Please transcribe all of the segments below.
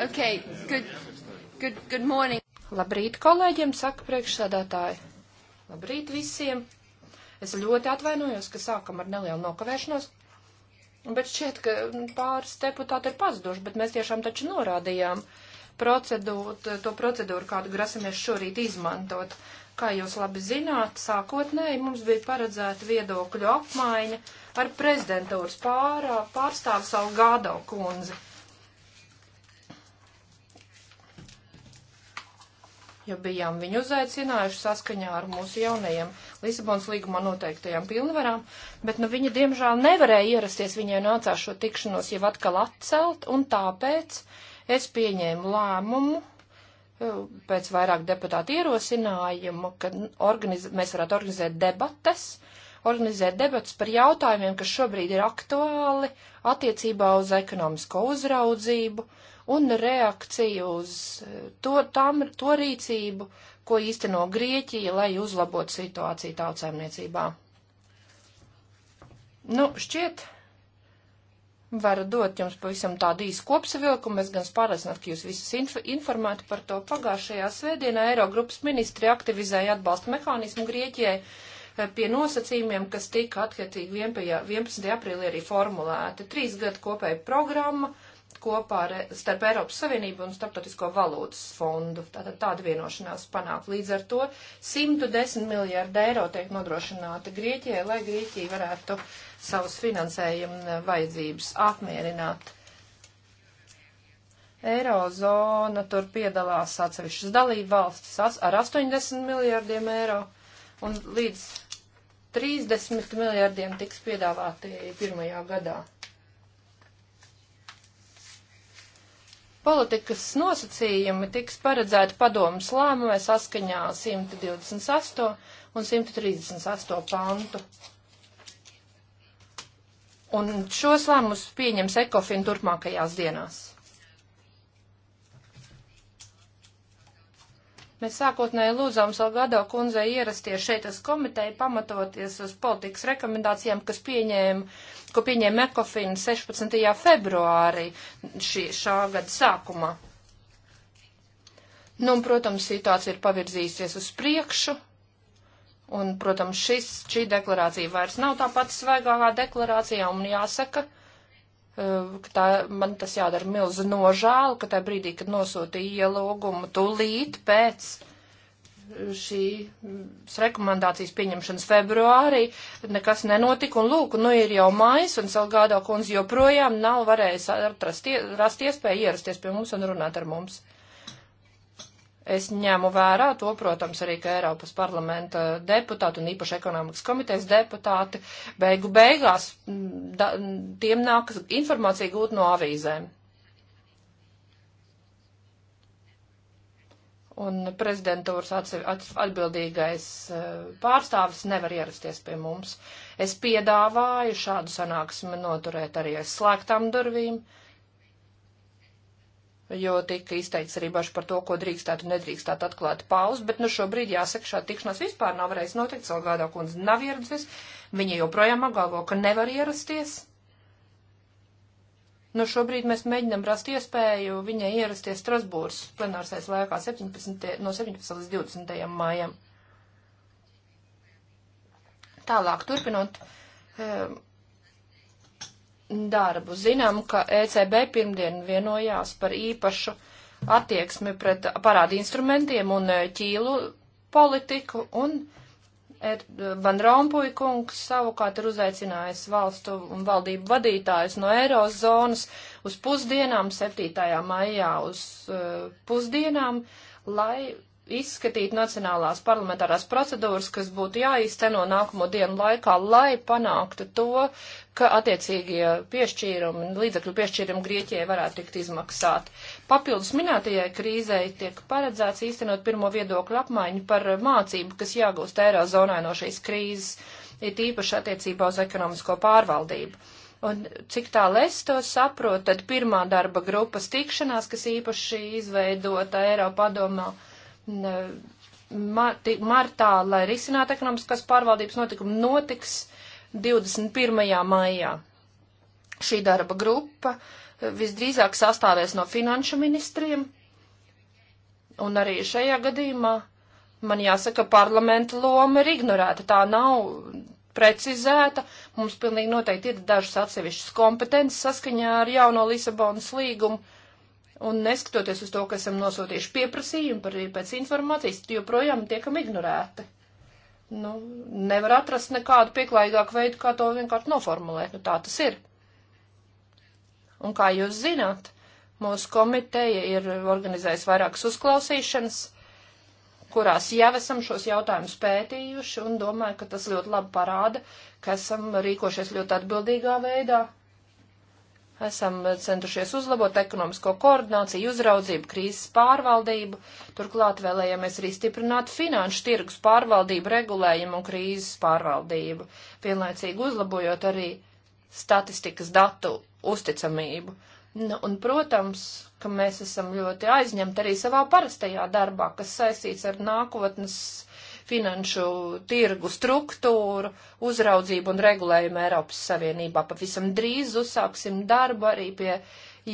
Okay, good, good, good morning. Labrīt kolēģiem, saka priekšsādātāji. Labrīt visiem. Es ļoti atvainojos, ka sākam ar nelielu nokavēšanos, bet šķiet, ka pāris deputāti ir pazuduši, bet mēs tiešām taču norādījām procedūru, to procedūru, kādu grasamies šorīt izmantot. Kā jūs labi zināt, sākotnēji mums bija paredzēta viedokļu apmaiņa ar prezidentūras pārā, pārstāvu savu gādo kundzi. jo bijām viņu uzaicinājuši saskaņā ar mūsu jaunajiem Lisabonas līguma noteiktajām pilnvarām, bet nu viņa diemžēl nevarēja ierasties, viņai nācās šo tikšanos jau atkal atcelt, un tāpēc es pieņēmu lēmumu eh, pēc vairāk deputātu ierosinājumu, ka organiz... mēs varētu organizēt debates, organizēt debatas par jautājumiem, kas šobrīd ir aktuāli attiecībā uz ekonomisko uzraudzību un reakciju uz eh, to, tam, to rīcību, ko īsteno Grieķija, lai uzlabotu situāciju tautsēmniecībā. Nu, šķiet, varu dot jums pavisam tādu īsu kopsavilkumu. Es gan pārliecinātu, ka jūs visus inf informētu par to. Pagājušajā svētdienā Eirogrupas ministri aktivizēja atbalsta mehānismu Grieķijai eh, pie nosacījumiem, kas tika atkarīgi 11. aprīlī arī formulēta. Trīs gadu kopēja programma kopā ar, starp Eiropas Savienību un Starptautisko valūtas fondu. Tātad tāda vienošanās panāk. Līdz ar to 110 miljārdi eiro tiek nodrošināta Grieķijai, lai Grieķija varētu savus finansējuma vajadzības apmierināt. Eirozona tur piedalās atsevišķas dalību valstis ar 80 miljārdiem eiro un līdz 30 miljārdiem tiks piedāvāti pirmajā gadā. Politikas nosacījumi tiks paredzēti padomas lēmumē saskaņā 128 un 138 pantu. Un šos lēmumus pieņems ECOFIN turpmākajās dienās. Mēs sākotnēji lūdzām Salgado kundzei ierasties šeit uz komiteju, pamatoties uz politikas rekomendācijām, kas pieņēma, ko pieņēma Ekofina 16. februārī šī, šā gada sākumā. Nu, un, protams, situācija ir pavirzījusies uz priekšu, un, protams, šis, šī deklarācija vairs nav tā pati svaigākā deklarācijā, un jāsaka, Eh, ka tā, man tas jādara milzu nožēlu, ka tā brīdī, kad nosūtīja ielūgumu tūlīt pēc šīs mm, rekomendācijas pieņemšanas februārī, nekas nenotika, un lūk, nu ir jau mājas, un Salgādā kundze joprojām nav varējis atrast, rast iespēju ierasties pie mums un runāt ar mums. Uh, Es ņēmu vērā to, protams, arī, ka Eiropas parlamenta deputāti un īpaši ekonomikas komitejas deputāti beigu beigās da, tiem nākas informācija gūt no avīzēm. Un prezidentūras atbildīgais e, pārstāvis nevar ierasties pie mums. Es piedāvāju šādu sanāksmi noturēt arī aiz slēgtām durvīm. Uh, jo tika izteikts arī bažu par to, ko drīkstētu un nedrīkstētu atklāt pauz, bet nu šobrīd jāsaka, šāda tikšanās vispār nav varējis notikt, Salgādā kundze nav ieradusies, viņa joprojām apgalvo, ka nevar ierasties. Nu šobrīd mēs mēģinam rast iespēju viņai ierasties Strasbūras plenārsais laikā 17, no 17 līdz 20. mājam. Tālāk turpinot. Um, darbu. Zinām, ka ECB pirmdien vienojās par īpašu attieksmi pret parādu instrumentiem un e, ķīlu politiku, un e, Van Rompuy kungs savukārt ir uzaicinājis valstu un valdību vadītājus no Eirozonas uz pusdienām, 7. maijā uz uh, pusdienām, lai izskatīt nacionālās parlamentārās procedūras, kas būtu jāīsteno nākamo dienu laikā, lai panāktu to, ka attiecīgie piešķīrumi, līdzekļu piešķīrumi Grieķijai varētu tikt izmaksāti. Papildus minētajai krīzei tiek paredzēts īstenot pirmo viedokļu apmaiņu par mācību, kas jāgūst Eirozonai no šīs krīzes, ir tīpaši attiecībā uz ekonomisko pārvaldību. Un cik tālu es to saprotu, tad pirmā darba grupas tikšanās, kas īpaši izveidota Eiropadomā, martā, lai risinātu ekonomiskās pārvaldības notikumu, notiks 21. maijā. Šī darba grupa eh, visdrīzāk sastāvēs no finanšu ministriem, un arī šajā gadījumā man jāsaka, parlamenta loma ir ignorēta. Tā nav precizēta. Mums pilnīgi noteikti ir dažas atsevišķas kompetences saskaņā ar jauno Lisabonas līgumu. Un neskatoties uz to, ka esam nosūtījuši pieprasījumu par, pēc informācijas, joprojām tiekam ignorēti nu, nevar atrast nekādu pieklājīgāku veidu, kā to vienkārši noformulēt. Nu, tā tas ir. Un kā jūs zināt, mūsu komiteja ir organizējusi vairākas uzklausīšanas, kurās jau esam šos jautājumus pētījuši un domāju, ka tas ļoti labi parāda, ka esam rīkošies ļoti atbildīgā veidā. Esam centušies uzlabot ekonomisko koordināciju, uzraudzību, krīzes pārvaldību, turklāt vēlējamies arī stiprināt finanšu tirgus pārvaldību, regulējumu un krīzes pārvaldību, vienlaicīgi uzlabojot arī statistikas datu uzticamību. Nu, un, protams, ka mēs esam ļoti aizņemti arī savā parastajā darbā, kas saistīts ar nākotnes finanšu tirgu struktūru, uzraudzību un regulējumu Eiropas Savienībā. Pavisam drīz uzsāksim darbu arī pie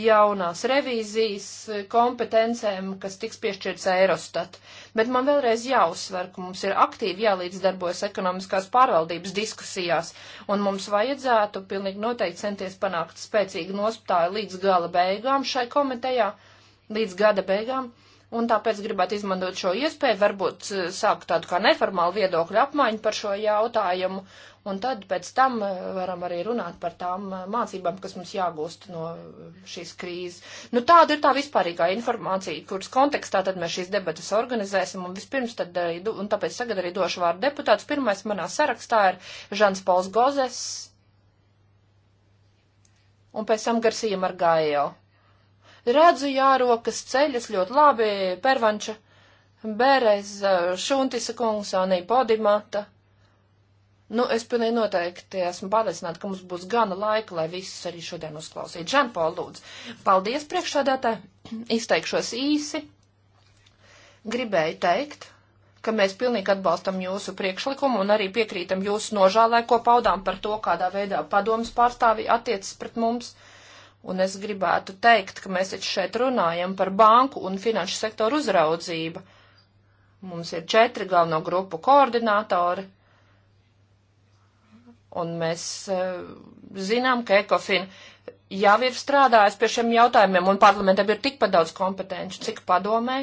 jaunās revīzijas kompetencēm, kas tiks piešķirts Eirostat. Bet man vēlreiz jāuzsver, ka mums ir aktīvi jālīdzdarbojas ekonomiskās pārvaldības diskusijās, un mums vajadzētu pilnīgi noteikti centties panākt spēcīgu nostāju līdz gala beigām šai komitejā, līdz gada beigām, Un tāpēc gribētu izmantot šo iespēju, varbūt eh, sākt tādu kā neformālu viedokļu apmaiņu par šo jautājumu, un tad pēc tam eh, varam arī runāt par tām eh, mācībām, kas mums jāgūst no šīs krīzes. Nu, tāda ir tā vispārīgā informācija, kuras kontekstā tad mēs šīs debatas organizēsim, un vispirms tad, un tāpēc tagad arī došu vārdu deputātus. Pirmais manā sarakstā ir Žans Pauls Gozes, un pēc tam Garsija Margājēla. Redzu jārokas ceļas ļoti labi, pervanča, bērēs, šuntisa kungs, anī podimata. Nu, es pilnīgi noteikti esmu pārliecināta, ka mums būs gana laika, lai visus arī šodien uzklausītu. Žanpaul, lūdzu, paldies priekšsādātāji, izteikšos īsi. Gribēju teikt, ka mēs pilnīgi atbalstam jūsu priekšlikumu un arī piekrītam jūsu nožēlē, ko paudām par to, kādā veidā padomas pārstāvi attiecas pret mums. Uh, Un es gribētu teikt, ka mēs taču šeit runājam par banku un finanšu sektoru uzraudzību. Mums ir četri galveno grupu koordinātori. Un mēs uh, zinām, ka ECOFIN jau ir strādājis pie šiem jautājumiem, un parlamentam ir tikpat daudz kompetenci, cik padomē.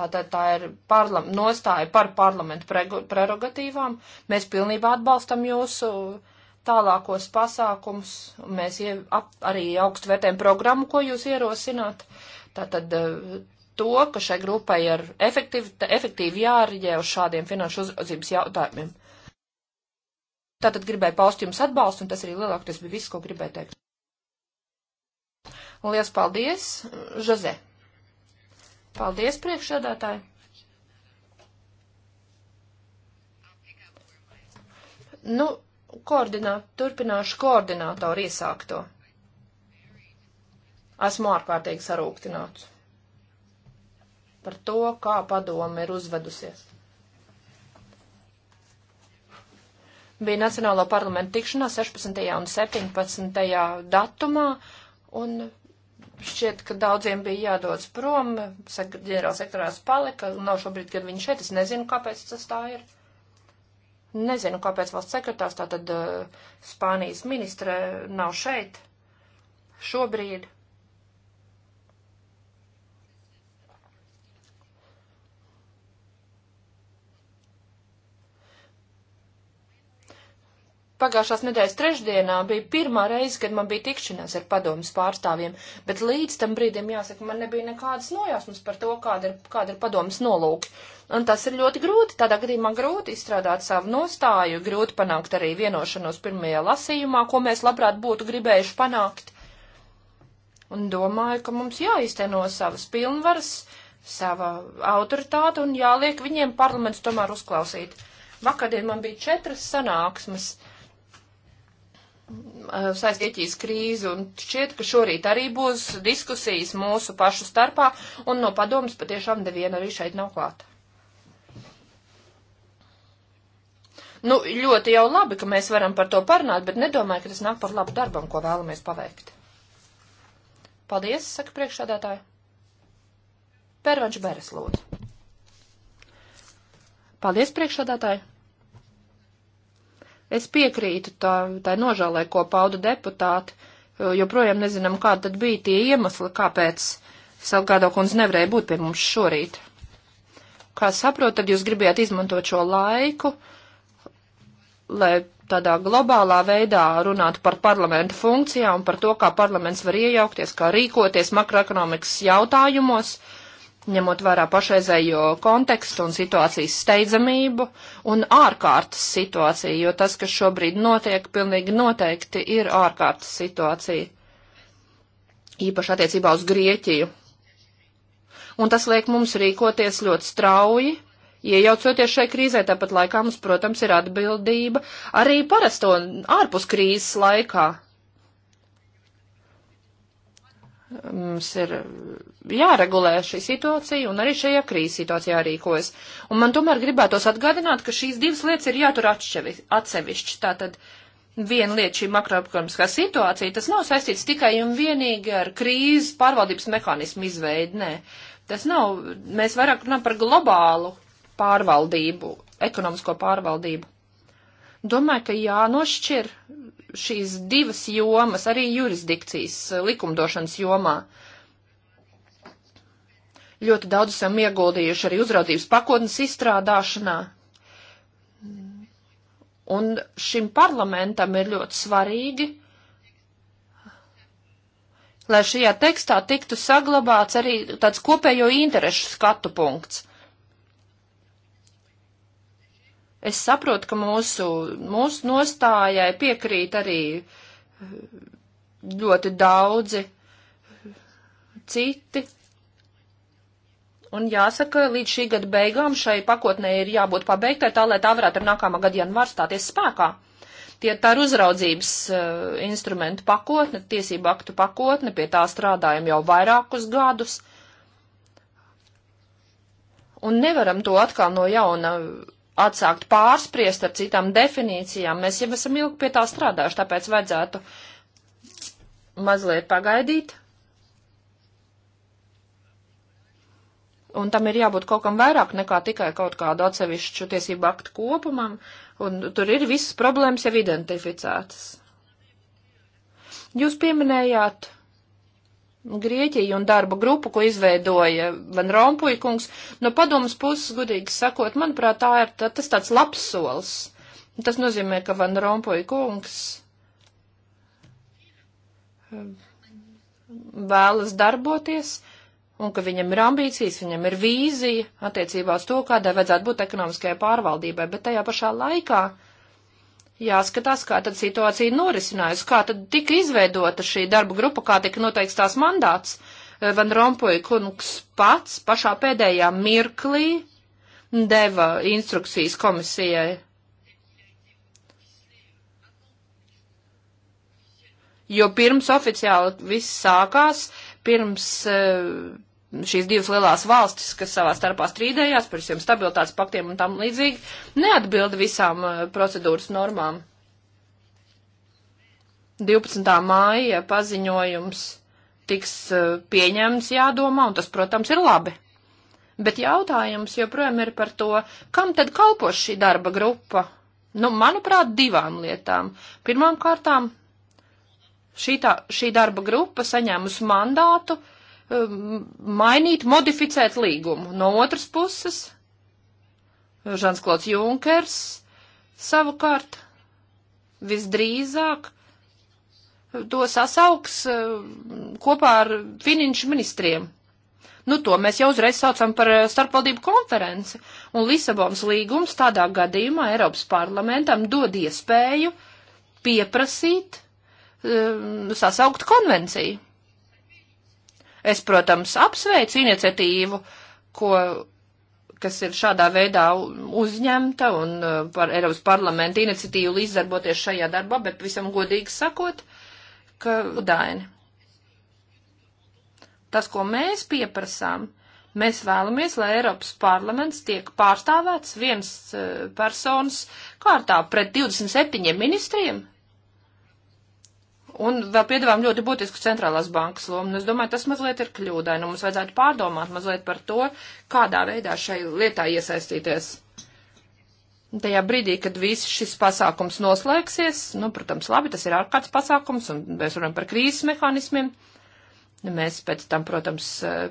Tātad tā ir parlam, nostāja par parlamentu prerogatīvām. Mēs pilnībā atbalstam jūsu uh, tālākos pasākums. Mēs arī augstu vērtējam programmu, ko jūs ierosināt. Tātad eh, to, ka šai grupai ir efektīvi, efektīvi jārīģē uz šādiem finanšu uzraudzības jautājumiem. Tātad gribēju paust jums atbalstu, un tas arī lielākoties bija viss, ko gribēju teikt. Lielas paldies, Žozē! Paldies, priekšsēdētāji! Nu, koordināt, turpināšu koordinātoru iesākto. Esmu ārkārtīgi sarūktināts par to, kā padome ir uzvedusies. Bija Nacionālo parlamentu tikšanās 16. un 17. datumā, un šķiet, ka daudziem bija jādodas prom, ģenerālsektorās palika, nav šobrīd, kad viņi šeit, es nezinu, kāpēc tas tā ir. Nezinu, kāpēc valsts sekretārs, tātad eh, Spānijas ministre nav šeit šobrīd. Pagājušās nedēļas trešdienā bija pirmā reize, kad man bija tikšanās ar padomus pārstāvjiem, bet līdz tam brīdim, jāsaka, man nebija nekādas nojausmas par to, kāda ir, kāda ir padomus nolūki. Un tas ir ļoti grūti, tādā gadījumā grūti izstrādāt savu nostāju, grūti panākt arī vienošanos pirmajā lasījumā, ko mēs labprāt būtu gribējuši panākt. Un domāju, ka mums jāizteno savas pilnvaras, sava autoritāte un jāliek viņiem parlaments tomēr uzklausīt. Vakardien man bija četras sanāksmes Eh, saistītīs krīzi, un šķiet, ka šorīt arī būs diskusijas mūsu pašu starpā, un no padomas patiešām neviena arī šeit nav klāta. Nu, ļoti jau labi, ka mēs varam par to parunāt, bet nedomāju, ka tas nāk par labu darbam, ko vēlamies paveikt. Paldies, saka priekšsādātāji. Pērvanš Beres lūdzu. Paldies, priekšsādātāji. Es piekrītu tā, tā nožēlē, ko pauda deputāti, joprojām nezinām, kā tad bija tie iemesli, kāpēc Salgādo kundze nevarēja būt pie mums šorīt. Kā saprotu, tad jūs gribējāt izmantot šo laiku, lai tādā globālā veidā runātu par parlamenta funkcijām un par to, kā parlaments var iejaukties, kā rīkoties makroekonomikas jautājumos. Uh, ņemot vērā pašreizējo kontekstu un situācijas steidzamību un ārkārtas situāciju, jo tas, kas šobrīd notiek, pilnīgi noteikti ir ārkārtas situācija, īpaši attiecībā uz Grieķiju. Un tas liek mums rīkoties ļoti strauji, iejaucoties šai krīzē, tāpat laikā mums, protams, ir atbildība arī parasto ārpus krīzes laikā mums ir jāregulē šī situācija un arī šajā krīzes situācijā rīkojas. Un man tomēr gribētos atgādināt, ka šīs divas lietas ir jātur atsevišķi. Tātad viena lieta šī makroekonomiskā situācija, tas nav saistīts tikai un vienīgi ar krīzes pārvaldības mehānismu izveidi, nē. Tas nav, mēs vairāk runājam par globālu pārvaldību, ekonomisko pārvaldību. Domāju, ka jānošķir šīs divas jomas, arī jurisdikcijas eh, likumdošanas jomā. Ļoti daudz esam ieguldījuši arī uzraudzības pakotnes izstrādāšanā. Un šim parlamentam ir ļoti svarīgi, lai šajā tekstā tiktu saglabāts arī tāds kopējo interešu skatu punkts Es saprotu, ka mūsu, mūsu nostājai piekrīt arī eh, ļoti daudzi citi. Un jāsaka, līdz šī gada beigām šai pakotnē ir jābūt pabeigtai, tā lai tā varētu ar nākamā gada janvāru stāties spēkā. Tie tā ir uzraudzības uh, instrumentu pakotne, tiesību aktu pakotne, pie tā strādājam jau vairākus gadus. Un nevaram to atkal no jauna atsākt pārspriest ar citām definīcijām. Mēs jau esam ilgi pie tā strādājuši, tāpēc vajadzētu mazliet pagaidīt. Un tam ir jābūt kaut kam vairāk nekā tikai kaut kādu atsevišķu tiesību aktu kopumam, un tur ir visas problēmas jau identificētas. Jūs pieminējāt Grieķiju un darba grupu, ko izveidoja Van Rompuja kungs. No padomas puses, gudīgi sakot, manuprāt, tā ir tā, tas tāds labs solis. Tas nozīmē, ka Van Rompuja kungs ehm, vēlas darboties un ka viņam ir ambīcijas, viņam ir vīzija attiecībā uz to, kādai vajadzētu būt ekonomiskajai pārvaldībai, bet tajā pašā laikā jāskatās, kā tad situācija norisinājusi, kā tad tika izveidota šī darba grupa, kā tika noteikts tās mandāts. Eh, Van Rompuja kungs pats pašā pēdējā mirklī deva instrukcijas komisijai. Jo pirms oficiāli viss sākās, pirms uh, šīs divas lielās valstis, kas savā starpā strīdējās par šiem stabilitātes paktiem un tam līdzīgi, neatbilda visām eh, procedūras normām. 12. māja paziņojums tiks eh, pieņemts, jādomā, un tas, protams, ir labi. Bet jautājums joprojām ir par to, kam tad kalpo šī darba grupa? Nu, manuprāt, divām lietām. Pirmām kārtām, šī, tā, šī darba grupa saņēmusi mandātu uh, Um, mainīt, modificēt līgumu. No otras puses, Žans Klods Junkers savukārt visdrīzāk to sasauks um, kopā ar finanšu ministriem. Nu, to mēs jau uzreiz saucam par uh, starpvaldību konferenci, un Lisabons līgums tādā gadījumā Eiropas parlamentam dod iespēju pieprasīt um, sasaukt konvenciju. Es, protams, apsveicu iniciatīvu, ko kas ir šādā veidā uzņemta un uh, par Eiropas parlamenta iniciatīvu līdzdarboties šajā darbā, bet visam godīgi sakot, ka daini. Tas, ko mēs pieprasām, mēs vēlamies, lai Eiropas parlaments tiek pārstāvēts viens uh, personas kārtā pret 27 ministriem, Un vēl piedāvājam ļoti būtisku centrālās bankas lomu. Un es domāju, tas mazliet ir kļūdaini. Mums vajadzētu pārdomāt mazliet par to, kādā veidā šai lietā iesaistīties. Tajā brīdī, kad viss šis pasākums noslēgsies, nu, protams, labi, tas ir ārkārtas pasākums, un mēs runājam par krīzes mehānismiem. Uh, Mēs pēc tam, protams,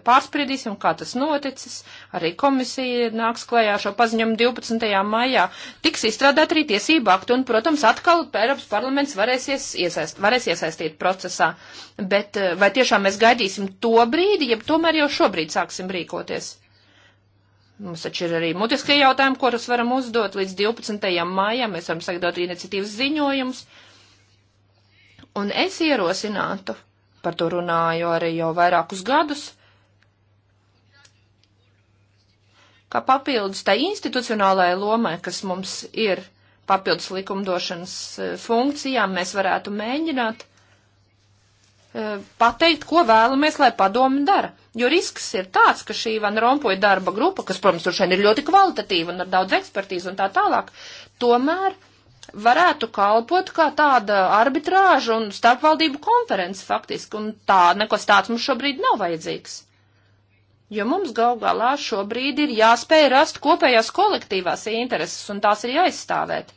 pārspriedīsim, kā tas noticis. Arī komisija nāks klajā šo paziņojumu 12. maijā. Tiks izstrādāt arī tiesību aktu un, protams, atkal Eiropas parlaments varēs, iesaist, varēs iesaistīt procesā. Bet eh, vai tiešām mēs gaidīsim to brīdi, ja tomēr jau šobrīd sāksim rīkoties? Mums taču ir arī mutiskie jautājumi, kurus varam uzdot līdz 12. maijam. Mēs varam sagatavot iniciatīvas ziņojumus. Un es ierosinātu par to runāju arī jau vairākus gadus, kā papildus tai institucionālajai lomai, kas mums ir papildus likumdošanas e, funkcijām, mēs varētu mēģināt e, pateikt, ko vēlamies, lai padomi dara. Jo risks ir tāds, ka šī Van Rompuja darba grupa, kas, protams, tur šeit ir ļoti kvalitatīva un ar daudz ekspertīzu un tā tālāk, tomēr uh, varētu kalpot kā tāda arbitrāža un starpvaldību konference faktiski, un tā, nekas tāds mums šobrīd nav vajadzīgs. Jo mums gal galā šobrīd ir jāspēj rast kopējās kolektīvās intereses, un tās ir jāizstāvēt.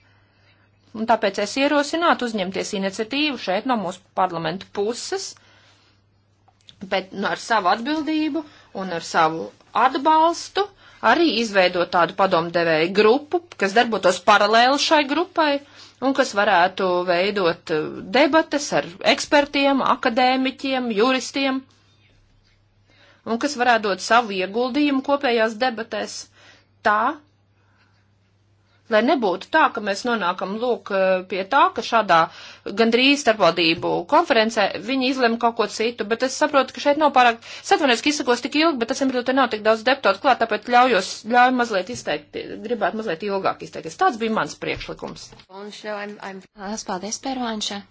Un tāpēc es ierosinātu uzņemties iniciatīvu šeit no mūsu parlamentu puses, bet nu, ar savu atbildību un ar savu atbalstu arī izveidot tādu padomdevēju grupu, kas darbotos paralēli šai grupai un kas varētu veidot eh, debates ar ekspertiem, akadēmiķiem, juristiem un kas varētu dot savu ieguldījumu kopējās debatēs tā, Lai nebūtu tā, ka mēs nonākam lūk pie tā, ka šādā gandrīz starpvaldību konferencē viņi izlem kaut ko citu, bet es saprotu, ka šeit nav pārāk, es atvainojos, ka izsakos tik ilgi, bet esam, te nav tik daudz deputātu klāt, tāpēc ļaujos, ļauj mazliet izteikt, gribētu mazliet ilgāk izteikties. Tāds bija mans priekšlikums. Lielas paldies, Pērvanša.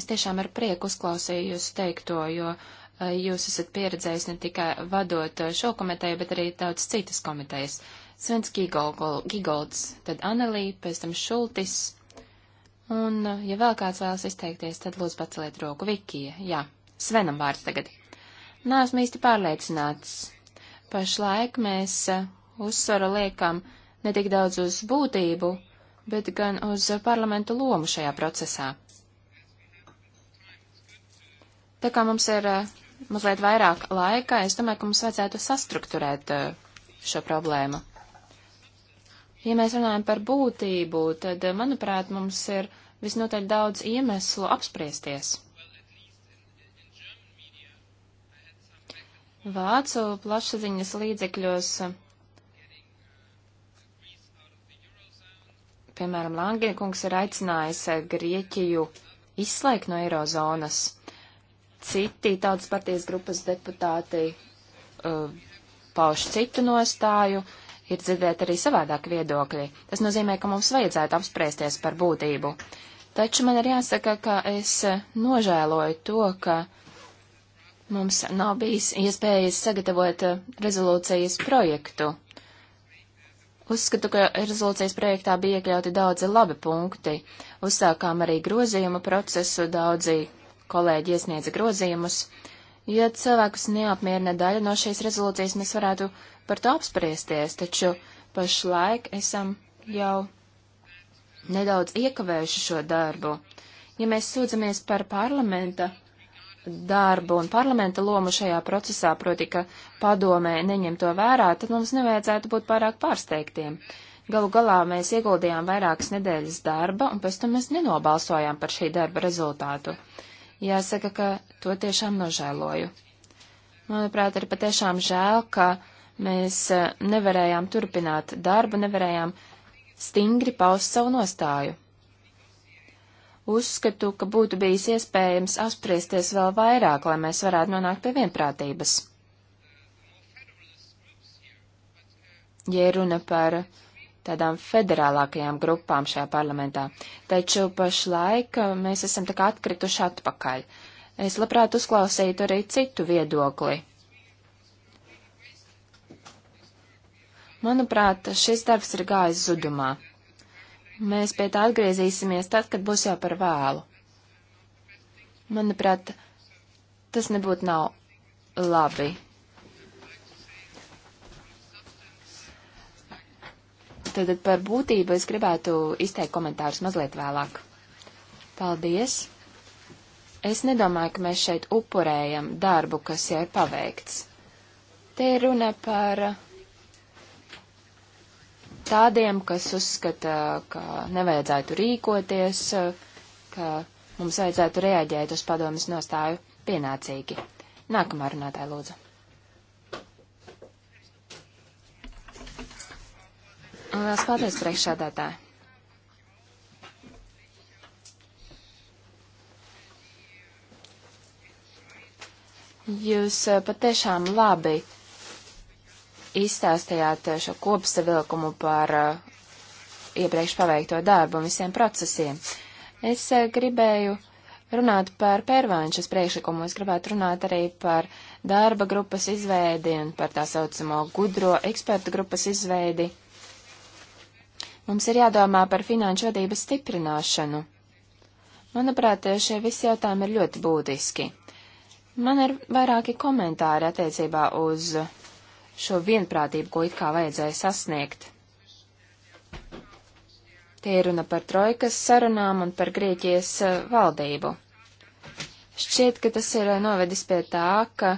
Es tiešām ar prieku uzklausīju jūs teikto, jo eh, jūs esat pieredzējis ne tikai vadot eh, šo komiteju, bet arī daudz citas komitejas. Svens Gigolds, tad Anelī, pēc tam Šultis. Un, uh, ja vēl kāds vēlas izteikties, tad lūdzu paceliet roku Vikija. Jā, Svenam vārds tagad. Nāsmu īsti pārliecināts. Pašlaik mēs uh, uzsvaru liekam ne tik daudz uz būtību, bet gan uz parlamentu lomu šajā procesā. Tā kā mums ir uh, mazliet vairāk laika, es domāju, ka mums vajadzētu sastruktūrēt šo problēmu. Ja mēs runājam par būtību, tad, eh, manuprāt, mums ir visnotaļ daudz iemeslu apspriesties. Vācu plašsaziņas līdzekļos, piemēram, Langina kungs ir aicinājis eh, Grieķiju izslēgt no eirozonas. Citi tautas partijas grupas deputāti uh, pauž citu nostāju. Uh, ir dzirdēt arī savādāk viedokļi. Tas nozīmē, ka mums vajadzētu apspriesties par būtību. Taču man ir jāsaka, ka es nožēloju to, ka mums nav bijis iespējas sagatavot eh, rezolūcijas projektu. Uzskatu, ka rezolūcijas projektā bija iekļauti daudzi labi punkti. Uzsākām arī grozījumu procesu, daudzi kolēģi iesniedza grozījumus. Uh, Ja cilvēkus neapmierina daļa no šīs rezolūcijas, mēs varētu par to apspriesties, taču pašlaik esam jau nedaudz iekavējuši šo darbu. Ja mēs sūdzamies par parlamenta darbu un parlamenta lomu šajā procesā, proti, ka padomē neņem to vērā, tad mums nevajadzētu būt pārāk pārsteigtiem. Galu galā mēs ieguldījām vairākas nedēļas darba, un pēc tam mēs nenobalsojām par šī darba rezultātu. Jāsaka, ka to tiešām nožēloju. Manuprāt, ir patiešām žēl, ka mēs e, nevarējām turpināt darbu, nevarējām stingri paust savu nostāju. Uzskatu, ka būtu bijis iespējams apspriesties vēl vairāk, lai mēs varētu nonākt pie vienprātības. Ja runa par uh, tādām federālākajām grupām šajā parlamentā, taču pašlaik uh, mēs esam tā kā atkrituši atpakaļ. Es labprāt uzklausītu arī citu viedokli. Manuprāt, šis darbs ir gājis zudumā. Mēs pie tā atgriezīsimies tad, kad būs jau par vēlu. Manuprāt, tas nebūtu nav labi. Tad par būtību es gribētu izteikt komentārus mazliet vēlāk. Paldies! Es nedomāju, ka mēs šeit upurējam darbu, kas jau ir paveikts. Te ir runa par tādiem, kas uzskata, ka nevajadzētu rīkoties, ka mums vajadzētu reaģēt uz padomjas nostāju pienācīgi. Nākamā runātāja lūdzu. Lielas paldies, priekšādātāji! Jūs eh, patiešām labi izstāstījāt eh, šo kopsavilkumu par eh, iepriekš paveikto darbu un visiem procesiem. Es gribēju runāt par pērvāņšas priekšlikumu, es gribētu runāt arī par darba grupas izveidi un par tā saucamo gudro ekspertu grupas izveidi. Mums ir jādomā par finanšu vadības stiprināšanu. Manuprāt, šie visi jautājumi ir ļoti būtiski. Man ir vairāki komentāri attiecībā uz šo vienprātību, ko it kā vajadzēja sasniegt. Tie ir runa par trojkas sarunām un par Grieķijas eh, valdību. Šķiet, ka tas ir novedis pie tā, ka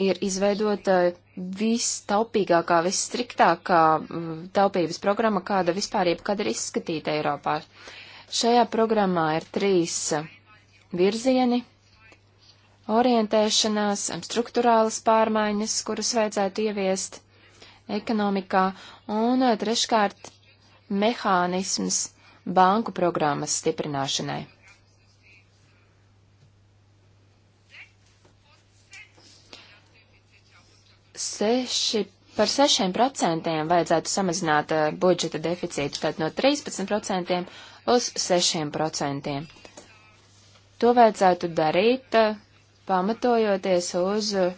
ir izveidota eh, vistaupīgākā, visstriktākā mm, taupības programma, kāda vispār jebkad ir izskatīta Eiropā. Šajā programmā ir trīs eh, virzieni - orientēšanās, eh, struktūrālas pārmaiņas, kuras vajadzētu ieviest ekonomikā, un treškārt mehānisms banku programmas stiprināšanai. seši, par 6% vajadzētu samazināt uh, budžeta deficītu, tad no 13% uz 6%. To vajadzētu darīt, uh, pamatojoties uz eh,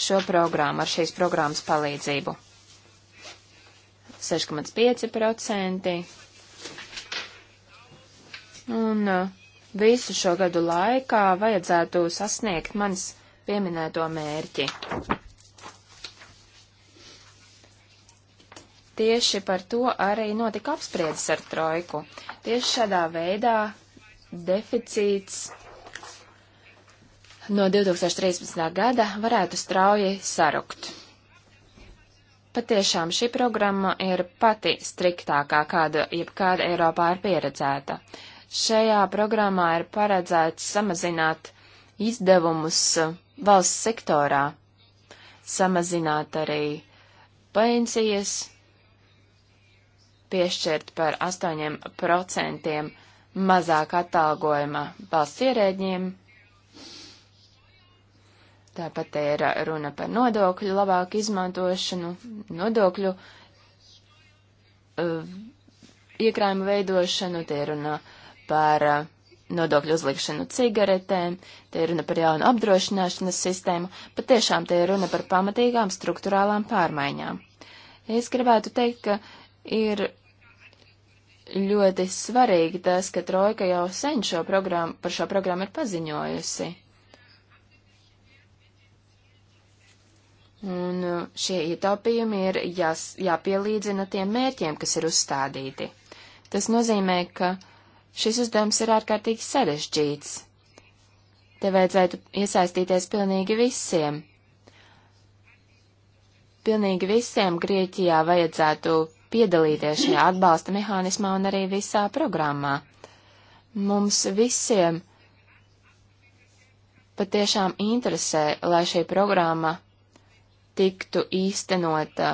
šo programmu, ar šīs programmas palīdzību. 6,5% un visu šo gadu laikā vajadzētu sasniegt manis pieminēto mērķi. Tieši par to arī notika apspriedzes ar trojku. Tieši šādā veidā deficīts no 2013. gada varētu strauji sarukt. Patiešām šī programma ir pati striktākā, kāda jebkāda Eiropā ir pieredzēta. Šajā programmā ir paredzēts samazināt izdevumus valsts sektorā, samazināt arī pensijas, piešķirt par 8% mazāk atalgojuma valsts ierēģiem. Tāpat ir runa par nodokļu labāku izmantošanu, nodokļu uh, iekrājumu veidošanu, te ir runa par uh, nodokļu uzlikšanu cigaretēm, te ir runa par jaunu apdrošināšanas sistēmu, pat tiešām te ir runa par pamatīgām struktūrālām pārmaiņām. Es gribētu teikt, ka ir ļoti svarīgi tas, ka Trojka jau sen šo programmu, par šo programmu ir paziņojusi. Un uh, šie ietaupījumi ir jās, jāpielīdzina tiem mērķiem, kas ir uzstādīti. Tas nozīmē, ka šis uzdevums ir ārkārtīgi sarežģīts. Te vajadzētu iesaistīties pilnīgi visiem. Pilnīgi visiem Grieķijā vajadzētu piedalīties šajā atbalsta mehānismā un arī visā programmā. Mums visiem patiešām interesē, lai šī programma tiktu īstenota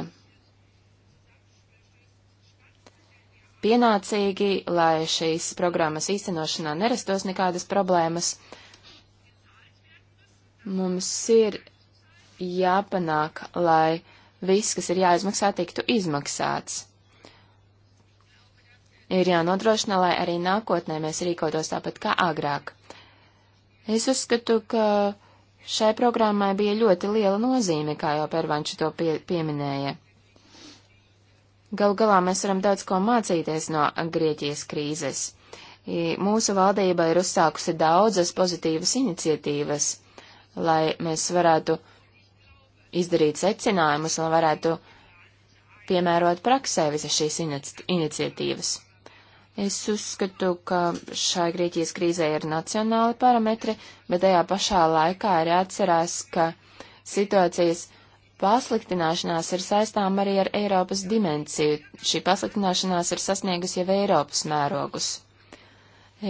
pienācīgi, lai šīs programmas īstenošanā nerastos nekādas problēmas. Mums ir jāpanāk, lai viss, kas ir jāizmaksā, tiktu izmaksāts. Ir jānodrošina, lai arī nākotnē mēs rīkotos tāpat kā agrāk. Es uzskatu, ka šai programmai bija ļoti liela nozīme, kā jau Pervanči to pie, pieminēja. Galu galā mēs varam daudz ko mācīties no Grieķijas krīzes. Mūsu valdība ir uzsākusi daudzas pozitīvas iniciatīvas, lai mēs varētu izdarīt secinājumus un varētu piemērot praksē visas šīs inici iniciatīvas. Es uzskatu, ka šai Grieķijas krīzē ir nacionāli parametri, bet tajā pašā laikā ir jāatcerās, ka situācijas pasliktināšanās ir saistām arī ar Eiropas dimensiju. Šī pasliktināšanās ir sasniegusi jau Eiropas mērogus.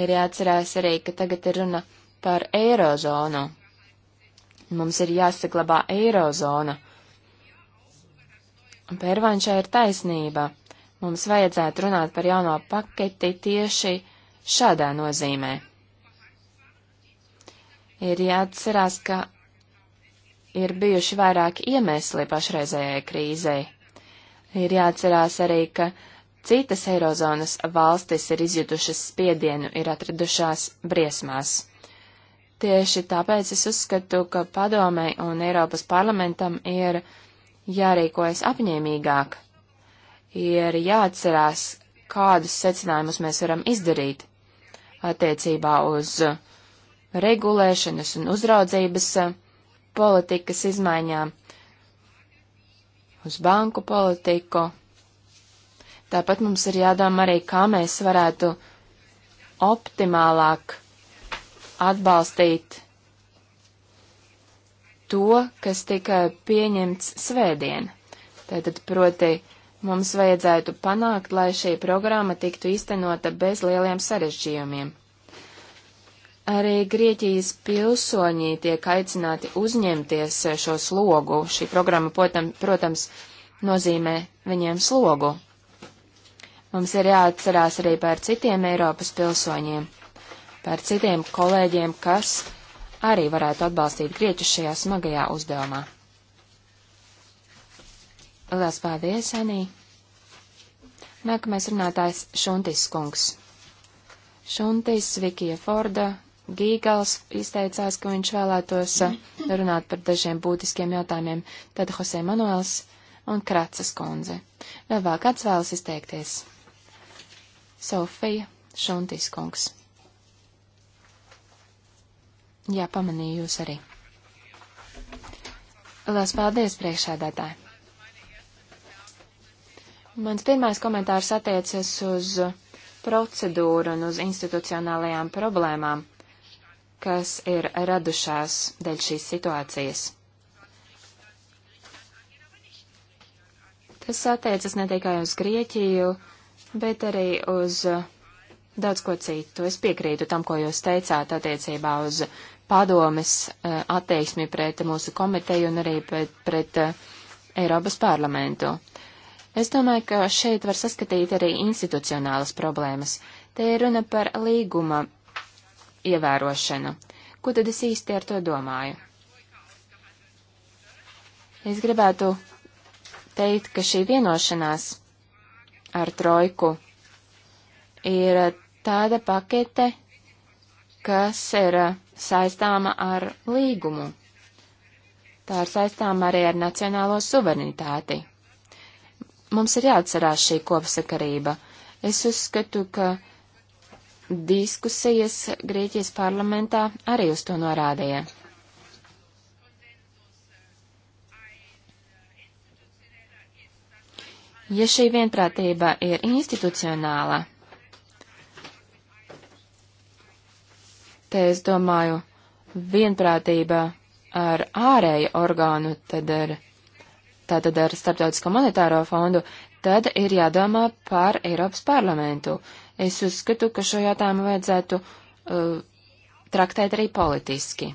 Ir jāatcerās arī, ka tagad ir runa par eirozonu. Mums ir jāsaglabā eirozona. Pērvanšā ir taisnība. Mums vajadzētu runāt par jauno paketi tieši šādā nozīmē. Ir jāatcerās, ka ir bijuši vairāki iemesli pašreizējai krīzei. Ir jāatcerās arī, ka citas eirozonas valstis ir izjutušas spiedienu, ir atradušās briesmās. Tieši tāpēc es uzskatu, ka padomei un Eiropas parlamentam ir jārīkojas apņēmīgāk ir jāatcerās, kādus secinājumus mēs varam izdarīt attiecībā uz regulēšanas un uzraudzības eh, politikas izmaiņām, uz banku politiku. Tāpat mums ir jādomā arī, kā mēs varētu optimālāk atbalstīt to, kas tika pieņemts svētdien. Tātad proti Mums vajadzētu panākt, lai šī programma tiktu īstenota bez lieliem sarežģījumiem. Arī Grieķijas pilsoņi tiek aicināti uzņemties šo slogu. Šī programma, potam, protams, nozīmē viņiem slogu. Mums ir jāatcerās arī par citiem Eiropas pilsoņiem, par citiem kolēģiem, kas arī varētu atbalstīt Grieķus šajā smagajā uzdevumā. Lielas paldies, Anī. Nākamais runātājs Šuntis kungs. Šuntis, Vikija Forda, Gīgals izteicās, ka viņš vēlētos eh, runāt par dažiem būtiskiem jautājumiem, tad Jose Manuels un Kracas kundze. Vēl vēl kāds vēlas izteikties? Sofija Šuntis kungs. Jā, pamanīju jūs arī. Lielas paldies, priekšādātāji! Mans pirmais komentārs attiecas uz procedūru un uz institucionālajām problēmām, kas ir radušās dēļ šīs situācijas. Tas attiecas ne tikai uz Grieķiju, bet arī uz daudz ko citu. Es piekrītu tam, ko jūs teicāt attiecībā uz padomes eh, attieksmi pret mūsu komiteju un arī pret, pret eh, Eiropas parlamentu. Es domāju, ka šeit var saskatīt arī institucionālas problēmas. Te ir runa par līguma ievērošanu. Ko tad es īsti ar to domāju? Es gribētu teikt, ka šī vienošanās ar trojku ir tāda pakete, kas ir saistāma ar līgumu. Tā ir saistāma arī ar nacionālo suverenitāti. Mums ir jāatcerās šī kopsakarība. Es uzskatu, ka diskusijas Grieķijas parlamentā arī uz to norādīja. Ja šī vienprātība ir institucionāla, te es domāju, vienprātība ar ārēju orgānu, tad ar tātad ar Starptautisko monetāro fondu, tad ir jādomā par Eiropas parlamentu. Es uzskatu, ka šo jautājumu vajadzētu uh, traktēt arī politiski.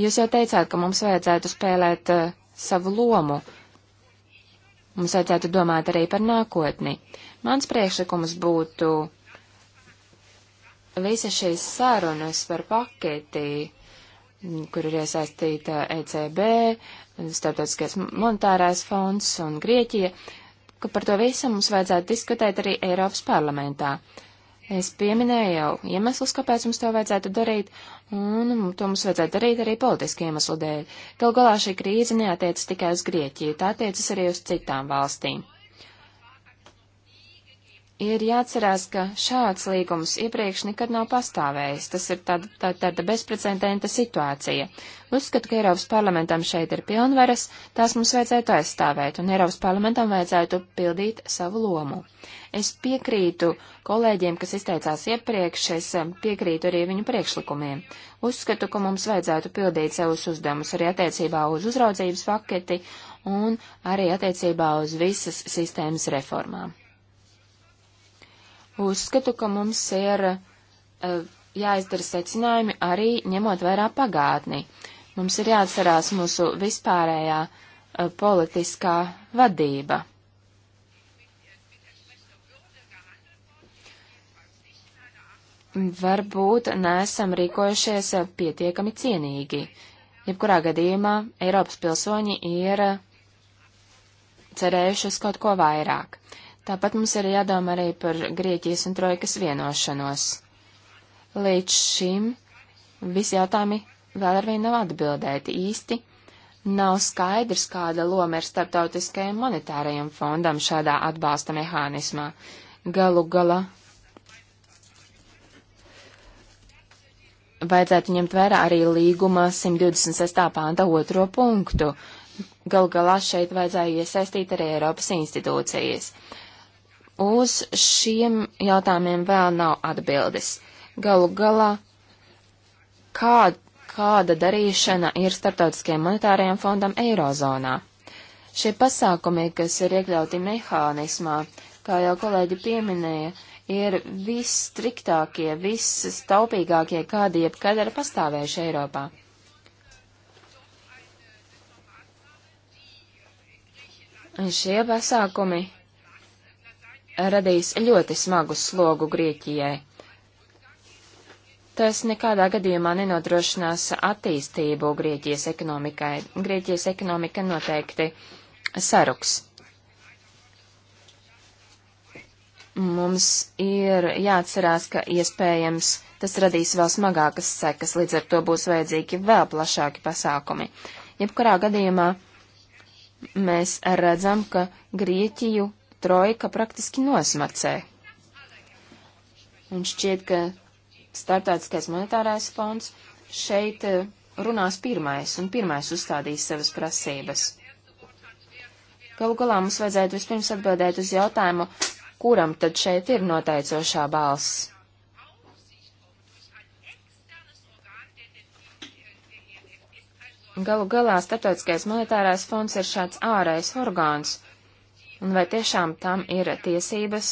Jūs jau teicāt, ka mums vajadzētu spēlēt uh, savu lomu. Mums vajadzētu domāt arī par nākotni. Mans priekšlikums būtu visas šīs sarunas par paketi kur ir iesaistīta ECB, Startautiskais monetārais fonds un Grieķija, ka par to visu mums vajadzētu diskutēt arī Eiropas parlamentā. Es pieminēju jau iemeslus, kāpēc mums to vajadzētu darīt, un to mums vajadzētu darīt arī politiski iemeslu dēļ. Galu galā šī krīze neatiecas tikai uz Grieķiju, tā attiecas arī uz citām valstīm ir jāatcerās, ka šāds līgums iepriekš nekad nav pastāvējis. Tas ir tāda, tāda, tāda bezprecedenta situācija. Uzskatu, ka Eiropas parlamentam šeit ir pilnvaras, tās mums vajadzētu aizstāvēt, un Eiropas parlamentam vajadzētu pildīt savu lomu. Es piekrītu kolēģiem, kas izteicās iepriekš, es um, piekrītu arī viņu priekšlikumiem. Uzskatu, ka mums vajadzētu pildīt savus uzdevumus arī attiecībā uz uzraudzības paketi un arī attiecībā uz visas sistēmas reformām. Uzskatu, ka mums ir uh, jāizdara secinājumi arī ņemot vērā pagātni. Mums ir jāatcerās mūsu vispārējā uh, politiskā vadība. Varbūt neesam rīkojušies pietiekami cienīgi. Jebkurā gadījumā Eiropas pilsoņi ir cerējuši uz kaut ko vairāk. Tāpat mums ir jādomā arī par Grieķijas un Trojkas vienošanos. Līdz šim visi jautājumi vēl arvien nav atbildēti īsti. Nav skaidrs, kāda loma ir starptautiskajam monetārajam fondam šādā atbalsta mehānismā. Galu gala vajadzētu ņemt vērā arī līguma 126. panta otro punktu. Galu galā šeit vajadzēja iesaistīt arī Eiropas institūcijas. Uz šiem jautājumiem vēl nav atbildes. Galu galā, kā, kāda darīšana ir starptautiskajam monetārajam fondam Eirozonā? Šie pasākumi, kas ir iekļauti mehānismā, kā jau kolēģi pieminēja, ir visstriktākie, visstaupīgākie, kādi jebkad ir pastāvējuši Eiropā. Un šie pasākumi radīs ļoti smagu slogu Grieķijai. Tas nekādā gadījumā nenodrošinās attīstību Grieķijas ekonomikai. Grieķijas ekonomika noteikti saruks. Mums ir jāatcerās, ka iespējams tas radīs vēl smagākas sekas, līdz ar to būs vajadzīgi vēl plašāki pasākumi. Jebkurā gadījumā mēs redzam, ka Grieķiju trojka praktiski nosmacē. Un šķiet, ka Startautiskais monetārais fonds šeit eh, runās pirmais un pirmais uzstādīs savas prasības. Galu galā mums vajadzētu vispirms atbildēt uz jautājumu, kuram tad šeit ir noteicošā balss. Galu galā Startautiskais monetārais fonds ir šāds ārējs orgāns, un vai tiešām tam ir tiesības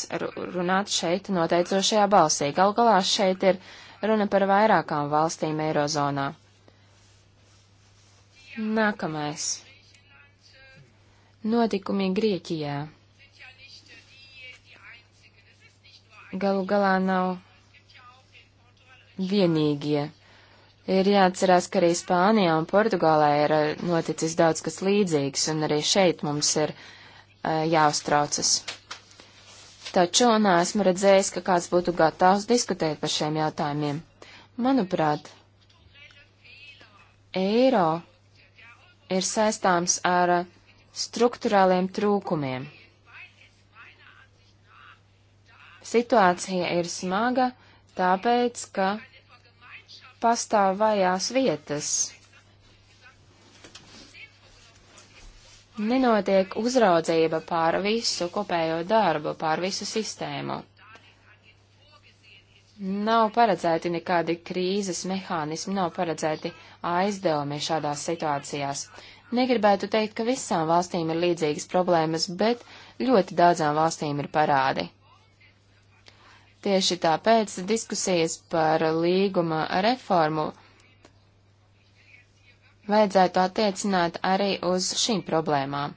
runāt šeit noteicošajā balsī. Gal galā šeit ir runa par vairākām valstīm Eirozonā. Nākamais. Notikumi Grieķijā. Galu galā nav vienīgie. Ir jāatcerās, ka arī Spānijā un Portugālē ir eh, noticis daudz kas līdzīgs, un arī šeit mums ir uh, jāuztraucas. Taču neesmu redzējis, ka kāds būtu gatavs diskutēt par šiem jautājumiem. Manuprāt, eiro ir saistāms ar struktūrāliem trūkumiem. Situācija ir smaga, tāpēc, ka pastāv vajās vietas nenotiek uzraudzība pār visu kopējo darbu, pār visu sistēmu. Nav paredzēti nekādi krīzes mehānismi, nav paredzēti aizdevumi šādās situācijās. Negribētu teikt, ka visām valstīm ir līdzīgas problēmas, bet ļoti daudzām valstīm ir parādi. Tieši tāpēc diskusijas par līguma reformu vajadzētu attiecināt arī uz šīm problēmām.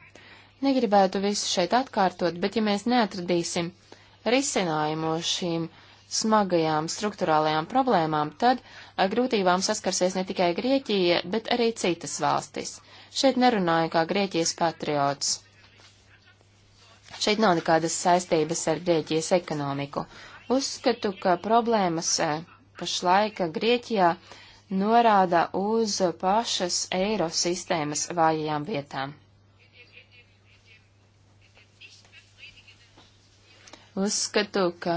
Negribētu visu šeit atkārtot, bet ja mēs neatradīsim risinājumu šīm smagajām struktūrālajām problēmām, tad ar eh, grūtībām saskarsies ne tikai Grieķija, bet arī citas valstis. Šeit nerunāju kā Grieķijas patriots. Šeit nav nekādas saistības ar Grieķijas ekonomiku. Uzskatu, ka problēmas eh, pašlaika Grieķijā uh, norāda uz pašas eiro sistēmas vājajām vietām. Uzskatu, ka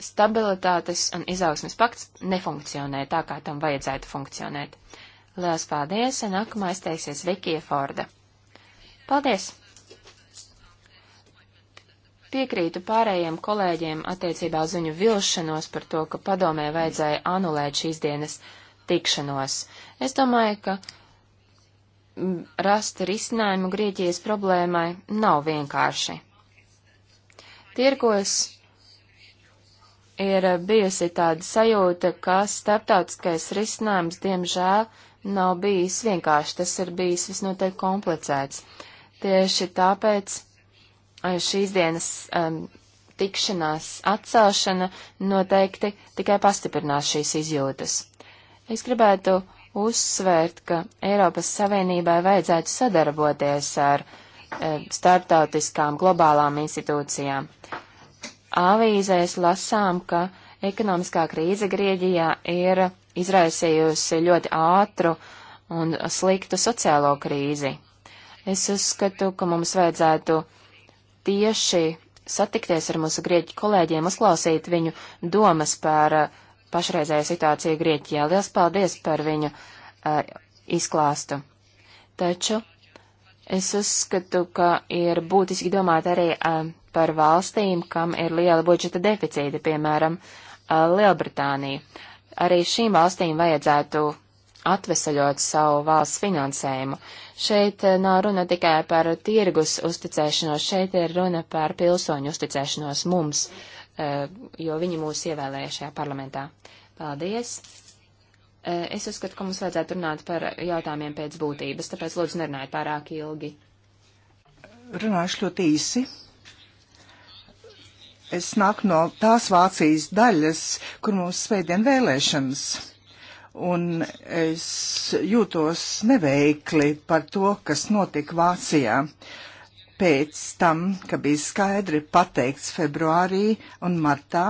stabilitātes un izaugsmes pakts nefunkcionē tā, kā tam vajadzētu funkcionēt. Lielas paldies, nākamā izteiksies Vikija Forda. Paldies! Piekrītu pārējiem kolēģiem attiecībā uz viņu vilšanos par to, ka padomē vajadzēja anulēt šīs dienas tikšanos. Es domāju, ka rast risinājumu Grieķijas problēmai nav vienkārši. Tirgos ir bijusi tāda sajūta, ka starptautiskais risinājums, diemžēl, nav bijis vienkārši, tas ir bijis visnotaļ komplicēts. Tieši tāpēc eh, šīs dienas um, tikšanās atcelšana noteikti tikai pastiprinās šīs izjūtas. Es gribētu uzsvērt, ka Eiropas Savienībai vajadzētu sadarboties ar eh, starptautiskām globālām institūcijām. Avīzēs lasām, ka ekonomiskā krīze Grieģijā ir izraisījusi ļoti ātru un sliktu sociālo krīzi. Es uzskatu, ka mums vajadzētu tieši satikties ar mūsu grieķu kolēģiem, uzklausīt viņu domas par uh, pašreizēju situāciju Grieķijā. Liels paldies par viņu uh, izklāstu. Taču es uzskatu, ka ir būtiski domāt arī uh, par valstīm, kam ir liela budžeta deficīta, piemēram, uh, Lielbritānija. Arī šīm valstīm vajadzētu atvesaļot savu valsts finansējumu. Šeit nav runa tikai par tirgus uzticēšanos, šeit ir runa par pilsoņu uzticēšanos mums. Uh, Eh, jo viņi mūs ievēlēja šajā parlamentā. Paldies! Eh, es uzskatu, ka mums vajadzētu runāt par jautājumiem pēc būtības, tāpēc lūdzu nerunājiet pārāk ilgi. Runāšu ļoti īsi. Es nāku no tās Vācijas daļas, kur mums svētdien vēlēšanas un es jūtos neveikli par to, kas notika Vācijā pēc tam, ka bija skaidri pateikts februārī un martā,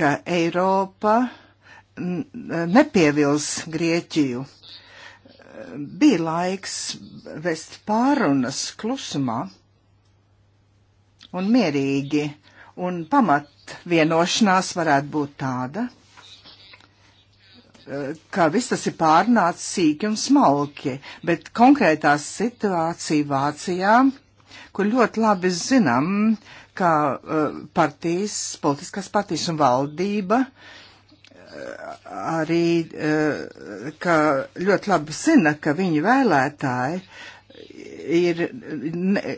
ka Eiropa nepievils Grieķiju. Bija laiks vest pārunas klusumā un mierīgi, un pamat vienošanās varētu būt tāda – ka viss tas ir pārnāts sīki un smalki, bet konkrētā situācija Vācijā, kur ļoti labi zinām, ka eh, partijas, politiskās partijas un valdība eh, arī, eh, ka ļoti labi zina, ka viņu vēlētāji ir ne,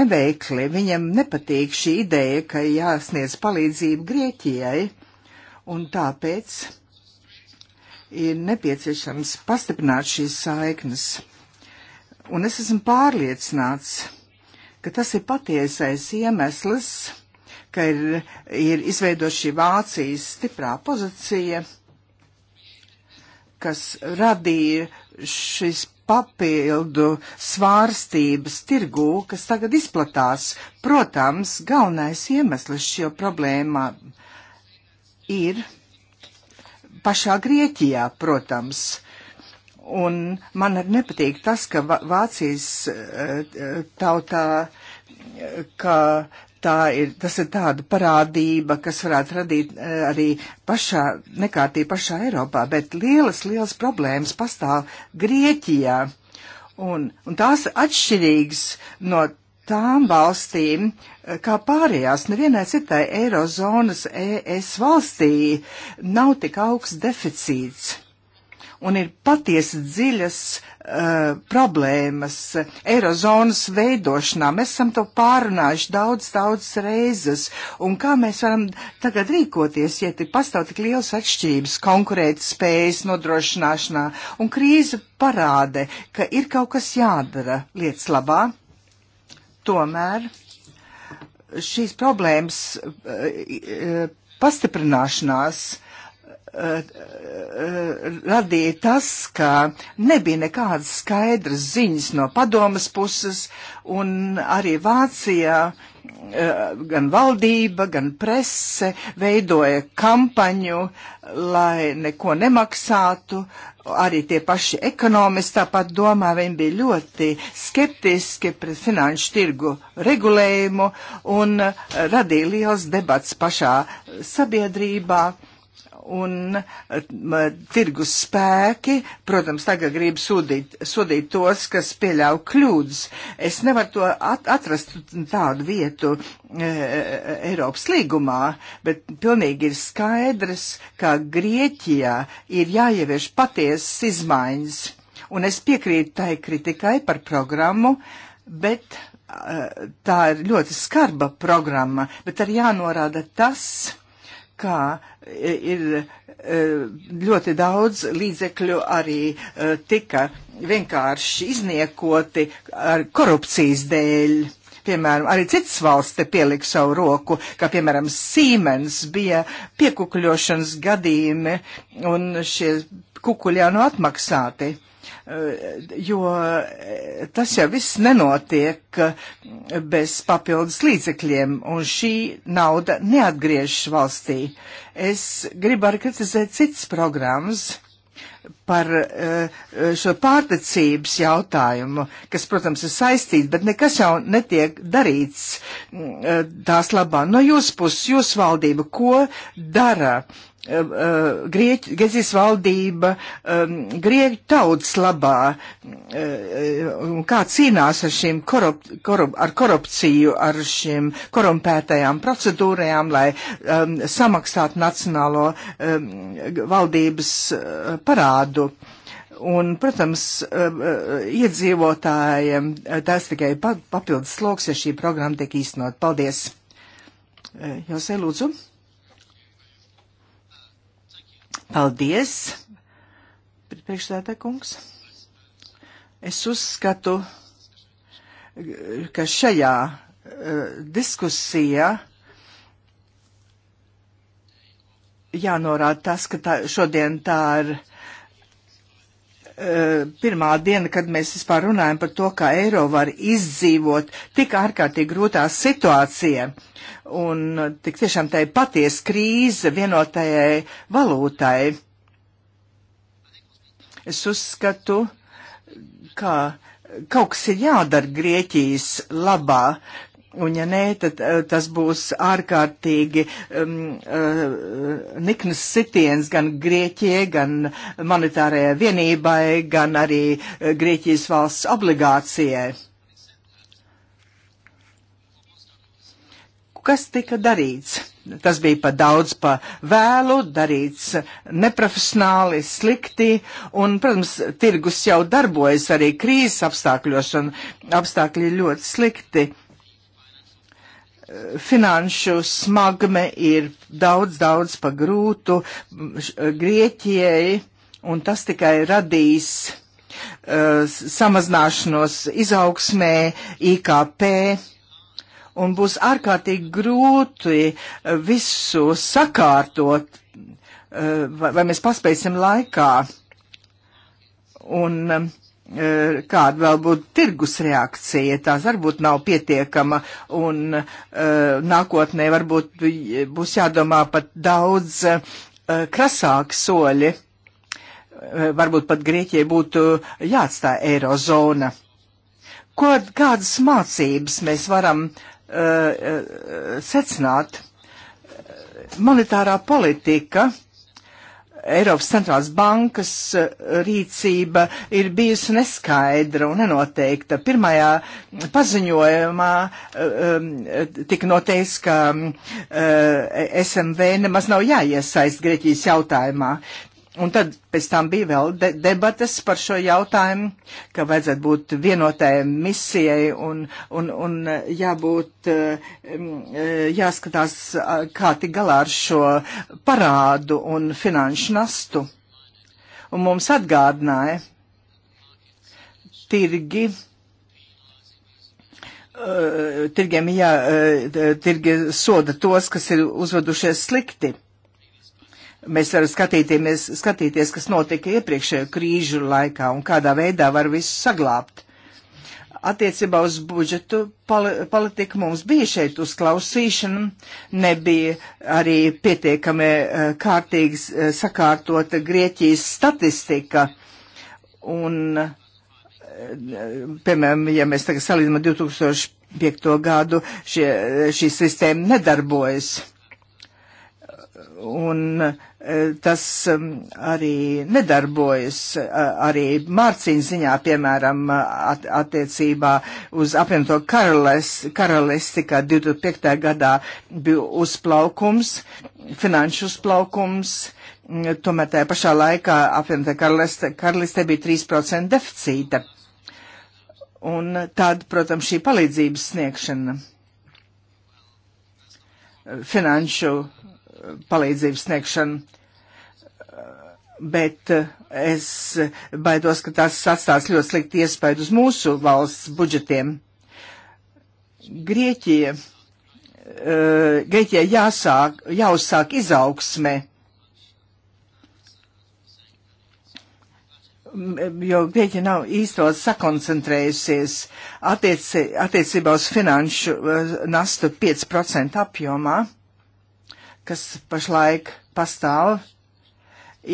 neveikli, viņam nepatīk šī ideja, ka jāsniedz palīdzību Grieķijai, un tāpēc ir nepieciešams pastiprināt šīs saiknes. Un es esmu pārliecināts, ka tas ir patiesais iemesls, ka ir, ir izveidota šī Vācijas stiprā pozīcija, kas radīja šis papildu svārstības tirgū, kas tagad izplatās. Protams, galvenais iemesls šī problēma ir pašā Grieķijā, protams. Un man arī nepatīk tas, ka Vācijas eh, eh, tautā, eh, ka tā ir, tas ir tāda parādība, kas varētu radīt arī pašā, nekārtību pašā Eiropā, bet lielas, lielas problēmas pastāv Grieķijā. Un, un tās atšķirīgas no tām valstīm, kā pārējās, nevienai citai Eirozonas ES valstī nav tik augsts deficīts. Un ir patiesi dziļas uh, problēmas Eirozonas veidošanā. Mēs esam to pārunājuši daudz, daudz reizes. Un kā mēs varam tagad rīkoties, ja te pastāv tik liels atšķības konkurēt spējas nodrošināšanā? Un krīze parāde, ka ir kaut kas jādara lietas labā. Tomēr šīs problēmas eh, eh, pastiprināšanās eh, radīja tas, ka nebija nekādas skaidras ziņas no padomas puses, un arī Vācijā uh, Eh, gan valdība, gan prese veidoja kampaņu, lai neko nemaksātu. Arī tie paši ekonomisti tāpat domā, viņi bija ļoti skeptiski pret finanšu tirgu regulējumu un radīja liels debats pašā sabiedrībā un tirgus spēki, protams, tagad grib sodīt, sodīt tos, kas pieļauj kļūdas. Es nevaru to at atrast tādu vietu e, e, Eiropas līgumā, bet pilnīgi ir skaidrs, ka Grieķijā ir jāievieš patiesas izmaiņas. Un es piekrītu tai kritikai par programmu, bet e, tā ir ļoti skarba programma, bet arī jānorāda tas, kā e, ir e, ļoti daudz līdzekļu arī e, tika vienkārši izniekoti ar korupcijas dēļ. Piemēram, arī citas valsts te pielika savu roku, kā piemēram Siemens bija piekukļošanas gadījumi un šie kukuļi jau nav atmaksāti. Uh, jo eh, tas jau viss nenotiek eh, bez papildus līdzekļiem, un šī nauda neatgriežas valstī. Es gribu arī kritizēt citas programmas par eh, šo pārtecības jautājumu, kas, protams, ir saistīts, bet nekas jau netiek darīts mm, tās labā. No jūsu puses, jūsu valdība, ko dara Eh, Grieķ, Gezijas valdība um, Grieķu tautas labā um, kā cīnās ar, šim korup, korup, ar korupciju, ar šiem korumpētajām procedūrējām, lai um, samaksātu nacionālo um, valdības uh, parādu. Un, protams, uh, iedzīvotājiem tas tikai papildus sloks, ja šī programma tiek īstenot. Paldies! Uh, Josei, lūdzu! Paldies, priekšsēdētāj kungs. Es uzskatu, ka šajā eh, diskusijā jānorāda tas, ka tā, šodien tā ir Eh, pirmā diena, kad mēs vispār runājam par to, kā eiro var izdzīvot tik ārkārtīgi grūtā situācijā. Un eh, tik tiešām tā ir patiesa krīze vienotajai valūtai. Es uzskatu, ka kaut kas ir jādara Grieķijas labā, Un ja nē, tad eh, tas būs ārkārtīgi um, uh, niknas sitiens gan Grieķijai, gan monetārajai vienībai, gan arī eh, Grieķijas valsts obligācijai. Kas tika darīts? Tas bija pa daudz pa vēlu, darīts neprofesionāli, slikti, un, protams, tirgus jau darbojas arī krīzes apstākļos, un apstākļi ļoti slikti finanšu smagme ir daudz, daudz pagrūtu Grieķijai, un tas tikai radīs uh, samazināšanos izaugsmē, IKP, un būs ārkārtīgi grūti eh, visu sakārtot, uh, vai, vai mēs paspēsim laikā. Un, um, E, kāda vēl būtu tirgus reakcija, tās varbūt nav pietiekama un uh, nākotnē varbūt būs jādomā pat daudz uh, krasāki soļi. Uh, varbūt pat Grieķijai būtu jāatstāja eirozona. Ko, kādas mācības mēs varam secināt? Monetārā politika uh, Eiropas centrālās bankas eh, rīcība ir bijusi neskaidra un nenoteikta. Pirmajā paziņojumā um, tika noteikts, ka um, eh, SMV nemaz nav jāiesaist Grieķijas jautājumā. Un tad pēc tam bija vēl de debatas par šo jautājumu, ka vajadzētu būt vienotai misijai un, un, un eh, jābūt, eh, eh, jāskatās, kā tik galā ar šo parādu un finanšu nastu. Un mums atgādināja tirgi tirgiem jā, tirgi soda tos, kas ir uzvedušies slikti mēs varam skatīties, skatīties, kas notika iepriekšējo krīžu laikā un kādā veidā var visu saglābt. Attiecībā uz budžetu poli politiku mums bija šeit uzklausīšana, nebija arī pietiekami eh, kārtīgs eh, sakārtota Grieķijas statistika. Un, eh, piemēram, ja mēs tagad salīdzinām 2005. gadu, šie, šī sistēma nedarbojas un e, tas um, arī nedarbojas e, arī Mārciņas ziņā, piemēram, at, attiecībā uz apvienoto karalisti, karalisti, kā 2005. gadā bija uzplaukums, finanšu uzplaukums, tomēr tajā pašā laikā apvienotā karaliste, karaliste bija 3% deficīta. Un tad, protams, šī palīdzības sniegšana finanšu palīdzības sniegšanu. Bet eh, es baidos, ka tas atstās ļoti slikti iespēju uz mūsu valsts budžetiem. Grieķija, eh, Grieķija jāsāk, jāuzsāk izaugsme. jo Grieķija nav īstos sakoncentrējusies attieci, attiecībā uz finanšu eh, nastu 5% apjomā kas pašlaik pastāv,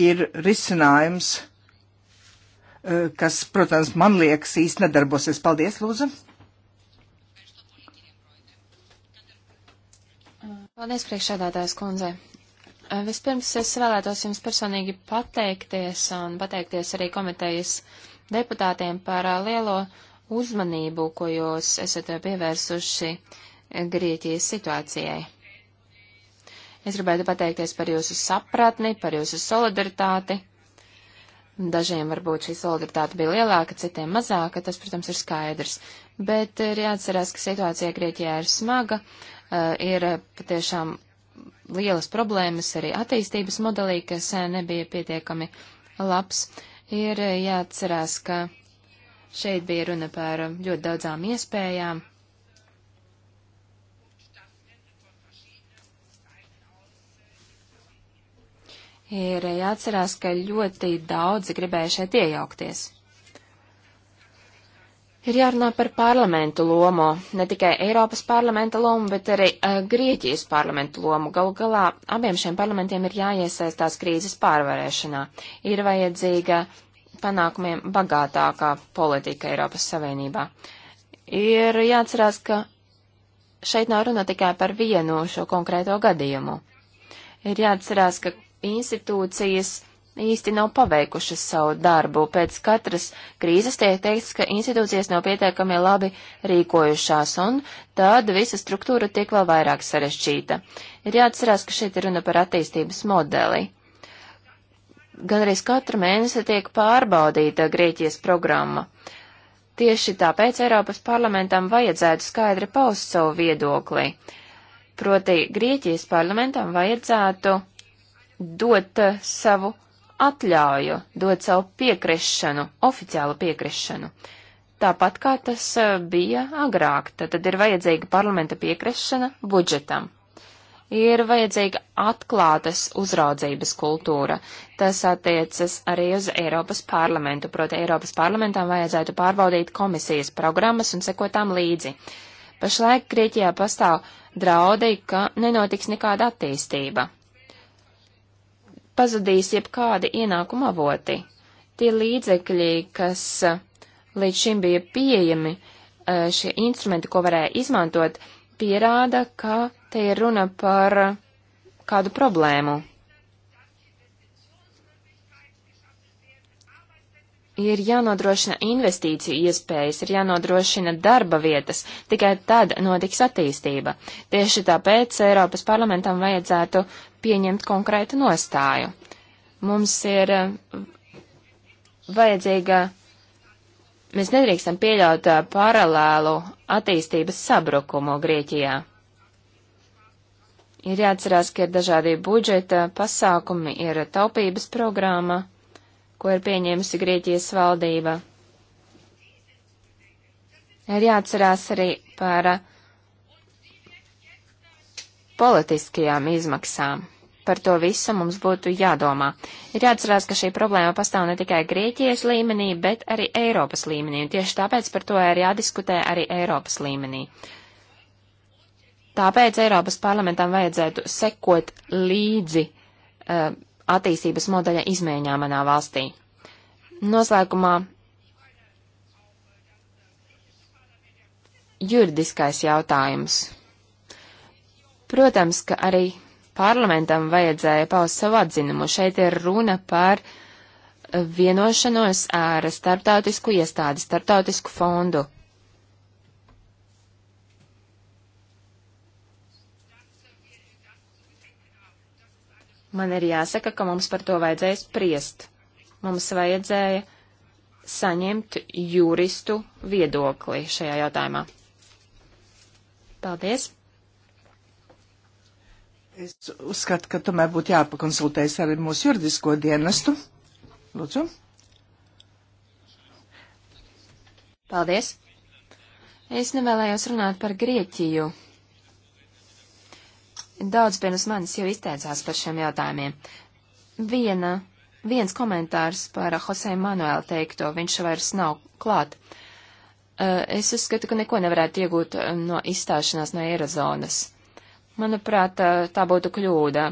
ir risinājums, eh, kas, protams, man liekas īsti nedarbosies. Paldies, Lūza! Paldies, priekšādātājs kundze! Eh, vispirms es vēlētos jums personīgi pateikties un pateikties arī komitejas deputātiem par eh, lielo uzmanību, ko jūs esat pievērsuši Grieķijas situācijai. Es gribētu pateikties par jūsu sapratni, par jūsu solidaritāti. Dažiem varbūt šī solidaritāte bija lielāka, citiem mazāka, tas, protams, ir skaidrs. Bet ir jāatcerās, ka situācija Grieķijā ir smaga, eh, ir patiešām lielas problēmas arī attīstības modelī, kas eh, nebija pietiekami labs. Ir jāatcerās, ka šeit bija runa par ļoti daudzām iespējām, ir jāatcerās, ka ļoti daudzi gribēja šeit iejaukties. Ir jārunā par parlamentu lomu, ne tikai Eiropas parlamenta lomu, bet arī uh, Grieķijas parlamentu lomu. Galu galā abiem šiem parlamentiem ir jāiesaistās krīzes pārvarēšanā. Ir vajadzīga panākumiem bagātākā politika Eiropas Savienībā. Ir jāatcerās, ka šeit nav runa tikai par vienu šo konkrēto gadījumu. Ir jāatcerās, ka institūcijas īsti nav paveikušas savu darbu. Pēc katras krīzes tiek teikts, ka institūcijas nav pietiekami labi rīkojušās, un tad visa struktūra tiek vēl vairāk sarešķīta. Ir jāatcerās, ka šeit ir runa par attīstības modeli. Gan arī katru mēnesi tiek pārbaudīta Grieķijas programma. Tieši tāpēc Eiropas parlamentam vajadzētu skaidri paust savu viedokli. Proti, Grieķijas parlamentam vajadzētu dot eh, savu atļauju, dot savu piekrišanu, oficiālu piekrišanu. Tāpat kā tas eh, bija agrāk, tad ir vajadzīga parlamenta piekrišana budžetam. Ir vajadzīga atklātas uzraudzības kultūra. Tas attiecas arī uz Eiropas parlamentu, proti Eiropas parlamentam vajadzētu pārbaudīt komisijas programmas un sekotām līdzi. Pašlaik Grieķijā pastāv draudi, ka nenotiks nekāda attīstība pazudīs jebkādi ienākuma avoti. Tie līdzekļi, kas eh, līdz šim bija pieejami, eh, šie instrumenti, ko varēja izmantot, pierāda, ka te ir runa par eh, kādu problēmu. ir jānodrošina investīciju iespējas, ir jānodrošina darba vietas, tikai tad notiks attīstība. Tieši tāpēc Eiropas parlamentam vajadzētu pieņemt konkrētu nostāju. Mums ir eh, vajadzīga, mēs nedrīkstam pieļaut eh, paralēlu attīstības sabrukumu Grieķijā. Ir jāatcerās, ka ir dažādi budžeta pasākumi, ir taupības programma ko ir pieņēmusi Grieķijas valdība. Ir jāatcerās arī par politiskajām izmaksām. Par to visu mums būtu jādomā. Ir jāatcerās, ka šī problēma pastāv ne tikai Grieķijas līmenī, bet arī Eiropas līmenī, un tieši tāpēc par to ir jādiskutē arī Eiropas līmenī. Tāpēc Eiropas parlamentam vajadzētu sekot līdzi uh, attīstības modeļa izmaiņā manā valstī. Noslēgumā juridiskais jautājums. Protams, ka arī parlamentam vajadzēja paust savu atzinumu. Šeit ir runa par vienošanos ar starptautisku iestādi, starptautisku fondu. Man ir jāsaka, ka mums par to vajadzēja spriest. Mums vajadzēja saņemt juristu viedokli šajā jautājumā. Paldies! Es uzskatu, ka tomēr būtu jāpakonsultējas ar mūsu juridisko dienestu. Lūdzu. Paldies. Es nevēlējos runāt par Grieķiju. Daudz pirms manis jau izteicās par šiem jautājumiem. Viena, viens komentārs par Jose Manuelu teikto, viņš vairs nav klāt. Eh, es uzskatu, ka neko nevarētu iegūt eh, no izstāšanās no Eirozonas. Manuprāt, eh, tā būtu kļūda.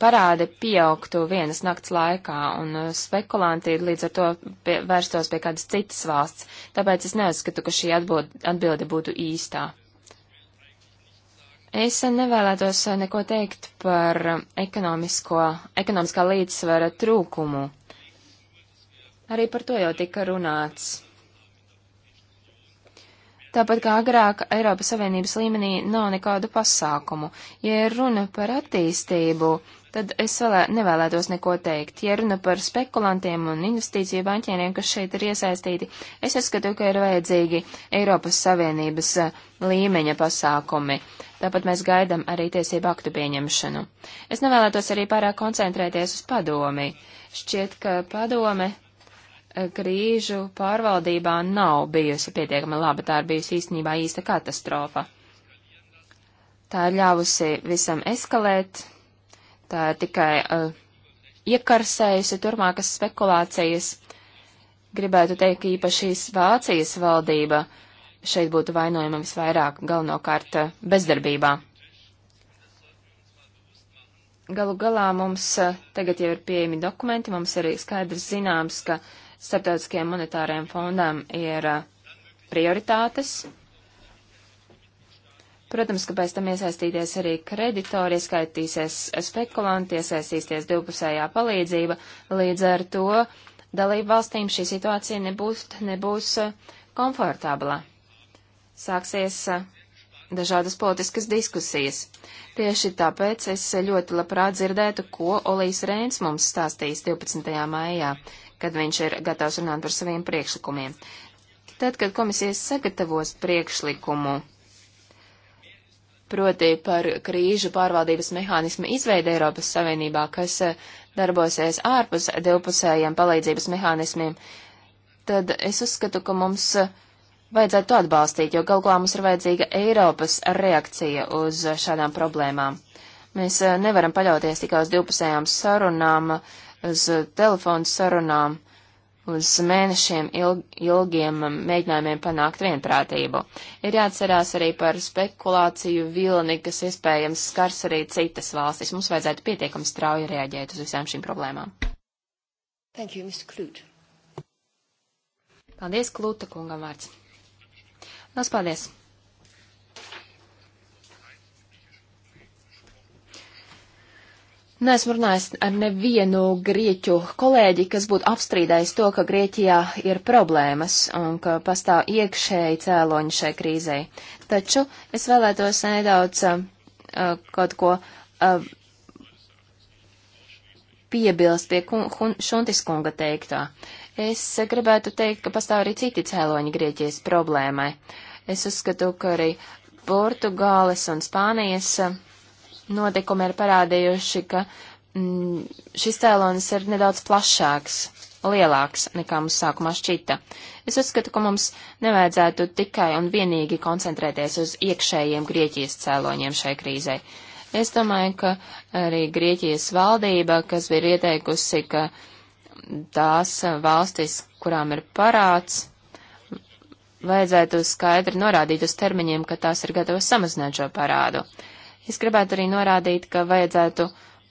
Parādi pieaugtu vienas nakts laikā, un spekulanti līdz ar to pie, vērstos pie kādas citas valsts, tāpēc es neuzskatu, ka šī atbilde būtu īstā. Es nevēlētos eh, neko teikt par ekonomiskā līdzsvara trūkumu. Arī par to jau tika runāts. Tāpat kā agrāk, Eiropas Savienības līmenī nav nekādu pasākumu. Ja runa par attīstību, tad es vēlē, nevēlētos neko teikt. Ja runa par spekulantiem un investīciju banķieriem, kas šeit ir iesaistīti, es uzskatu, ka ir vajadzīgi Eiropas Savienības eh, līmeņa pasākumi. Tāpat mēs gaidam arī tiesību aktu pieņemšanu. Es nevēlētos arī pārāk koncentrēties uz padomi. Šķiet, ka padome krīžu eh, pārvaldībā nav bijusi pietiekama laba, tā ir bijusi īstenībā īsta katastrofa. Tā ir ļāvusi visam eskalēt, tā ir tikai uh, iekarsējusi turmākas spekulācijas. Gribētu teikt, ka īpaši šīs Vācijas valdība šeit būtu vainojama visvairāk galvenokārt eh, bezdarbībā. Galu galā mums eh, tagad jau ir pieejami dokumenti, mums ir skaidrs zināms, ka starptautiskajiem monetāriem fondam ir prioritātes, Protams, ka pēc tam iesaistīties arī kreditori, ieskaitīsies spekulanti, iesaistīsies divpusējā palīdzība. Līdz ar to dalību valstīm šī situācija nebūs, nebūs eh, komfortabla. Sāksies eh, dažādas politiskas diskusijas. Tieši tāpēc es ļoti labprāt dzirdētu, ko Olīs Rēns mums stāstīs 12. maijā, kad viņš ir gatavs runāt par saviem priekšlikumiem. Tad, kad komisijas sagatavos priekšlikumu, proti par krīžu pārvaldības mehānismu izveidu Eiropas Savienībā, kas eh, darbosies ārpus divpusējiem palīdzības mehānismiem, tad es uzskatu, ka mums eh, vajadzētu atbalstīt, jo galu galā mums ir vajadzīga Eiropas reakcija uz eh, šādām problēmām. Mēs nevaram paļauties tikai uz divpusējām sarunām, uz telefonu sarunām uz mēnešiem ilg, ilgiem mēģinājumiem panākt vienprātību. Ir jāatcerās arī par spekulāciju vilni, kas iespējams skars arī citas valstis. Mums vajadzētu pietiekami strauji reaģēt uz visām šīm problēmām. Thank you, Mr. Klūt. Paldies, Klūta kungam vārds. Nos, paldies. Neesmu runājis ar nevienu grieķu kolēģi, kas būtu apstrīdējis to, ka Grieķijā ir problēmas un ka pastāv iekšēji cēloņi šai krīzē. Taču es vēlētos nedaudz uh, uh kaut ko uh, piebilst pie Šuntis kunga teiktā. Es gribētu teikt, ka pastāv arī citi cēloņi Grieķijas problēmai. Es uzskatu, ka arī Portugāles un Spānijas. Uh, notikumi ir parādījuši, ka mm, šis cēlonis ir nedaudz plašāks, lielāks nekā mums sākumā šķita. Es uzskatu, ka mums nevajadzētu tikai un vienīgi koncentrēties uz iekšējiem Grieķijas cēloņiem šai krīzē. Es domāju, ka arī Grieķijas valdība, kas bija ieteikusi, ka tās valstis, kurām ir parāds, vajadzētu skaidri norādīt uz termiņiem, ka tās ir gatavas samazināt šo parādu. Uh, Es gribētu arī norādīt, ka vajadzētu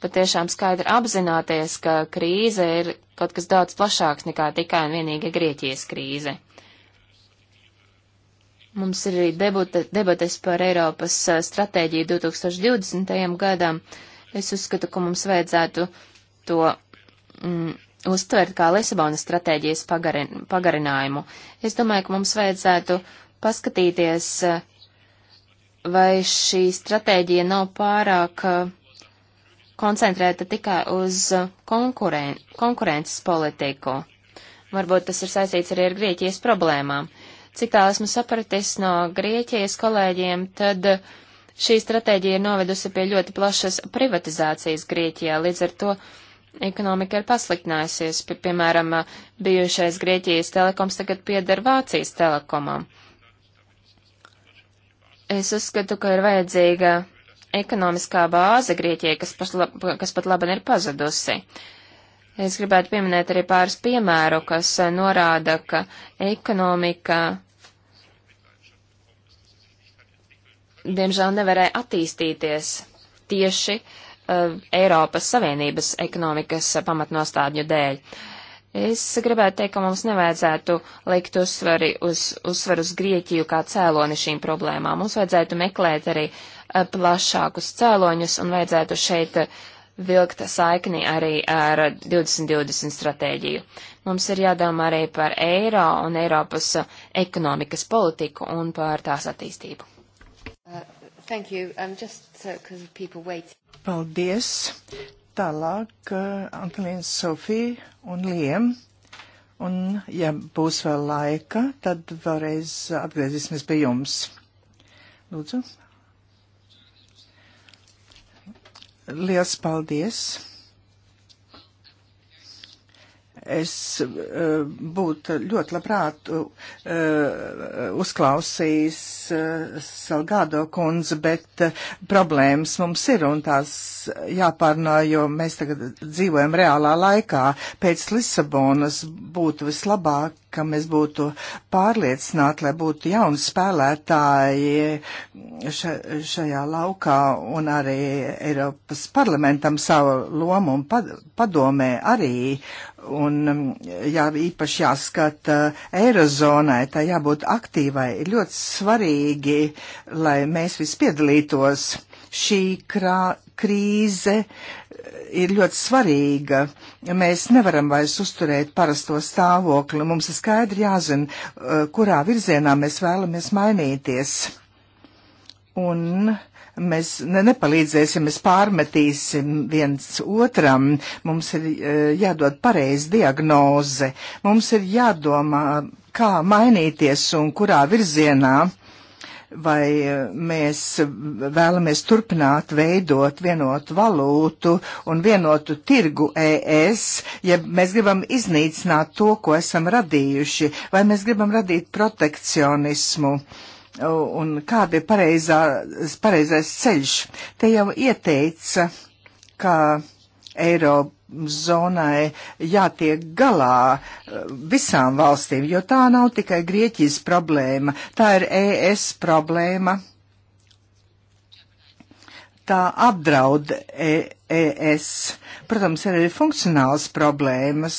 patiešām skaidri apzināties, ka krīze ir kaut kas daudz plašāks nekā tikai un vienīgi Grieķijas krīze. Mums ir arī debute, debates par Eiropas stratēģiju 2020. gadam. Es uzskatu, ka mums vajadzētu to mm, uztvert kā Lisabonas stratēģijas pagarin, pagarinājumu. Es domāju, ka mums vajadzētu paskatīties, vai šī stratēģija nav pārāk uh, koncentrēta tikai uz uh, konkuren konkurences politiku. Varbūt tas ir saistīts arī ar Grieķijas problēmām. Cik tālu esmu sapratis no Grieķijas kolēģiem, tad uh, šī stratēģija ir novedusi pie ļoti plašas privatizācijas Grieķijā, līdz ar to ekonomika ir pasliktinājusies. Pie, piemēram, bijušais Grieķijas telekoms tagad pieder Vācijas telekomam. Uh, Es uzskatu, ka ir vajadzīga ekonomiskā bāze Grieķijai, kas, paslab, kas pat labi ir pazudusi. Es gribētu pieminēt arī pāris piemēru, kas eh, norāda, ka ekonomika diemžēl nevarēja attīstīties tieši uh, Eiropas Savienības ekonomikas eh, pamatnostādņu dēļ. Uh, Es gribētu teikt, ka mums nevajadzētu likt uzsvari uz, uzsvaru uz Grieķiju kā cēloni šīm problēmām. Mums vajadzētu meklēt arī eh, plašākus cēloņus un vajadzētu šeit eh, vilkt saikni arī ar 2020 stratēģiju. Mums ir jādomā arī par eiro un Eiropas eh, ekonomikas politiku un par tās attīstību. Uh, um, just, uh, Paldies! Tālāk eh, Ankelīna Sofija un Liem. Un, ja būs vēl laika, tad vēlreiz atgriezīsimies pie jums. Lūdzu. Liels paldies! Es e, būtu ļoti labprāt e, uzklausījis e, Salgado kundze, bet problēmas mums ir un tās jāpārnā, jo mēs tagad dzīvojam reālā laikā. Pēc Lisabonas būtu vislabāk, ka mēs būtu pārliecināti, lai būtu jauni spēlētāji ša, šajā laukā un arī Eiropas parlamentam savu lomu un padomē arī. Uh, un um, jā, īpaši jāskata uh, Eirozonai, tā jābūt aktīvai. Ir ļoti svarīgi, lai mēs visi piedalītos. Šī krā, krīze uh, ir ļoti svarīga. Mēs nevaram vairs uzturēt parasto stāvokli. Mums ir skaidri jāzina, uh, kurā virzienā mēs vēlamies mainīties. Un uh, mēs ne, nepalīdzēsim, mēs pārmetīsim viens otram. Mums ir e, jādod pareizi diagnoze. Mums ir jādomā, kā mainīties un kurā virzienā vai e, mēs vēlamies turpināt veidot vienotu valūtu un vienotu tirgu ES, ja mēs gribam iznīcināt to, ko esam radījuši, vai mēs gribam radīt protekcionismu. Uh, un kāda ir pareizā, pareizais ceļš. Te jau ieteica, ka Eirozonai jātiek galā eh, visām valstīm, jo tā nav tikai Grieķijas problēma, tā ir ES problēma. Tā apdraud ES. E Protams, ir arī funkcionāls problēmas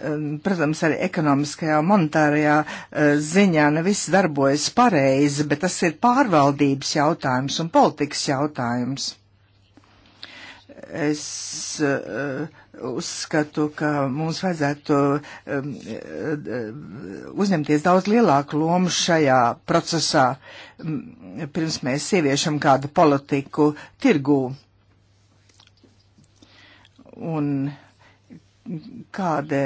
Um, protams, arī ekonomiskajā un monetārajā uh, ziņā ne viss darbojas pareizi, bet tas ir pārvaldības jautājums un politikas jautājums. Es uh, uzskatu, ka mums vajadzētu um, uh, uzņemties daudz lielāku lomu šajā procesā, pirms mēs ieviešam kādu politiku tirgū. Un kāda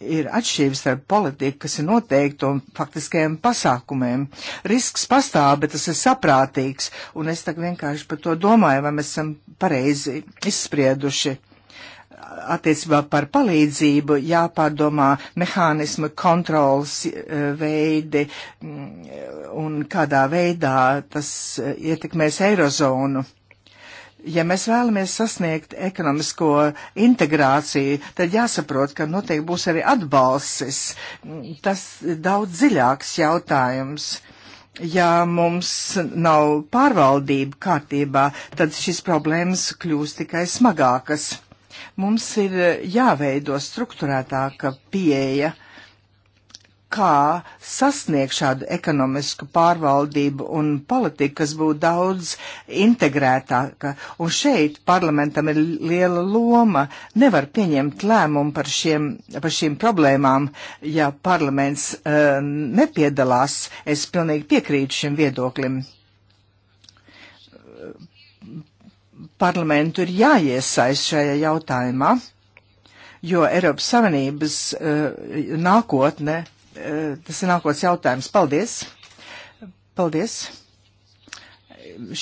ir atšķirības starp politiku, kas ir noteikta un faktiskajiem pasākumiem. Risks pastāv, bet tas ir saprātīgs, un es tagad vienkārši par to domāju, vai mēs esam pareizi izsprieduši. Attiecībā par palīdzību jāpārdomā mehānismu kontrols eh, veidi mm, un kādā veidā tas eh, ietekmēs eirozonu Ja mēs vēlamies sasniegt ekonomisko integrāciju, tad jāsaprot, ka noteikti būs arī atbalsts. Tas daudz dziļāks jautājums. Ja mums nav pārvaldība kārtībā, tad šis problēmas kļūst tikai smagākas. Mums ir jāveido struktūrētāka pieeja kā sasniegt šādu ekonomisku pārvaldību un politiku, kas būtu daudz integrētāka. Un šeit parlamentam ir liela loma. Nevar pieņemt lēmumu par, šiem, par šīm problēmām, ja parlaments uh, nepiedalās. Es pilnīgi piekrītu šim viedoklim. Parlamentu ir jāiesaist šajā jautājumā, jo Eiropas Savienības uh, nākotne Eh, tas ir nākotnes jautājums. Paldies! Paldies!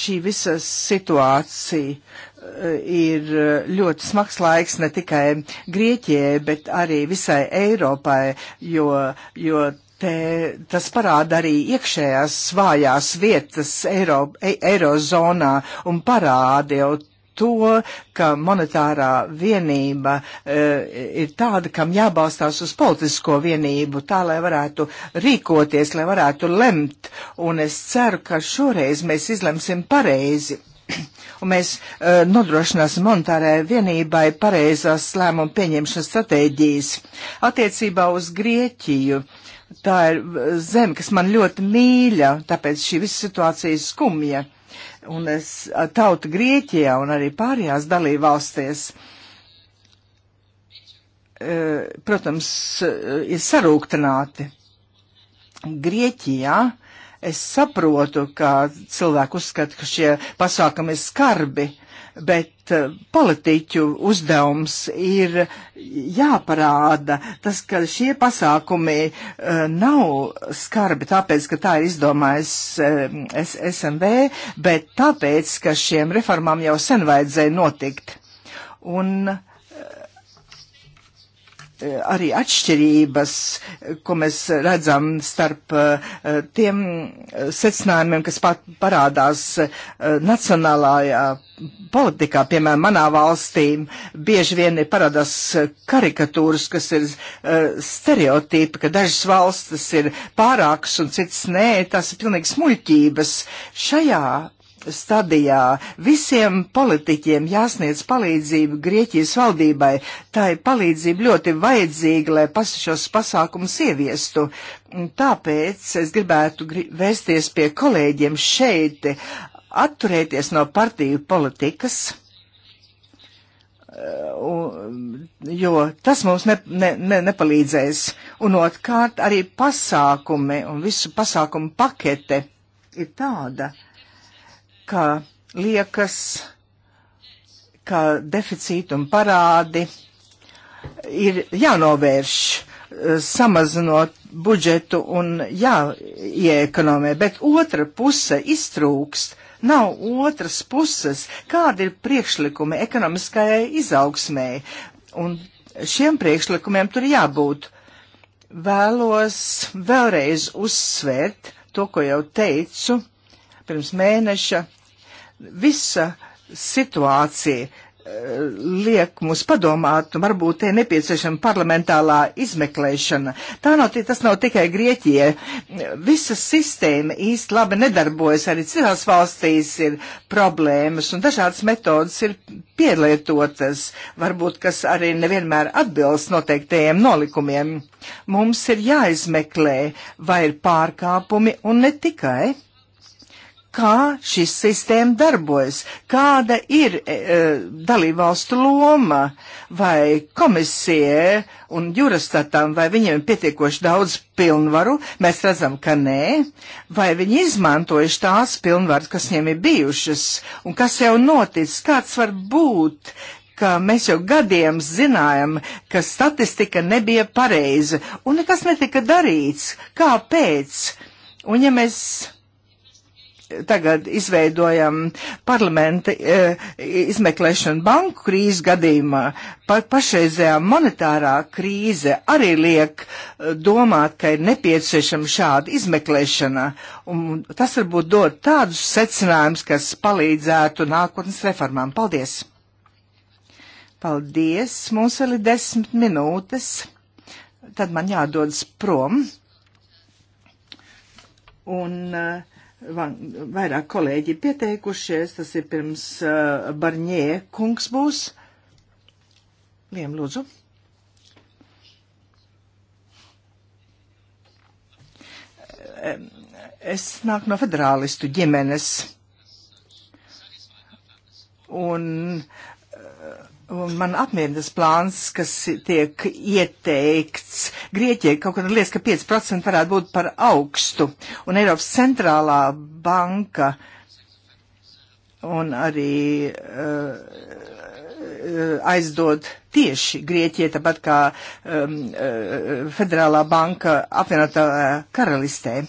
Šī visa situācija eh, ir eh, ļoti smags laiks ne tikai Grieķijai, bet arī visai Eiropai, jo, jo te, tas parāda arī iekšējās svājās vietas Eiro, e, Eirozonā un parāda jau to, ka monetārā vienība e, ir tāda, kam jābalstās uz politisko vienību, tā lai varētu rīkoties, lai varētu lemt, un es ceru, ka šoreiz mēs izlemsim pareizi. un mēs uh, e, nodrošināsim monetārai vienībai pareizās lēmumu pieņemšanas stratēģijas. Attiecībā uz Grieķiju tā ir zeme, kas man ļoti mīļa, tāpēc šī visa situācija ir skumja. Uh, un es tauta Grieķijā un arī pārējās dalībvalstīs. E, protams, e, ir sarūktināti. Grieķijā es saprotu, ka cilvēki uzskata, ka šie pasākumi ir skarbi, bet eh, politiķu uzdevums ir jāparāda tas, ka šie pasākumi eh, nav skarbi tāpēc, ka tā ir izdomājis eh, SMV, bet tāpēc, ka šiem reformām jau sen vajadzēja notikt. Un uh, arī atšķirības, ko mēs redzam starp eh, tiem eh, secinājumiem, kas parādās eh, nacionālajā politikā, piemēram, manā valstī, bieži vien ir parādās karikatūras, kas ir uh, stereotipi, ka dažas valstis ir pārākas un citas nē, tas ir pilnīgi smuļķības. Šajā stadijā visiem politiķiem jāsniedz palīdzību Grieķijas valdībai. Tā ir palīdzība ļoti vajadzīga, lai pas šos pasākumus ieviestu. Tāpēc es gribētu gri vēsties pie kolēģiem šeit, atturēties no partiju politikas jo tas mums ne, ne, ne, nepalīdzēs. Un otrkārt, arī pasākumi un visu pasākumu pakete ir tāda, ka liekas, ka deficīti un parādi ir jānovērš, eh, samazinot budžetu un jāiekonomē, bet otra puse iztrūkst. Nav otras puses, kāda ir priekšlikumi ekonomiskajai izaugsmēji, un šiem priekšlikumiem tur jābūt. Vēlos vēlreiz uzsvērt to, ko jau teicu, pirms mēneša. Visa situācija eh, liek mums padomāt, nu, varbūt te nepieciešama parlamentārā izmeklēšana. Tā nav, tas nav tikai Grieķija. Visa sistēma īsti labi nedarbojas, arī citās valstīs ir problēmas un dažādas metodas ir pielietotas, varbūt, kas arī nevienmēr atbilst noteiktajiem nolikumiem. Mums ir jāizmeklē, vai ir pārkāpumi un ne tikai kā šis sistēma darbojas, kāda ir e, e, dalībvalstu loma, vai komisija un jurastatam, vai viņiem ir pietiekoši daudz pilnvaru, mēs redzam, ka nē, vai viņi izmantojuši tās pilnvaras, kas viņiem ir bijušas, un kas jau noticis, kāds var būt, ka mēs jau gadiem zinājam, ka statistika nebija pareiza, un nekas netika darīts. Kāpēc? Un ja mēs tagad izveidojam parlamenta e, izmeklēšanu banku krīzes gadījumā, pa, pašreizējā monetārā krīze arī liek e, domāt, ka ir nepieciešama šāda izmeklēšana. Un tas varbūt dod tādus secinājumus, kas palīdzētu nākotnes reformām. Paldies! Paldies! Mums vēl ir desmit minūtes. Tad man jādodas prom. Un uh, vairāk kolēģi pieteikušies, tas ir pirms uh, Barņē kungs būs. Liem, lūdzu. Es nāku no federālistu ģimenes. Un uh, Un man apmierina tas plāns, kas tiek ieteikts Grieķijai. Kaut kur liekas, ka 5% varētu būt par augstu. Un Eiropas centrālā banka un arī uh, aizdod tieši Grieķijai, tāpat kā um, uh, Federālā banka apvienotā eh, karalistē.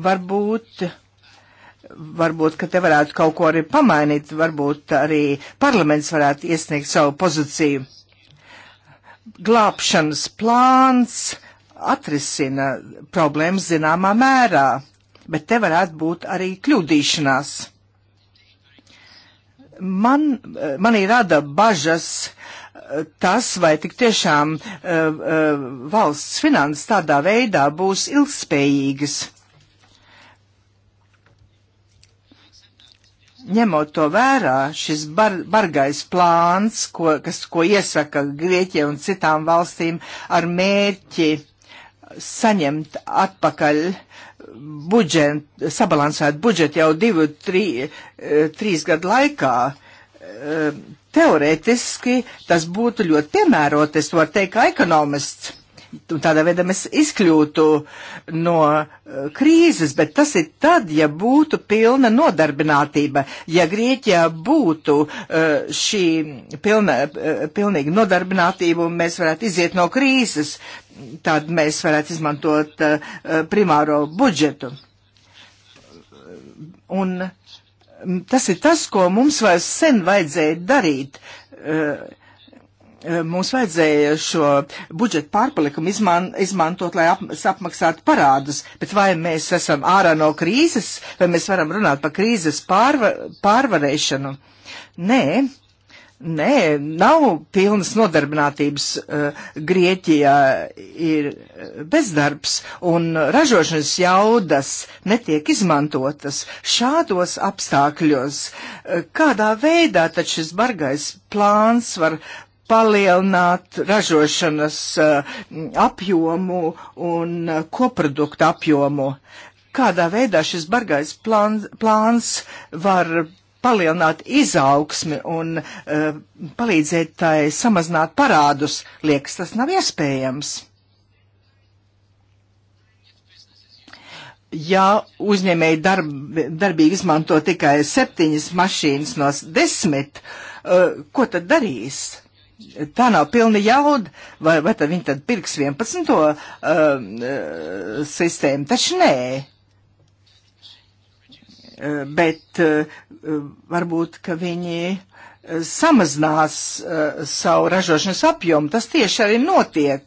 Varbūt varbūt, ka te varētu kaut ko arī pamainīt, varbūt arī parlaments varētu iesniegt savu pozīciju. Glābšanas plāns atrisina problēmas zināmā mērā, bet te varētu būt arī kļūdīšanās. Man, manī rada bažas eh, tas, vai tik tiešām uh, uh, valsts finanses tādā veidā būs ilgspējīgas ņemot to vērā, šis bar, bargais plāns, ko, kas, ko iesaka Grieķija un citām valstīm ar mērķi saņemt atpakaļ budžet, sabalansēt budžetu jau divu, tri, trīs gadu laikā, eh, teorētiski tas būtu ļoti piemērots, es varu teikt, kā ekonomists un tādā veidā mēs izkļūtu no eh, krīzes, bet tas ir tad, ja būtu pilna nodarbinātība, ja Grieķijā būtu eh, šī pilna, eh, pilnīga nodarbinātība un mēs varētu iziet no krīzes, tad mēs varētu izmantot primāro budžetu. Un mm, tas ir tas, ko mums vairs sen vajadzēja darīt Eh, mums vajadzēja šo budžetu pārpalikumu izman, izmantot, lai ap, apmaksātu parādus, bet vai mēs esam ārā no krīzes, vai mēs varam runāt par krīzes pārvar, pārvarēšanu? Nē. Nē, nav pilnas nodarbinātības. Eh, Grieķijā ir eh, bezdarbs un ražošanas jaudas netiek izmantotas. Šādos apstākļos, kādā veidā tad šis bargais plāns var palielināt ražošanas eh, apjomu un eh, koproduktu apjomu. Kādā veidā šis bargais plāns, plāns var palielināt izaugsmi un uh, palīdzēt tai samazināt parādus, liekas, tas nav iespējams. Ja uzņēmēji darb, darbīgi izmanto tikai septiņas mašīnas no desmit, uh, ko tad darīs? tā nav pilna jauda, vai, vai tad viņi tad pirks 11. Um, uh, uh, sistēmu? Taču nē. Uh, bet varbūt, ka viņi samazinās uh, savu ražošanas apjomu. Tas tieši arī notiek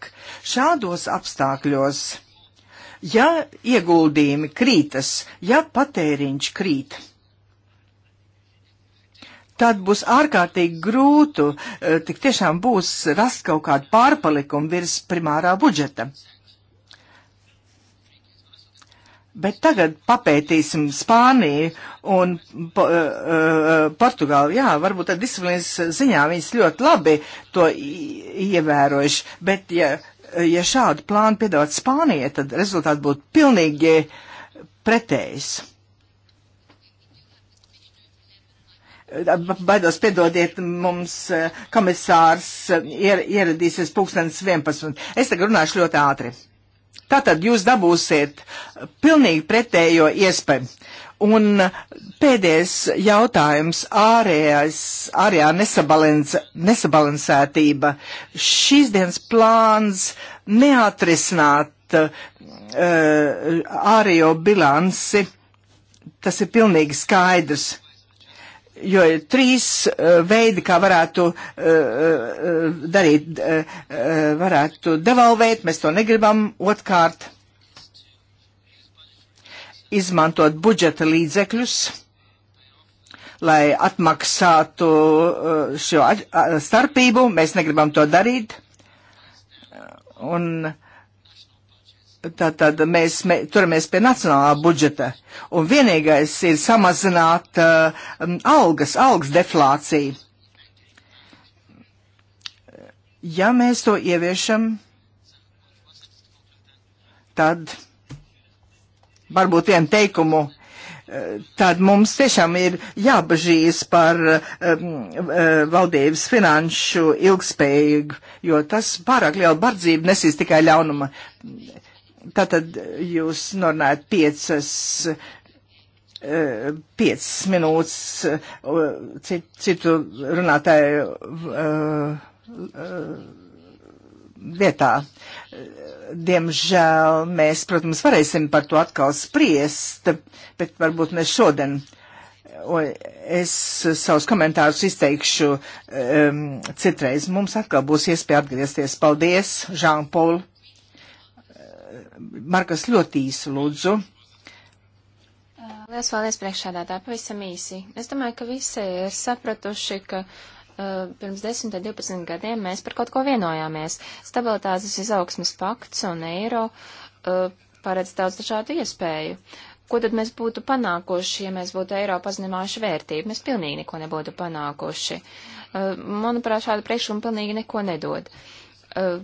šādos apstākļos. Ja ieguldījumi krītas, ja patēriņš krīt. Uh, tad būs ārkārtīgi grūtu, e, tik tiešām būs rast kaut kādu pārpalikumu virs primārā budžeta. Bet tagad papētīsim Spāniju un po, uh, Portugāli. Jā, varbūt tad disciplīnas ziņā viņas ļoti labi to ievērojuši, bet ja, ja šādu plānu piedāvāt Spānijai, tad rezultāti būtu pilnīgi pretējs. Baidos, piedodiet, mums e, komisārs e, ier, ieradīsies pulkstenis 11. Es tagad runāšu ļoti ātri. Tātad jūs dabūsiet pilnīgi pretējo iespēju. Un pēdējais jautājums - ārējais, ārējā nesabalans, nesabalansētība. Šīs dienas plāns neatrisināt uh, ārējo bilansi, tas ir pilnīgi skaidrs jo ir trīs eh, veidi, kā varētu eh, eh, darīt, varētu devalvēt, mēs to negribam. Otkārt, izmantot budžeta līdzekļus, lai atmaksātu šo starpību, mēs negribam to darīt. Un Tātad mēs mē, turamies pie nacionālā budžeta, un vienīgais ir samazināt uh, algas, algas deflāciju. Ja mēs to ieviešam, tad varbūt vienu teikumu uh, tad mums tiešām ir jābažīs par um, valdības finanšu ilgspējīgu, jo tas pārāk liela bardzība nesīs tikai ļaunuma. Tātad jūs norunājat piecas, eh, piecas minūtes eh, citu runātāju eh, vietā. Diemžēl mēs, protams, varēsim par to atkal spriest, bet varbūt ne šodien. Es savus komentārus izteikšu um, citreiz. Mums atkal būs iespēja atgriezties. Paldies, Žāng Paul! Markas ļoti īsu lūdzu. Lielas paldies priekšādātāji, pavisam īsi. Es domāju, ka visi ir sapratuši, ka uh, pirms 10 vai 12 gadiem mēs par kaut ko vienojāmies. Stabilitātes izaugsmas pakts un eiro uh, paredz daudz dažādu iespēju. Ko tad mēs būtu panākuši, ja mēs būtu eiro pazinamājuši vērtību? Mēs pilnīgi neko nebūtu panākuši. Uh, manuprāt, šāda priekšlikuma pilnīgi neko nedod. Uh,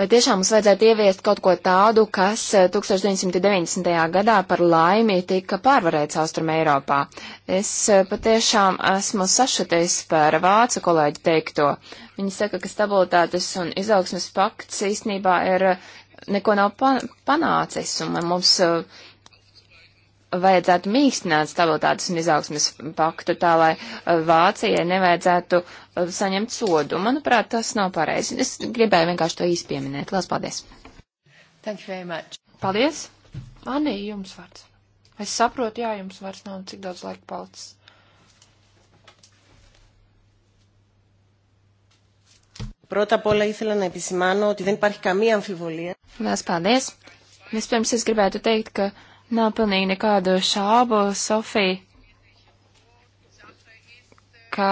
Vai tiešām mums vajadzētu ieviest kaut ko tādu, kas 1990. Eh, gadā par laimi tika pārvarēts Austrum Eiropā? Es eh, patiešām esmu sašuties par vācu kolēģi teikto. Viņi saka, ka stabilitātes un izaugsmes pakts īstenībā ir eh, neko nav panācis, un mums uh, vajadzētu mīkstināt stabilitātes un izaugsmes paktu tā, lai uh, Vācijai nevajadzētu uh, saņemt sodu. Manuprāt, tas nav pareizi. Es gribēju vienkārši to īsti pieminēt. Lielas paldies! Thank you very much. Paldies! Anī, jums vārds. Es saprotu, jā, jums vairs nav cik daudz laika palicis. Πρώτα απ' όλα ήθελα να επισημάνω ότι δεν υπάρχει καμία αμφιβολία. Μας παλές. Vispirms es gribētu teikt, ka uh, Nav pilnīgi nekādu šābu, Sofija, ka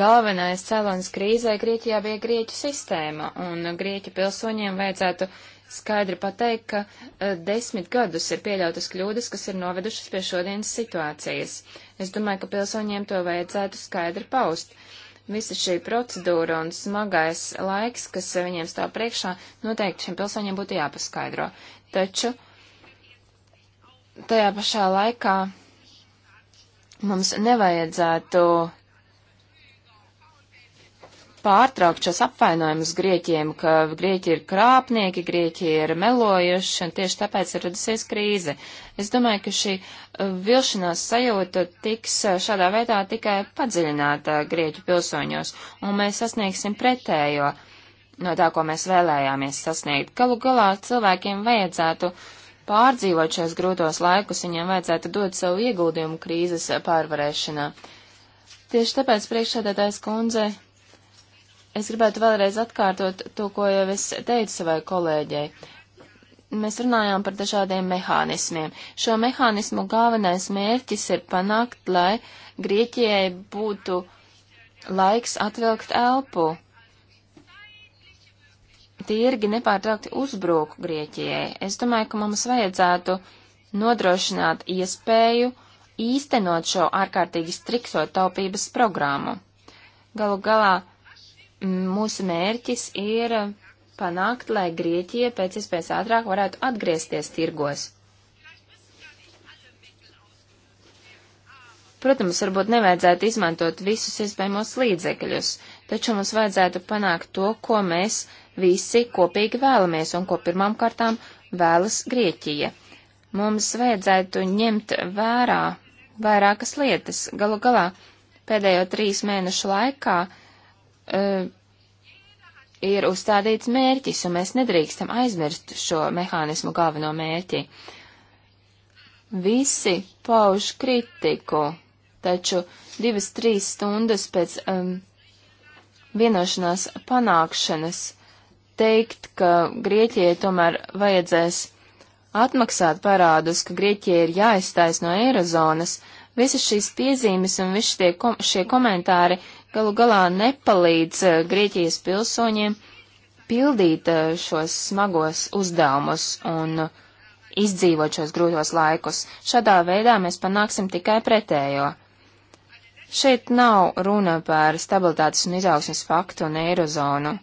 galvenais cēlonis krīzē Grieķijā bija Grieķu sistēma, un Grieķu pilsoņiem vajadzētu skaidri pateikt, ka uh, desmit gadus ir pieļautas kļūdas, kas ir novedušas pie šodienas situācijas. Es domāju, ka pilsoņiem to vajadzētu skaidri paust. Uh, Visa šī procedūra un smagais laiks, kas viņiem stāv priekšā, noteikti šiem pilsoņiem būtu jāpaskaidro. Taču tajā pašā laikā mums nevajadzētu pārtraukt šos apvainojumus Grieķiem, ka Grieķi ir krāpnieki, Grieķi ir melojuši, un tieši tāpēc ir radusies krīze. Es domāju, ka šī uh, vilšanās sajūta tiks uh, šādā veidā tikai padziļināta Grieķu pilsoņos, un mēs sasniegsim pretējo no tā, ko mēs vēlējāmies sasniegt. Galu galā cilvēkiem vajadzētu pārdzīvot šos grūtos laikus, viņiem vajadzētu dot savu ieguldījumu krīzes pārvarēšanā. Tieši tāpēc priekšsēdētājs kundze Es gribētu vēlreiz atkārtot to, ko jau es teicu savai kolēģei. Mēs runājām par dažādiem mehānismiem. Šo mehānismu galvenais mērķis ir panākt, lai Grieķijai būtu laiks atvilkt elpu. Tirgi nepārtraukti uzbrūk Grieķijai. Es domāju, ka mums vajadzētu nodrošināt iespēju īstenot šo ārkārtīgi strikso taupības programmu. Galu galā Mūsu mērķis ir panākt, lai Grieķija pēc iespējas ātrāk varētu atgriezties tirgos. Protams, varbūt nevajadzētu izmantot visus iespējamos līdzekļus, taču mums vajadzētu panākt to, ko mēs visi kopīgi vēlamies un ko pirmām kārtām vēlas Grieķija. Mums vajadzētu ņemt vērā vairākas lietas. Galu galā pēdējo trīs mēnešu laikā uh, uh, ir uzstādīts mērķis, un mēs nedrīkstam aizmirst šo mehānismu galveno mērķi. Visi pauž kritiku, taču divas, trīs stundas pēc um, vienošanās panākšanas teikt, ka Grieķijai tomēr vajadzēs atmaksāt parādus, ka Grieķijai ir jāiztais no Eirozonas, visas šīs piezīmes un visi kom šie komentāri galu galā nepalīdz eh, Grieķijas pilsoņiem pildīt eh, šos smagos uzdevumus un izdzīvot šos grūtos laikus. Šādā veidā mēs panāksim tikai pretējo. Šeit nav runa par stabilitātes un izaugsmes faktu un eirozonu.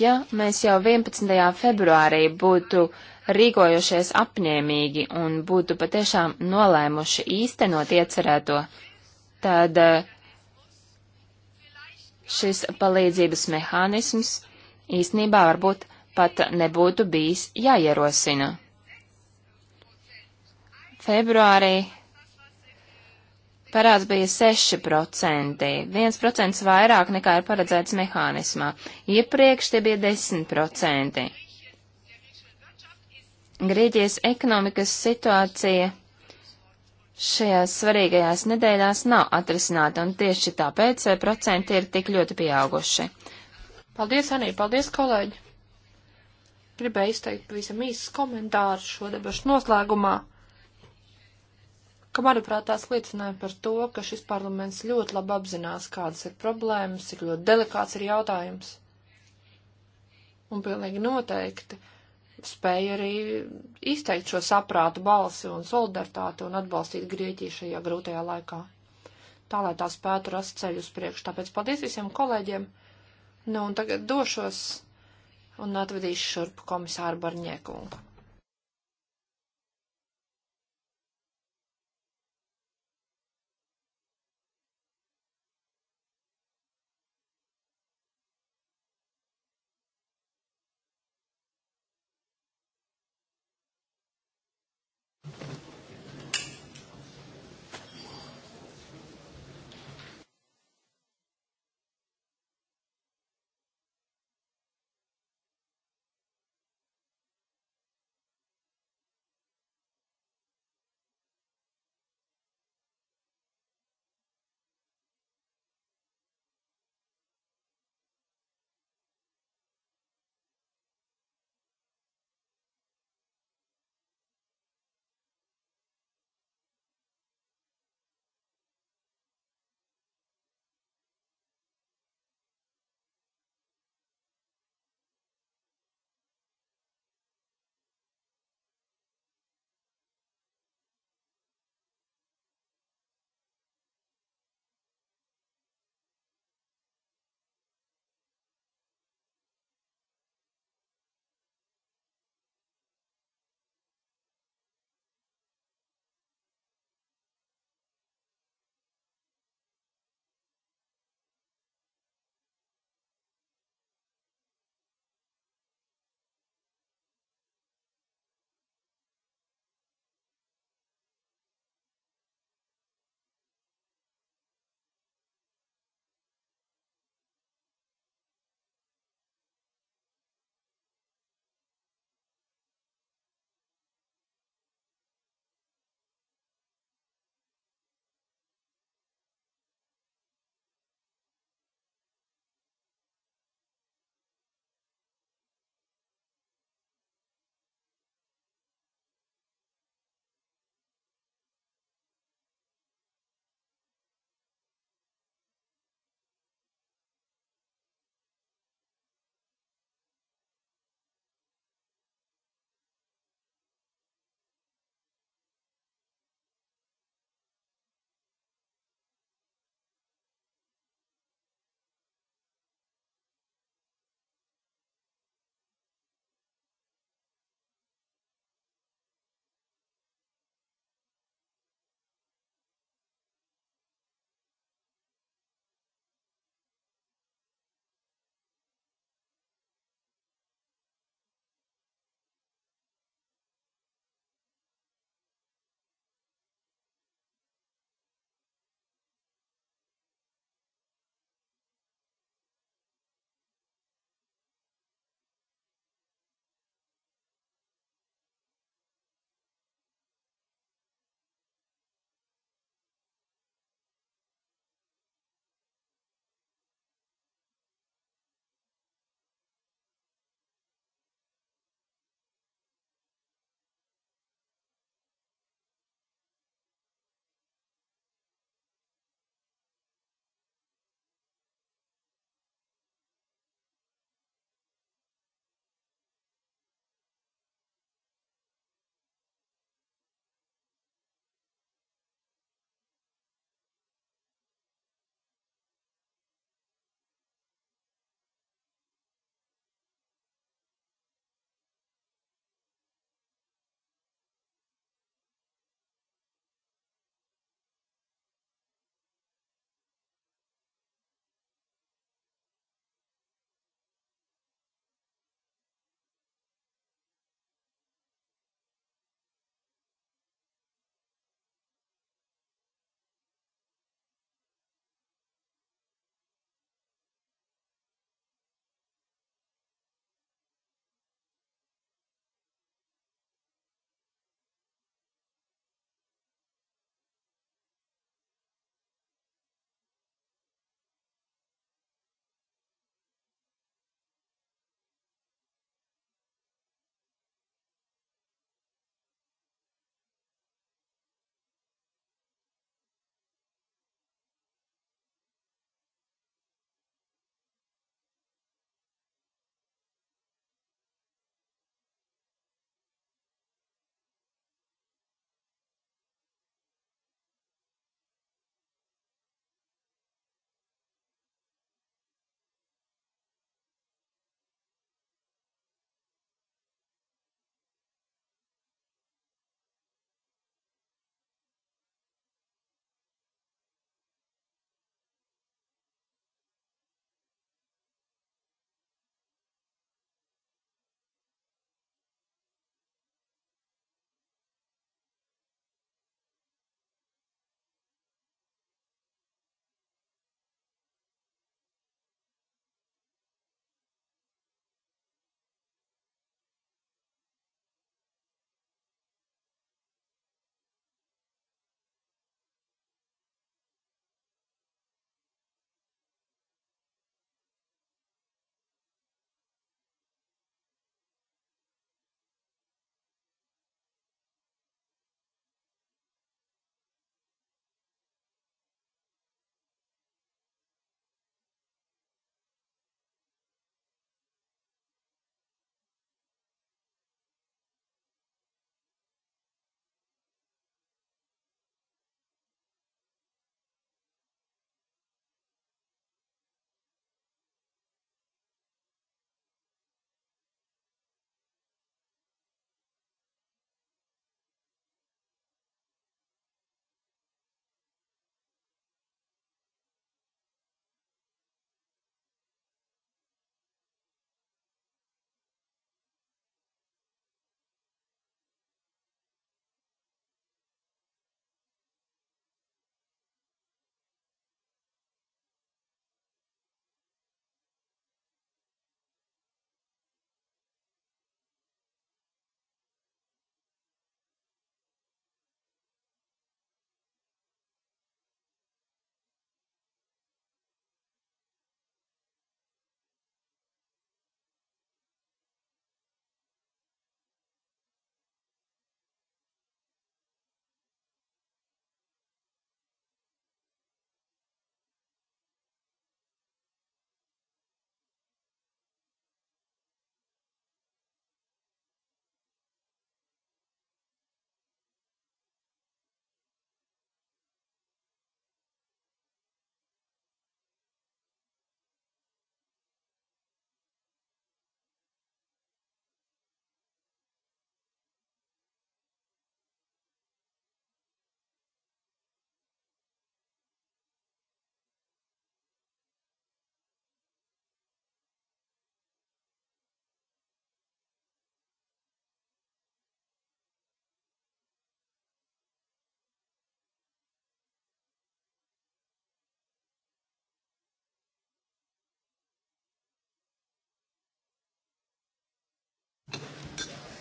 Ja mēs jau 11. februārī būtu uh, rīkojušies apņēmīgi un būtu patiešām nolēmuši īstenot iecerēto, tad eh, šis palīdzības mehānisms īstenībā varbūt pat nebūtu bijis jāierosina. Februārī parāds bija 6%, 1% vairāk nekā ir paredzēts mehānismā. Iepriekš tie bija 10%. Grieķijas ekonomikas situācija šajās svarīgajās nedēļās nav atrisināta, un tieši tāpēc eh, procenti ir tik ļoti pieauguši. Paldies, Anī, paldies, kolēģi! Gribēju izteikt pavisam īsts komentārs šo debašu noslēgumā, ka, manuprāt, tās liecināja par to, ka šis parlaments ļoti labi apzinās, kādas ir problēmas, cik ļoti delikāts ir jautājums. Un pilnīgi noteikti spēja arī izteikt šo saprātu balsi un solidaritāti un atbalstīt Grieķiju šajā grūtajā laikā. Tā, lai tā spētu rast ceļu uz priekšu. Tāpēc paldies visiem kolēģiem. Nu, un tagad došos un atvedīšu šurp komisāru Barņiekungu.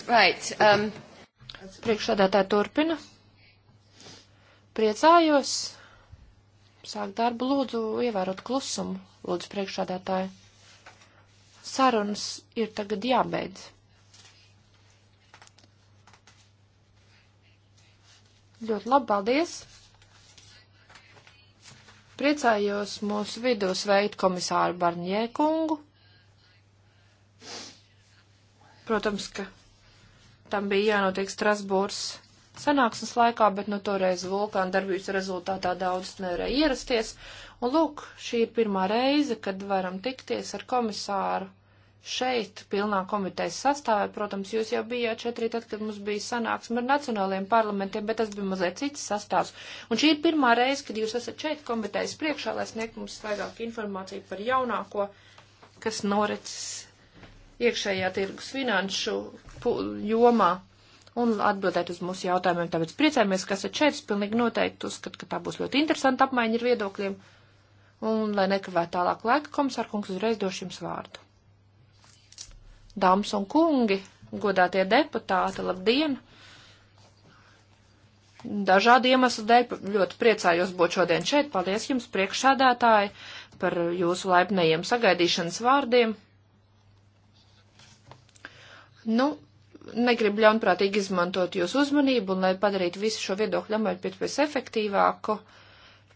Right, um... Priekšsādātāja turpina. Priecājos. Sāk darbu, lūdzu, ievērot klusumu, lūdzu, priekšsādātāja. Sarunas ir tagad jābeidz. Ļoti labi, paldies! Priecājos mūsu vidū sveikt komisāru Barņē kungu. Protams, ka tam bija jānotiek Strasbūrs sanāksmes laikā, bet nu toreiz vulkāna darbības rezultātā daudz nevarēja ierasties. Un lūk, šī ir pirmā reize, kad varam tikties ar komisāru šeit, pilnā komitejas sastāvē. Protams, jūs jau bijāt šeit arī tad, kad mums bija sanāksme ar nacionālajiem parlamentiem, bet tas bija mazliet cits sastāvs. Un šī ir pirmā reize, kad jūs esat šeit komitejas priekšā, lai sniegt mums vairāk informāciju par jaunāko, kas noricis iekšējā tirgus finanšu jomā un atbildēt uz mūsu jautājumiem. Tāpēc priecājamies, ka esat šeit. Es pilnīgi noteikti uzskatu, ka tā būs ļoti interesanta apmaiņa ar viedokļiem. Un, lai nekavētu tālāk laika, komisār kungs uzreiz došu jums vārdu. Dāmas un kungi, godātie deputāti, labdien! Dažādu iemeslu dēļ ļoti priecājos būt šodien šeit. Paldies jums, priekšsēdētāji, par jūsu laipnējiem sagaidīšanas vārdiem. Nu, negribu ļaunprātīgi izmantot jūsu uzmanību un, lai padarītu visu šo viedokļu apmaiņu pēc pēc efektīvāku,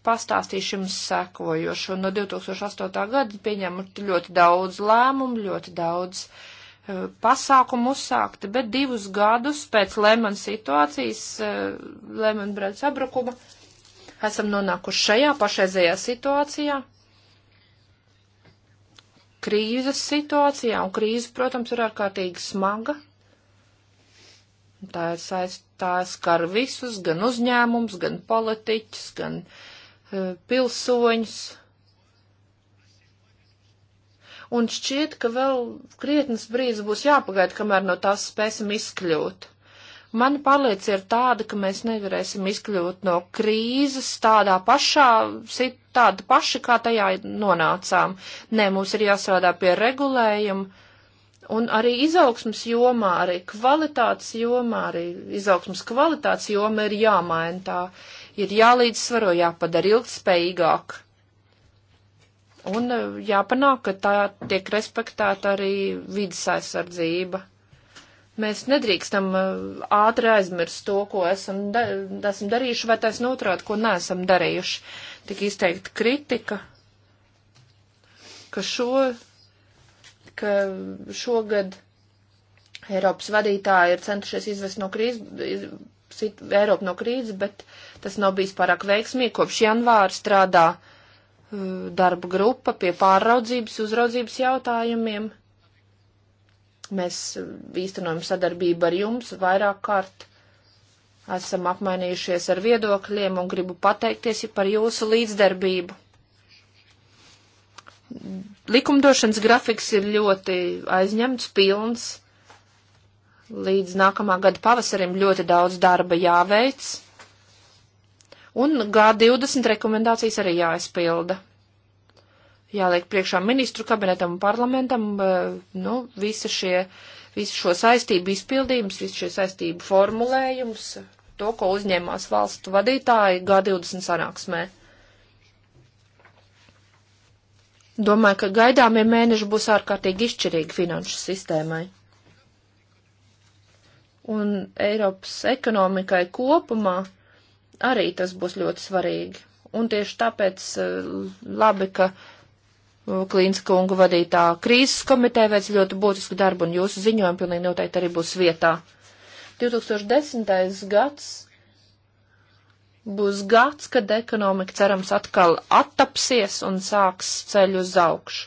pastāstīšu jums sekojošo. No 2008. gada pieņemot ļoti daudz lēmumu, ļoti daudz uh, pasākumu uzsākti, bet divus gadus pēc Lehman situācijas, uh, Lehman brāļa sabrukuma, esam nonākuši šajā pašreizējā situācijā krīzes situācijā, un krīze, protams, ir ārkārtīgi smaga. Tā ir saistās ar visus, gan uzņēmums, gan politiķus, gan uh, pilsoņus. Un šķiet, ka vēl krietnes brīdis būs jāpagaida, kamēr no tās spēsim izkļūt. Mana pārliecība ir tāda, ka mēs nevarēsim izkļūt no krīzes tādā pašā situācijā tādi paši, kā tajā nonācām. Nē, mums ir jāstrādā pie regulējuma. Un arī izaugsmas jomā, arī kvalitātes jomā, arī izaugsmas kvalitātes joma ir jāmaina tā, ir jālīdzsvaro, jāpadara ilgspējīgāk. Un e, jāpanāk, ka tā tiek respektēta arī vidas aizsardzība. Mēs nedrīkstam uh, ātri aizmirst to, ko esam, da esam darījuši, vai taisn otrādi, ko neesam darījuši. Tik izteikti kritika, ka, šo, ka šogad Eiropas vadītāji ir centušies izvest no krīzes, sit, Eiropu no krīzes, bet tas nav bijis pārāk veiksmīgi. Kopš janvāra strādā uh, darba grupa pie pārraudzības, uzraudzības jautājumiem. Mēs eh, īstenojam sadarbību ar jums vairāk kārt. Esam apmainījušies ar viedokļiem un gribu pateikties par jūsu līdzdarbību. Likumdošanas grafiks ir ļoti aizņemts, pilns. Līdz nākamā gada pavasarim ļoti daudz darba jāveic. Un G20 rekomendācijas arī jāizpilda jāliek priekšā ministru kabinetam un parlamentam, eh, nu, visa šie, visu šo saistību izpildījums, visu šie saistību formulējums, to, ko uzņēmās valstu vadītāji G20 sanāksmē. Domāju, ka gaidāmie ja mēneši būs ārkārtīgi izšķirīgi finanšu sistēmai. Un Eiropas ekonomikai kopumā arī tas būs ļoti svarīgi. Un tieši tāpēc eh, labi, ka uh, Uh, Klīns kungu vadītā krīzes komiteja veic ļoti būtisku darbu, un jūsu ziņojumi pilnīgi noteikti arī būs vietā. 2010. gads būs gads, kad ekonomika cerams atkal attapsies un sāks ceļu uz augšu.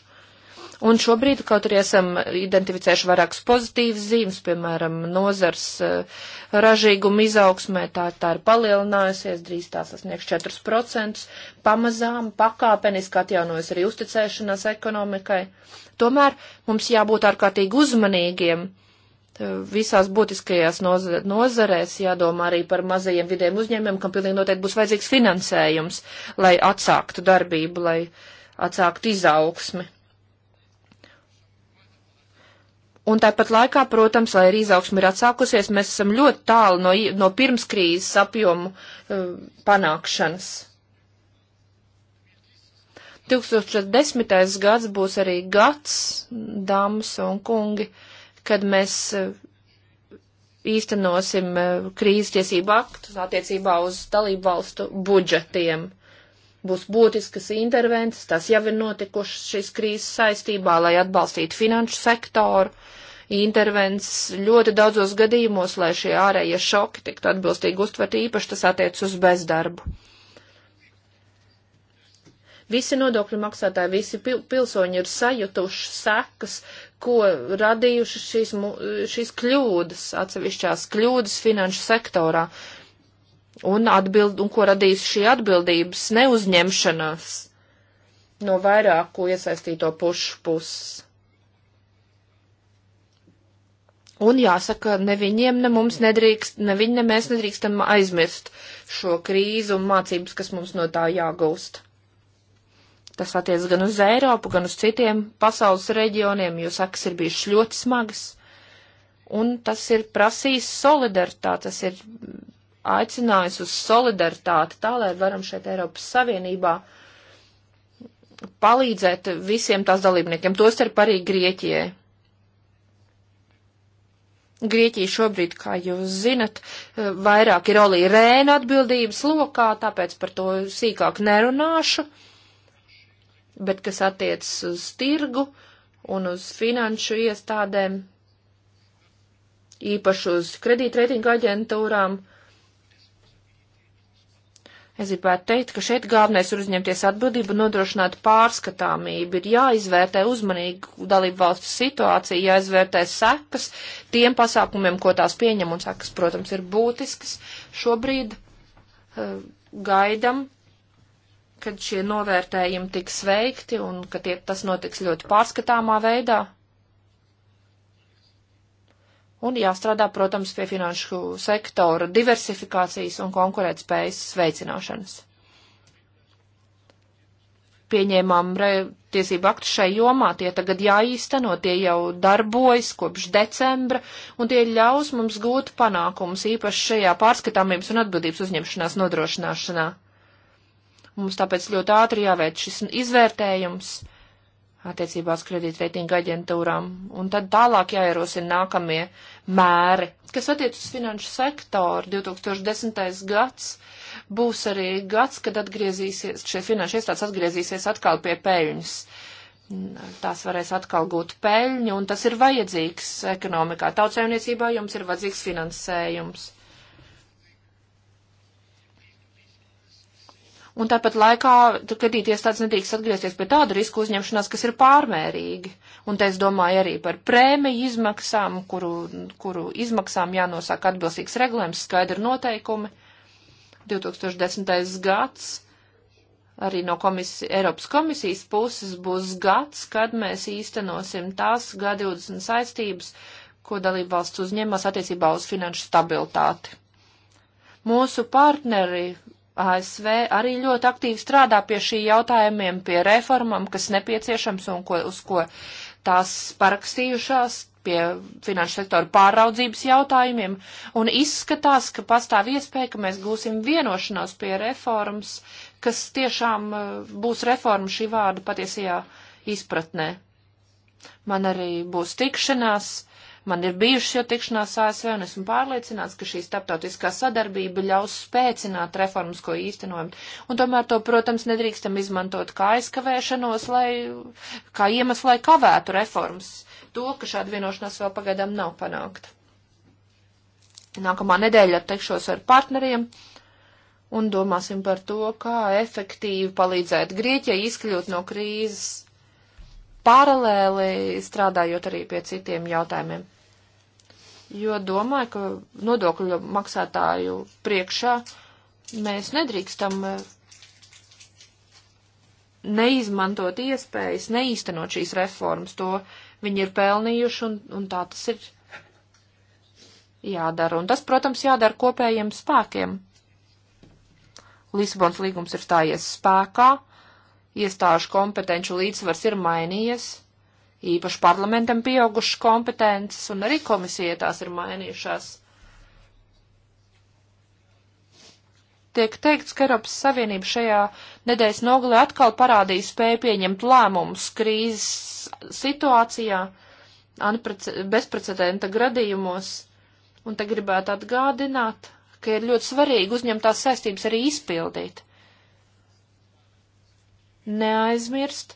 Un šobrīd, kaut arī esam identificējuši vairākas pozitīvas zīmes, piemēram, nozars eh, ražīguma izaugsmē, tā, tā ir palielinājusies, drīz tā sasniegs 4%, pamazām, pakāpeniski atjaunojas arī uzticēšanās ekonomikai. Tomēr mums jābūt ārkārtīgi uzmanīgiem eh, visās būtiskajās nozarēs jādomā arī par mazajiem vidiem uzņēmumiem, kam pilnīgi noteikti būs vajadzīgs finansējums, lai atsāktu darbību, lai atsāktu izaugsmi. Un tāpat laikā, protams, lai arī izaugsme ir atsākusies, mēs esam ļoti tālu no, no pirmskrīzes apjomu uh, panākšanas. 2010. gads būs arī gads, dāmas un kungi, kad mēs uh, īstenosim uh, krīzes tiesību aktus attiecībā uz dalību valstu budžetiem. Būs būtiskas intervences, tas jau ir notikušas šīs krīzes saistībā, lai atbalstītu finanšu sektoru intervences ļoti daudzos gadījumos, lai šie ārējie šoki tiktu atbilstīgi uztverti, īpaši tas attiec uz bezdarbu. Visi nodokļu maksātāji, visi pilsoņi ir sajutuši sekas, ko radījuši šīs, šīs kļūdas, atsevišķās kļūdas finanšu sektorā, un, atbild, un ko radījusi šī atbildības neuzņemšanās no vairāku iesaistīto pušu puses. Un jāsaka, ne viņiem, ne mums nedrīkst, ne viņi, ne mēs nedrīkstam aizmirst šo krīzi un mācības, kas mums no tā jāgūst. Tas attiec gan uz Eiropu, gan uz citiem pasaules reģioniem, jo sakas ir bijušas ļoti smagas. Un tas ir prasījis solidaritāti, tas ir aicinājis uz solidaritāti, tā lai varam šeit Eiropas Savienībā palīdzēt visiem tās dalībniekiem, tostarp arī Grieķijai Grieķija šobrīd, kā jūs zinat, eh, vairāk ir Olī Rēna atbildības lokā, tāpēc par to sīkāk nerunāšu, bet kas attiecas uz tirgu un uz finanšu iestādēm, īpaši uz kredītreitingu aģentūrām, uh, Es gribētu teikt, ka šeit galvenais ir uzņemties atbildību un nodrošināt pārskatāmību. Ir jāizvērtē uzmanīgi dalību valstu situācija, jāizvērtē sekas tiem pasākumiem, ko tās pieņem, un sekas, protams, ir būtiskas. Šobrīd uh, gaidam, kad šie novērtējumi tiks veikti un ka tie, tas notiks ļoti pārskatāmā veidā. Un jāstrādā, protams, pie finanšu sektora diversifikācijas un konkurētspējas veicināšanas pieņēmām re, tiesību aktu šai jomā, tie tagad jāīsteno, tie jau darbojas kopš decembra, un tie ļaus mums gūt panākumus īpaši šajā pārskatāmības un atbildības uzņemšanās nodrošināšanā. Mums tāpēc ļoti ātri jāveic šis izvērtējums attiecībā uz kredītreitinga aģentūrām. Un tad tālāk jāierosina nākamie mēri, kas attiec uz finanšu sektoru. 2010. gads būs arī gads, kad atgriezīsies, šie finanšu iestādes atgriezīsies atkal pie peļņas. Tās varēs atkal gūt peļņu, un tas ir vajadzīgs ekonomikā. Tautsēmniecībā jums ir vajadzīgs finansējums. un tāpat laikā gadīties tāds nedrīkst atgriezties pie tādu risku uzņemšanās, kas ir pārmērīgi. Un te es domāju arī par prēmiju izmaksām, kuru, kuru izmaksām jānosāk atbilstīgs regulējums, skaidri noteikumi. 2010. gads arī no komisi, Eiropas komisijas puses būs gads, kad mēs īstenosim tās G20 saistības, ko dalību valsts uzņemas attiecībā uz finanšu stabilitāti. Mūsu partneri ASV arī ļoti aktīvi strādā pie šī jautājumiem, pie reformām, kas nepieciešams un ko, uz ko tās parakstījušās, pie finanšu sektora pāraudzības jautājumiem, un izskatās, ka pastāv iespēja, ka mēs gūsim vienošanos pie reformas, kas tiešām uh, būs reforma šī vārda patiesajā izpratnē. Man arī būs tikšanās Man ir bijušas jau tikšanās ASV, un esmu pārliecināts, ka šī starptautiskā sadarbība ļaus spēcināt reformas, ko īstenojam. Un tomēr to, protams, nedrīkstam izmantot kā aizkavēšanos, lai, kā iemeslu, lai kavētu reformas. To, ka šāda vienošanās vēl pagaidām nav panākta. Nākamā nedēļa tikšos ar partneriem un domāsim par to, kā efektīvi palīdzēt Grieķijai izkļūt no krīzes paralēli strādājot arī pie citiem jautājumiem. Jo domāju, ka nodokļu maksātāju priekšā mēs nedrīkstam eh, neizmantot iespējas, neīstenot šīs reformas. To viņi ir pelnījuši un, un tā tas ir jādara. Un tas, protams, jādara kopējiem spēkiem. Lisabons līgums ir stājies spēkā iestāžu kompetenču līdzsvars ir mainījies, īpaši parlamentam pieaugušas kompetences, un arī komisija tās ir mainījušās. tiek teikts, ka Eiropas Savienība šajā nedēļas nogalē atkal parādīja spēju pieņemt lēmumus krīzes situācijā, bezprecedenta gadījumos, un te gribētu atgādināt, ka ir ļoti svarīgi uzņemtās saistības arī izpildīt neaizmirst,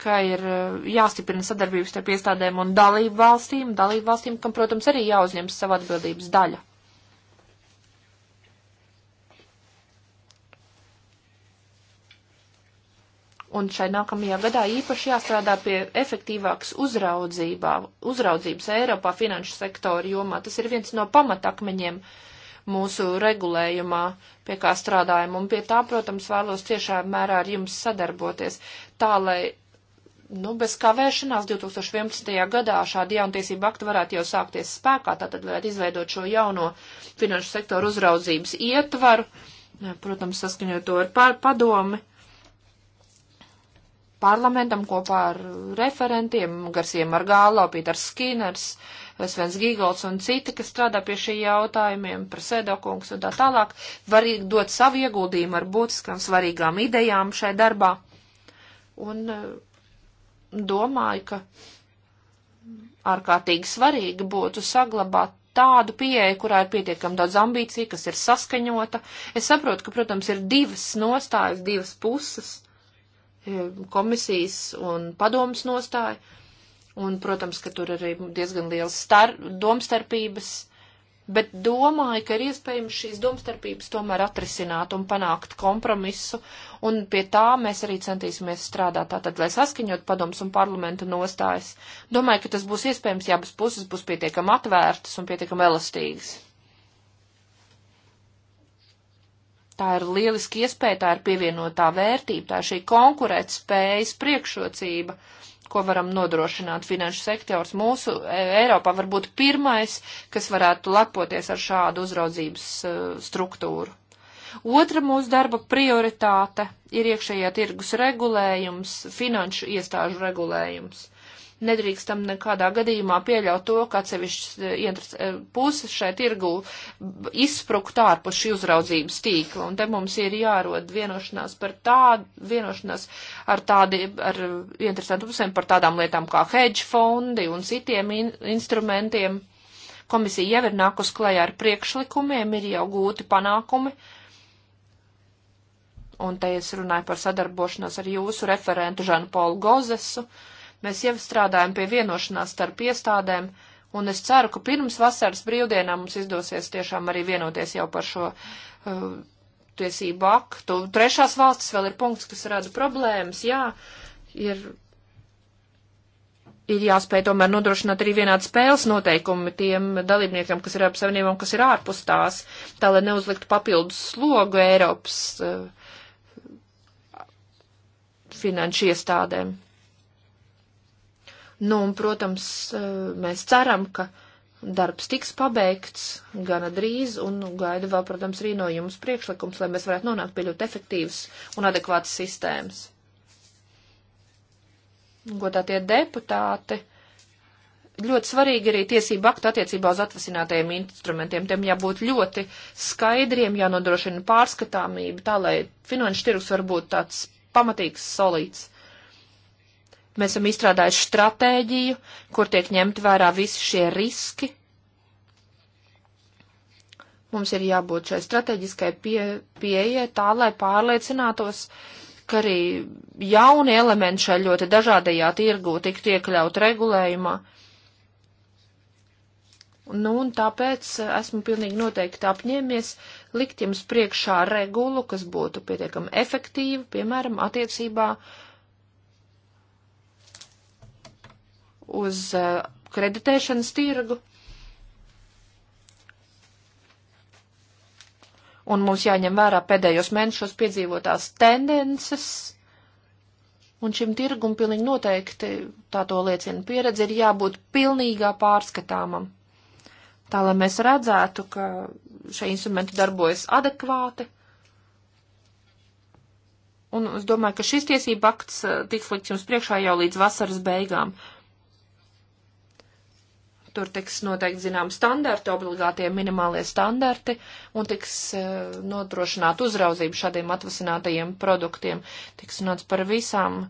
ka ir eh, jāstiprina sadarbības starp iestādēm un dalību valstīm, dalību valstīm, kam, protams, arī jāuzņems savu atbildības daļu. Un šai nākamajā gadā īpaši jāstrādā pie efektīvākas uzraudzības Eiropā finanšu sektoru jomā. Tas ir viens no pamatakmeņiem uh, mūsu regulējumā, pie kā strādājam. Un pie tā, protams, vēlos tiešām mērā ar jums sadarboties, tā lai nu, bez kavēšanās 2011. gadā šādi jauntiesību akti varētu jau sākties spēkā, tātad varētu izveidot šo jauno finanšu sektoru uzraudzības ietvaru, protams, saskaņot to ar pār, padomi parlamentam kopā ar referentiem, Garsiem Argālo, Pīters Skiners, uh, Svens Gīgolds un citi, kas strādā pie šī jautājumiem, par sēdokungs un tā tālāk, var dot savu ieguldījumu ar būtiskām svarīgām idejām šai darbā. Un eh, domāju, ka ārkārtīgi svarīgi būtu saglabāt tādu pieeju, kurā ir pietiekami daudz ambīciju, kas ir saskaņota. Es saprotu, ka, protams, ir divas nostājas, divas puses eh, - komisijas un padomas nostāja. Un, protams, ka tur arī diezgan liels star, domstarpības, bet domāju, ka ir iespējams šīs domstarpības tomēr atrisināt un panākt kompromisu, un pie tā mēs arī centīsimies strādāt, tātad, lai saskaņot padoms un parlamenta nostājas. Domāju, ka tas būs iespējams, ja abas puses būs pietiekam atvērtas un pietiekam elastīgas. Tā ir lieliski iespēja, tā ir pievienotā vērtība, tā ir šī konkurētspējas priekšrocība ko varam nodrošināt finanšu sektors. Mūsu e, Eiropā var būt pirmais, kas varētu lepoties ar šādu uzraudzības e, struktūru. Otra mūsu darba prioritāte ir iekšējā tirgus regulējums, finanšu iestāžu regulējums. Nedrīkstam nekādā gadījumā pieļaut to, ka atsevišķas eh, eh, puses šai tirgu izsprukt ārpus šī uzraudzības tīkla. Un te mums ir jārod vienošanās par tādu, vienošanās ar tādi, ar interesantu pusēm par tādām lietām kā hedge fondi un citiem in instrumentiem. Komisija jau ir nākus klajā ar priekšlikumiem, ir jau gūti panākumi un te es runāju par sadarbošanos ar jūsu referentu Žanu Polu Gozesu, uh, Mēs jau strādājam pie vienošanās starp iestādēm, un es ceru, ka pirms vasaras brīvdienām mums izdosies tiešām arī vienoties jau par šo uh, tiesību aktu. Trešās valstis vēl ir punkts, kas rada problēmas, jā, ir ir jāspēj tomēr nodrošināt arī vienādi spēles noteikumi tiem dalībniekiem, kas ir ap savienībām, kas ir ārpus tās, tā lai neuzliktu papildus slogu Eiropas uh, finanšu iestādēm. Nu, un, protams, eh, mēs ceram, ka darbs tiks pabeigts gana drīz, un gaida vēl, protams, arī no jums priekšlikums, lai mēs varētu nonākt pie ļoti efektīvas un adekvātas sistēmas. Godā tie deputāti. Ļoti svarīgi arī tiesību aktu attiecībā uz atvasinātajiem instrumentiem. Tiem jābūt ļoti skaidriem, jānodrošina pārskatāmība, tā lai finanšu tirgus var būt tāds pamatīgs, solīts. Mēs esam izstrādājuši stratēģiju, kur tiek ņemti vērā visi šie riski. Mums ir jābūt šai strateģiskai pie, pieeja tā, lai pārliecinātos, ka arī jauni elementi šai ļoti dažādajā tirgu tiktu iekļaut regulējumā. Nu, un tāpēc esmu pilnīgi noteikti apņēmies likt jums priekšā regulu, kas būtu pietiekami efektīva, piemēram, attiecībā uh, uz eh, kreditēšanas tirgu. Un mums jāņem vērā pēdējos mēnešos piedzīvotās tendences. Un šim tirgum pilnīgi noteikti, tā to liecina pieredze, ir jābūt pilnīgā pārskatāmam. Tā, lai mēs redzētu, ka šie instrumenti darbojas adekvāti. Un es domāju, ka šis tiesība akts eh, tiks likts jums priekšā jau līdz vasaras beigām. Tur tiks noteikti zinām standarti, obligātie minimālie standarti un tiks eh, nodrošināt uzraudzību šādiem atvasinātajiem produktiem. Tiks runāts par visām,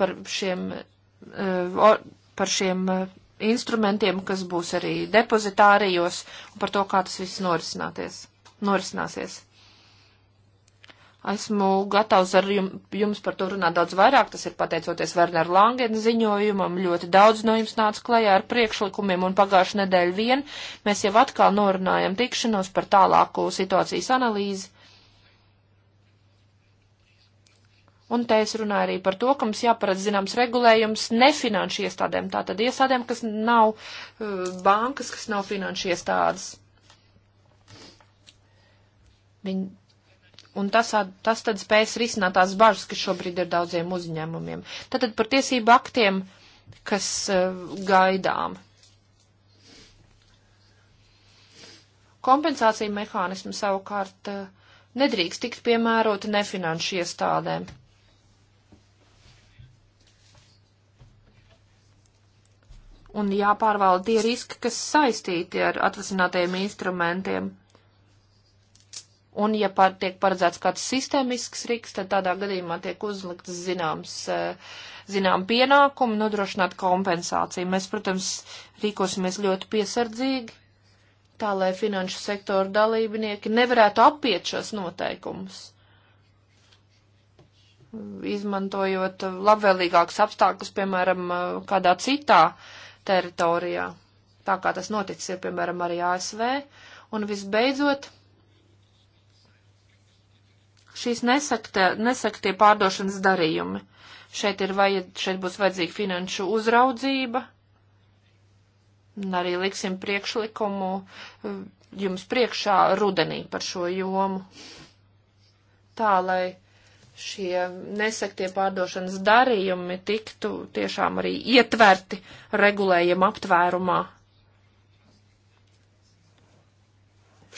par šiem, eh, par šiem eh, instrumentiem, kas būs arī depozitārijos un par to, kā tas viss norisināties, norisināsies. Esmu gatavs ar jums par to runāt daudz vairāk, tas ir pateicoties Werner Langena ziņojumam, ļoti daudz no jums nāca klajā ar priekšlikumiem, un pagājušā nedēļa vien mēs jau atkal norunājam tikšanos par tālāko situācijas analīzi. Un te es runāju arī par to, ka mums jāparedz zināms regulējums nefinanšu iestādēm, tātad iestādēm, kas nav uh, bankas, kas nav finanšu iestādes. Viņi Un tas, tas tad spēs risināt tās bažas, kas šobrīd ir daudziem uzņēmumiem. Tātad par tiesību aktiem, kas uh, gaidām. Kompensācija mehānismi savukārt uh, nedrīkst tikt piemēroti nefinanšu iestādēm. Un jāpārvalda tie riski, kas saistīti ar atvasinātajiem instrumentiem. Un, ja par, tiek paredzēts kāds sistēmisks riks, tad tādā gadījumā tiek uzlikts zināms, eh, zinām pienākumu nodrošināt kompensāciju. Mēs, protams, rīkosimies ļoti piesardzīgi, tā lai finanšu sektoru dalībnieki nevarētu apiet šos noteikumus, izmantojot labvēlīgākus apstākļus, piemēram, kādā citā teritorijā, tā kā tas noticis ir, piemēram, arī ASV. Un visbeidzot, šīs nesakta, nesaktie pārdošanas darījumi. Šeit, ir vajad, šeit būs vajadzīga finanšu uzraudzība. Un arī liksim priekšlikumu eh, jums priekšā rudenī par šo jomu. Tā, lai šie nesaktie pārdošanas darījumi tiktu tiešām arī ietverti regulējuma aptvērumā.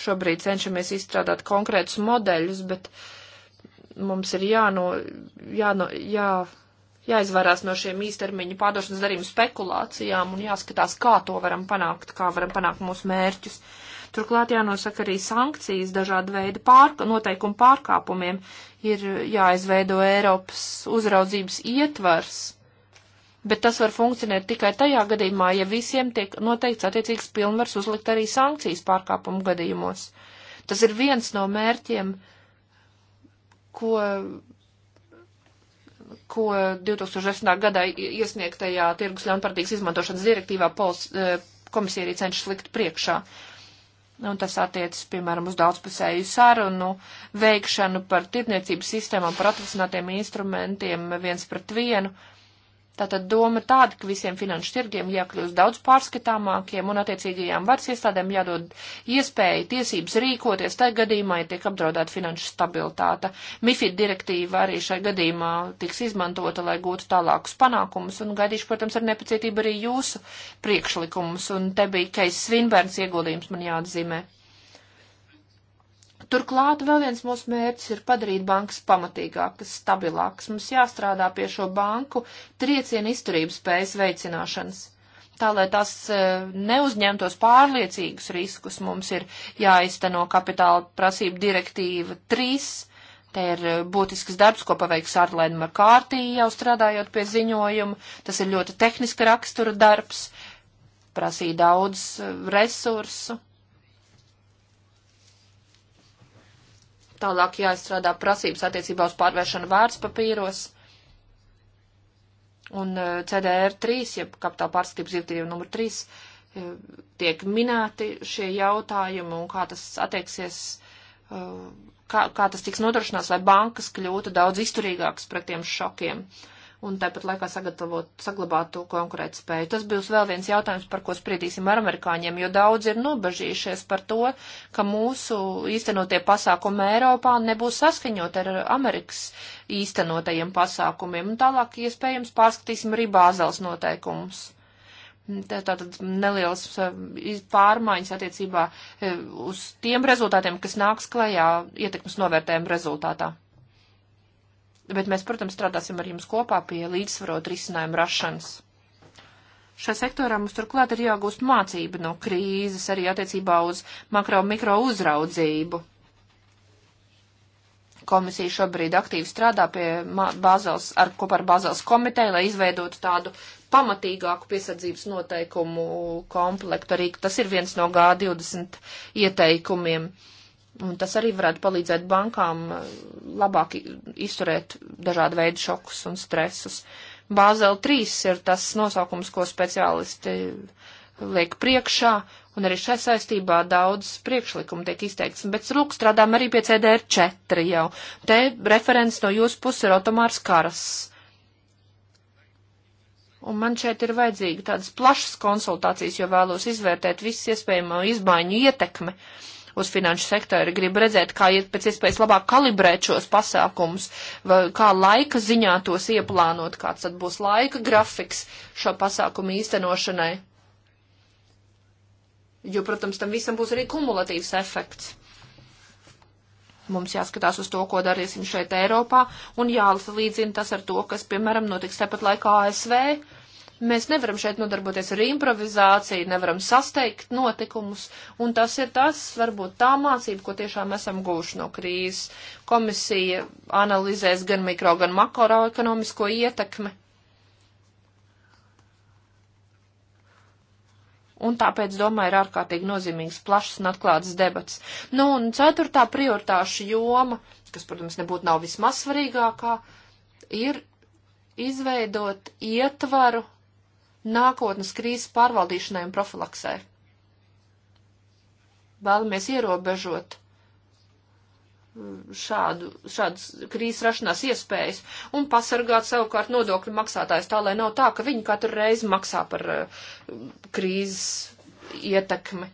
Šobrīd cenšamies izstrādāt konkrētus modeļus, bet uh, mums ir jāno, jāno, jā, jāizvarās no šiem īstermiņa pārdošanas darījumu spekulācijām un jāskatās, kā to varam panākt, kā varam panākt mūsu mērķus. Turklāt jānosaka arī sankcijas dažādu veidu pārka, noteikumu pārkāpumiem. Ir jāizveido Eiropas uzraudzības ietvars, bet tas var funkcionēt tikai tajā gadījumā, ja visiem tiek noteikts attiecīgs pilnvars uzlikt arī sankcijas pārkāpumu gadījumos. Tas ir viens no mērķiem, uh, ko ko 2010. gadā iesniegtajā tirgus ļaunprātīgas izmantošanas direktīvā pols, e, komisija arī cenšas likt priekšā. Un tas attiecas, piemēram, uz daudzpusēju sarunu veikšanu par tirdzniecības sistēmām, par atrasinātiem instrumentiem viens pret vienu. Uh, Tātad doma tāda, ka visiem finanšu tirgiem jākļūst daudz pārskatāmākiem un attiecīgajām varas iestādēm jādod iespēja tiesības rīkoties tajā gadījumā, ja tiek apdraudēta finanšu stabilitāte. MIFID direktīva arī šai gadījumā tiks izmantota, lai gūtu tālākus panākumus un gaidīšu, protams, ar nepacietību arī jūsu priekšlikumus. Un te bija Keis Svinbērns ieguldījums man jāatzīmē. Turklāt vēl viens mūsu mērķis ir padarīt bankas pamatīgākas, stabilākas. Mums jāstrādā pie šo banku triecienu izturības spējas veicināšanas. Tā, lai tās e, neuzņemtos pārliecīgus riskus, mums ir jāizteno kapitāla prasība direktīva 3. Te ir e, būtisks darbs, ko paveiks Arlēna Makārtī, jau strādājot pie ziņojuma. Tas ir ļoti tehniska rakstura darbs, prasīja daudz e, resursu. Tālāk jāizstrādā prasības attiecībā uz pārvēršanu vārdspapīros. Un eh, CDR 3, jeb kapitāla pārskatības direktīva numur 3, eh, tiek minēti šie jautājumi un kā tas attieksies, eh, kā, kā tas tiks nodrošināts, lai bankas kļūtu daudz izturīgākas pret tiem šokiem. Uh, un tāpat laikā saglabātu konkurētspēju. Tas būs vēl viens jautājums, par ko spriedīsim ar amerikāņiem, jo daudz ir nobežījušies par to, ka mūsu īstenotie pasākumi Eiropā nebūs saskaņot ar Amerikas īstenotajiem pasākumiem, un tālāk iespējams pārskatīsim arī bāzels noteikumus tātad nelielas eh, pārmaiņas attiecībā eh, uz tiem rezultātiem, kas nāks klajā ietekmes novērtējuma rezultātā bet mēs, protams, strādāsim ar jums kopā pie līdzsvarot risinājumu rašanas. Šai sektorā mums turklāt ir jāgūst mācība no krīzes arī attiecībā uz makro un mikro uzraudzību. Komisija šobrīd aktīvi strādā pie Bāzels, ar, kopā ar Bāzels komiteju, lai izveidotu tādu pamatīgāku piesardzības noteikumu komplektu. Arī tas ir viens no G20 ieteikumiem. Uh, Un tas arī varētu palīdzēt bankām uh, labāk izturēt dažādu veidu šokus un stresus. Bāzel 3 ir tas nosaukums, ko speciālisti uh, liek priekšā, un arī šai saistībā daudz priekšlikumu tiek izteikts, bet rūk strādām arī pie CDR 4 jau. Te referents no jūsu puses ir Otomārs Karas. Un man šeit ir vajadzīga tādas plašas konsultācijas, jo vēlos izvērtēt visu iespējamo izmaiņu ietekmi. Uh, uz finanšu sektoru. Gribu redzēt, kā iet pēc iespējas labāk kalibrēt šos pasākumus, kā laika ziņā tos ieplānot, kāds tad būs laika grafiks šo pasākumu īstenošanai. Jo, protams, tam visam būs arī kumulatīvs efekts. Mums jāskatās uz to, ko darīsim šeit Eiropā, un jālasa līdzina tas ar to, kas, piemēram, notiks tepat laikā ASV Mēs nevaram šeit nodarboties ar improvizāciju, nevaram sasteigt notikumus, un tas ir tas, varbūt tā mācība, ko tiešām esam guvuši no krīzes. Komisija analizēs gan mikro, gan makroekonomisko ietekmi. Un tāpēc, domāju, ir ārkārtīgi nozīmīgs plašs un atklāts debats. Nu, un ceturtā prioritāša joma, kas, protams, nebūtu nav vismaz svarīgākā, ir izveidot ietvaru nākotnes krīzes pārvaldīšanai un profilaksē. Vēlamies ierobežot uh, šādu, šādas krīzes rašanās iespējas un pasargāt savukārt nodokļu maksātājs tā, lai nav tā, ka viņi katru reizi maksā par uh, krīzes ietekmi.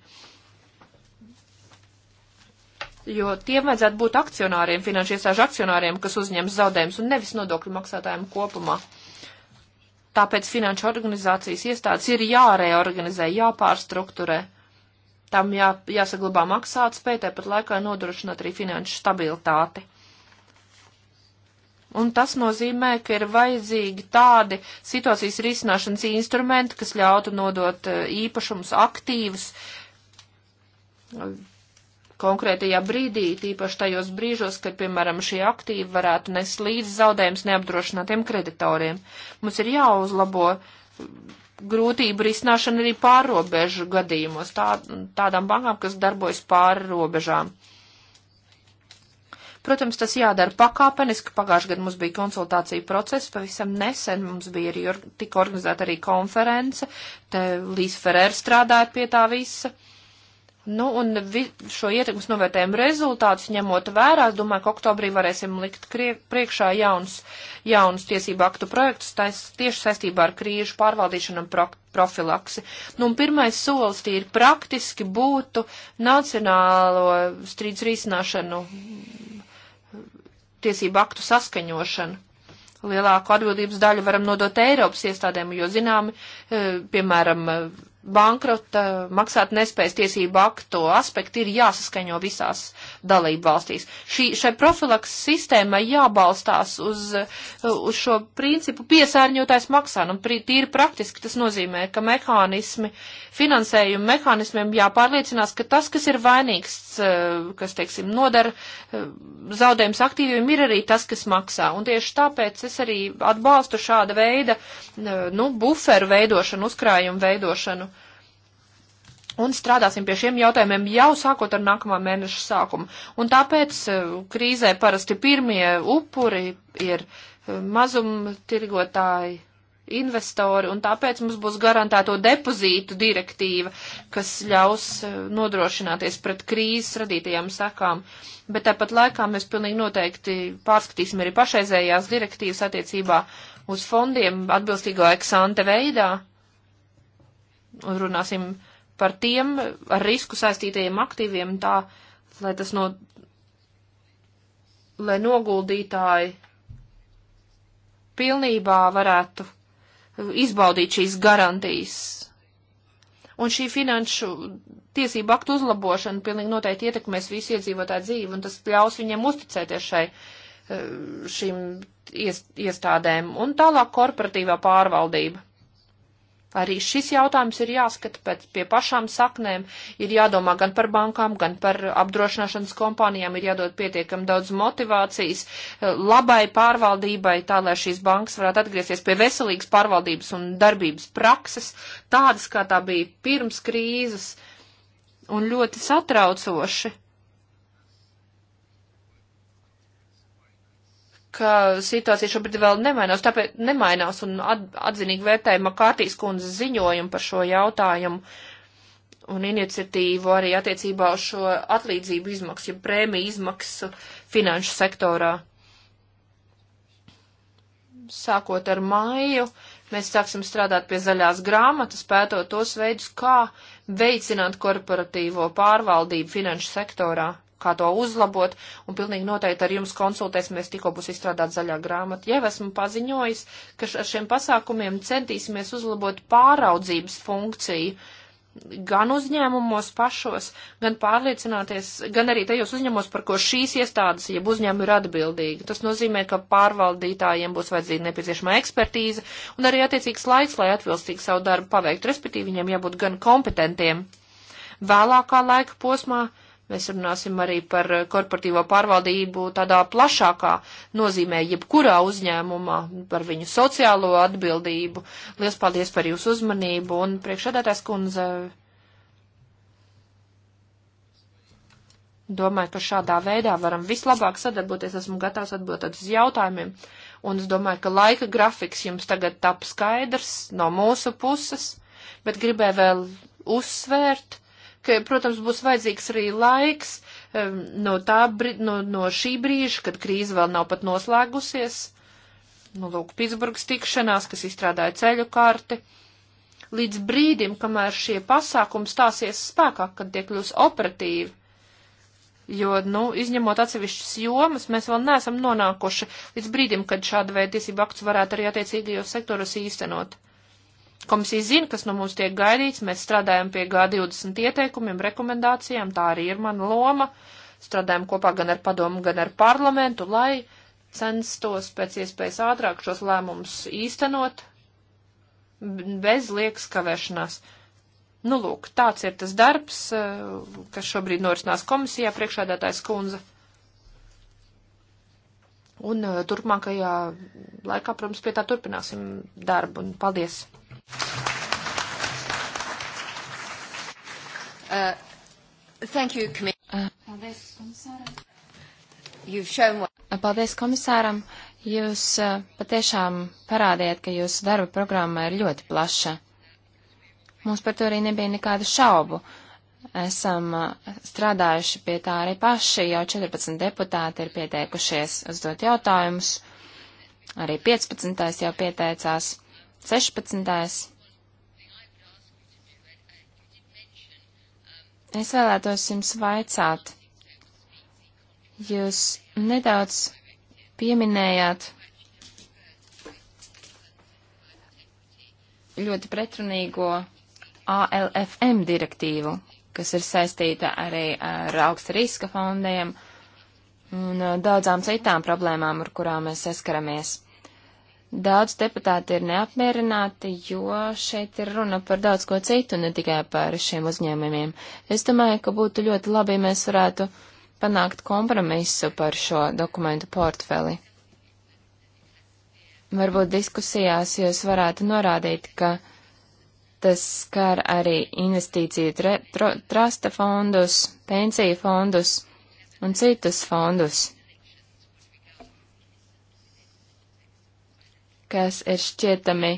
Jo tiem vajadzētu būt akcionāriem, finanšu iestāžu akcionāriem, kas uzņems zaudējumus un nevis nodokļu maksātājiem kopumā. Tāpēc finanšu organizācijas iestādes ir jāreorganizē, jāpārstrukturē. Tam jā, jāsaglabā maksātspēja, tāpat laikā nodrošināt arī finanšu stabilitāti. Un tas nozīmē, ka ir vajadzīgi tādi situācijas risināšanas instrumenti, kas ļautu nodot e, īpašumus aktīvus konkrētajā brīdī, tīpaši tajos brīžos, kad, piemēram, šie aktīvi varētu nest līdz zaudējums neapdrošinātiem kreditoriem. Mums ir jāuzlabo grūtību risināšana arī pārrobežu gadījumos, tā, tādām bankām, kas darbojas pāri robežām. Protams, tas jādara pakāpeniski. Pagājušajā gadā mums bija konsultācija process, pavisam nesen mums bija arī, tika organizēta arī konference, te Līs Ferēra strādāja pie tā visa. Nu, un vi, šo ietekmes novērtējumu rezultātus ņemot vērā, es domāju, ka oktobrī varēsim likt krie, priekšā jauns, jauns tiesību aktu projektus tais, tieši saistībā ar krīžu pārvaldīšanu un pro, profilaksi. Nu, un pirmais solis tīri praktiski būtu nacionālo strīdus risināšanu, tiesību aktu saskaņošanu. Lielāku atbildības daļu varam nodot Eiropas iestādēm, jo, zinām, eh, piemēram, bankrota maksāt nespējas tiesību aktu aspekti ir jāsaskaņo visās dalību valstīs. Šī, šai profilaks sistēmai jābalstās uz, uz šo principu piesārņotājs maksā. Nu, tīri praktiski tas nozīmē, ka mehānismi uh, finansējuma mehānismiem jāpārliecinās, ka tas, kas ir vainīgs, eh, kas, teiksim, nodara eh, zaudējums aktīviem, ir arī tas, kas maksā. Un tieši tāpēc es arī atbalstu šāda veida, eh, nu, buferu veidošanu, uzkrājumu veidošanu. Un strādāsim pie šiem jautājumiem jau sākot ar nākamā mēneša sākumu. Un tāpēc krīzē parasti pirmie upuri ir mazumtirgotāji investori, un tāpēc mums būs garantēto depozītu direktīva, kas ļaus eh, nodrošināties pret krīzes radītajām sakām. Bet tāpat laikā mēs pilnīgi noteikti pārskatīsim arī pašreizējās direktīvas attiecībā uz fondiem atbilstīgā eksante veidā, un runāsim par tiem ar risku saistītajiem aktīviem tā, lai tas no, lai noguldītāji pilnībā varētu izbaudīt šīs garantijas. Un šī finanšu tiesību aktu uzlabošana pilnīgi noteikti ietekmēs visu iedzīvotāju dzīvi, un tas ļaus viņiem uzticēties šai, eh, šīm iestādēm. Un tālāk korporatīvā pārvaldība. Arī šis jautājums ir jāskata pēc pie pašām saknēm, ir jādomā gan par bankām, gan par apdrošināšanas kompānijām, ir jādod pietiekam daudz motivācijas eh, labai pārvaldībai, tā lai šīs bankas varētu atgriezties pie veselīgas pārvaldības un darbības prakses, tādas kā tā bija pirms krīzes, un ļoti satraucoši ka situācija šobrīd vēl nemainās, tāpēc nemainās un atzinīgi vērtējama kārtīs kundze ziņojumu par šo jautājumu un iniciatīvu arī attiecībā uz šo atlīdzību izmaksu, ja prēmiju izmaksu finanšu sektorā. Sākot ar maiju, mēs sāksim strādāt pie zaļās grāmatas, pētot tos veidus, kā veicināt korporatīvo pārvaldību finanšu sektorā kā to uzlabot, un pilnīgi noteikti ar jums konsultēsimies, tikko būs izstrādāta zaļā grāmata. Jau esmu paziņojis, ka ar šiem pasākumiem centīsimies uzlabot pāraudzības funkciju gan uzņēmumos pašos, gan pārliecināties, gan arī tajos uzņēmumos, par ko šīs iestādes, ja uzņēmumi ir atbildīgi. Tas nozīmē, ka pārvaldītājiem būs vajadzīga nepieciešama ekspertīze un arī attiecīgs laiks, lai atbilstīgi savu darbu paveiktu, respektīvi viņiem jābūt gan kompetentiem vēlākā laika posmā, Mēs runāsim arī par korporatīvo pārvaldību tādā plašākā nozīmē, jebkurā uzņēmumā, par viņu sociālo atbildību. Lielas paldies par jūsu uzmanību un priekšādātājs kundze. Domāju, ka šādā veidā varam vislabāk sadarboties. Esmu gatavs atbildēt uz jautājumiem. Un es domāju, ka laika grafiks jums tagad tap skaidrs no mūsu puses, bet gribēju vēl uzsvērt ka, protams, būs vajadzīgs arī laiks no, tā, no, no šī brīža, kad krīze vēl nav pat noslēgusies. Nu, lūk, Pitsburgas tikšanās, kas izstrādāja ceļu karti. Līdz brīdim, kamēr šie pasākumi stāsies spēkā, kad tie kļūs operatīvi. Jo, nu, izņemot atsevišķas jomas, mēs vēl neesam nonākuši līdz brīdim, kad šāda veida tiesību akts varētu arī attiecīgajos sektoros īstenot. Komisija zina, kas no mums tiek gaidīts, mēs strādājam pie G20 ieteikumiem, rekomendācijām, tā arī ir mana loma. Strādājam kopā gan ar padomu, gan ar parlamentu, lai censtos pēc iespējas ātrāk šos lēmumus īstenot bez liekas kavēšanās. Nu, lūk, tāds ir tas darbs, eh, kas šobrīd norisinās komisijā priekšādātājs kundze. Un eh, turpmākajā laikā, protams, pie tā turpināsim darbu. Un paldies! Uh, thank you, uh, Paldies, komisāram. You've shown what... Uh, paldies komisāram. Jūs uh, patiešām parādījāt, ka jūsu darba programma ir ļoti plaša. Mums par to arī nebija nekādu šaubu. Esam uh, strādājuši pie tā arī paši. Jau 14 deputāti ir pieteikušies uzdot jautājumus. Arī 15. jau pieteicās. 16. Es vēlētos jums vaicāt. Jūs nedaudz pieminējāt ļoti pretrunīgo ALFM direktīvu, kas ir saistīta arī ar augsta riska fondiem un uh, daudzām citām problēmām, ar kurām mēs saskaramies. Daudz deputāti ir neapmierināti, jo šeit ir runa par daudz ko citu, ne tikai par šiem uzņēmumiem. Es domāju, ka būtu ļoti labi, ja mēs varētu panākt kompromisu par šo dokumentu portfeli. Varbūt diskusijās jūs varētu norādīt, ka tas skar arī investīciju tre, tro, trasta fondus, pensiju fondus un citus fondus. kas ir šķietami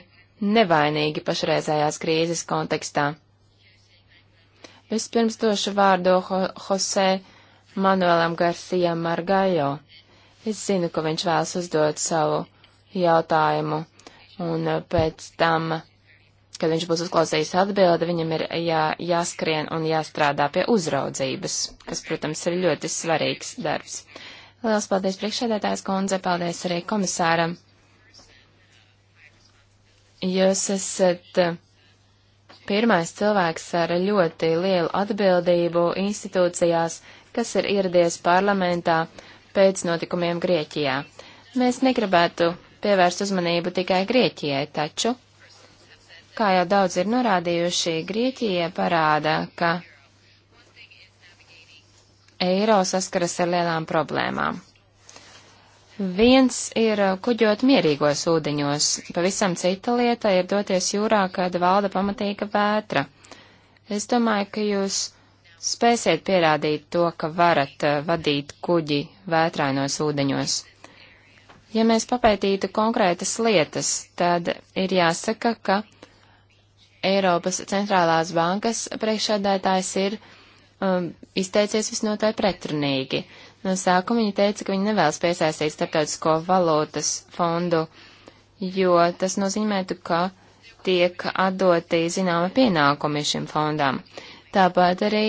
nevainīgi pašreizējās krīzes kontekstā. Vispirms došu vārdu Ho Jose Manuelam Garcia Margajo. Es zinu, ka viņš vēlas uzdot savu jautājumu, un uh, pēc tam, kad viņš būs uzklausījis atbildi, viņam ir jā, jāskrien un jāstrādā pie uzraudzības, kas, protams, ir ļoti svarīgs darbs. Lielas paldies priekšsēdētājs kundze, paldies arī komisāram. Jūs esat pirmais cilvēks ar ļoti lielu atbildību institūcijās, kas ir ieradies parlamentā pēc notikumiem Grieķijā. Mēs negribētu pievērst uzmanību tikai Grieķijai, taču, kā jau daudz ir norādījuši, Grieķija parāda, ka eiro saskaras ar lielām problēmām. Viens ir uh, kuģot mierīgos ūdeņos, pavisam cita lieta ir doties jūrā, kad valda pamatīga vētra. Es domāju, ka jūs spēsiet pierādīt to, ka varat uh, vadīt kuģi vētrainos ūdeņos. Ja mēs papētītu konkrētas lietas, tad ir jāsaka, ka Eiropas centrālās bankas priekšādētājs ir um, izteicies visnotaļ pretrunīgi. No sākuma viņa teica, ka viņa nevēlas piesaistīt starptautisko valūtas fondu, jo tas nozīmētu, ka tiek atdoti zināma pienākumi šim fondam. Tāpat arī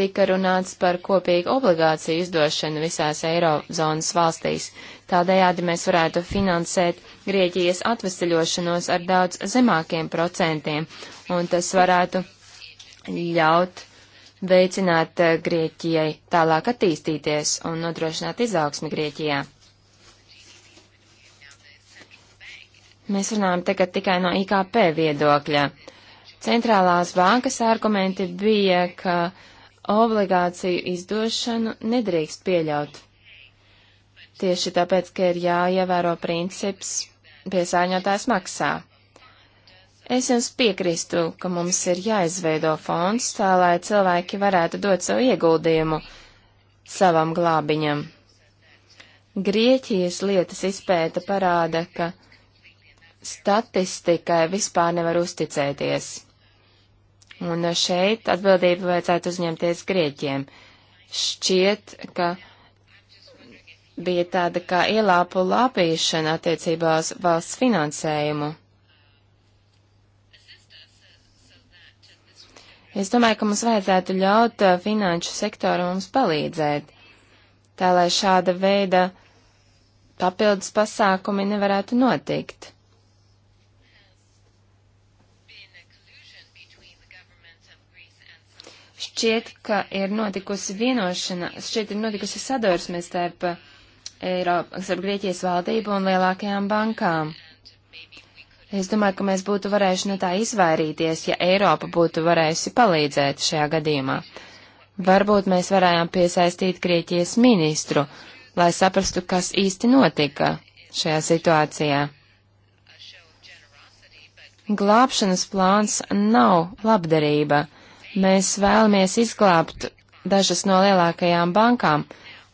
tika runāts par kopīgu obligāciju izdošanu visās eirozonas valstīs. Tādējādi mēs varētu finansēt Grieķijas atvesaļošanos ar daudz zemākiem procentiem, un tas varētu ļaut veicināt eh, Grieķijai tālāk attīstīties un nodrošināt izaugsmi Grieķijā. Mēs runājam tagad tikai no IKP viedokļa. Centrālās bankas argumenti bija, ka obligāciju izdošanu nedrīkst pieļaut. Tieši tāpēc, ka ir jāievēro princips piesāņotājs maksā. Es jums piekrīstu, ka mums ir jāizveido fonds tā, lai cilvēki varētu dot savu ieguldījumu savam glābiņam. Grieķijas lietas izpēta parāda, ka statistikai vispār nevar uzticēties. Un šeit atbildību vajadzētu uzņemties Grieķiem. Šķiet, ka bija tāda kā ielāpu lāpīšana attiecībā uz valsts finansējumu. Es domāju, ka mums vajadzētu ļaut uh, finanšu sektoru mums palīdzēt, tā lai šāda veida papildus pasākumi nevarētu notikt. Šķiet, ka ir notikusi vienošana, šķiet ir notikusi sadursme starp Eiropas, starp Grieķijas valdību un lielākajām bankām. Es domāju, ka mēs būtu varējuši no tā izvairīties, ja Eiropa būtu varējusi palīdzēt šajā gadījumā. Varbūt mēs varējām piesaistīt Grieķijas ministru, lai saprastu, kas īsti notika šajā situācijā. Glābšanas plāns nav labdarība. Mēs vēlamies izglābt dažas no lielākajām bankām,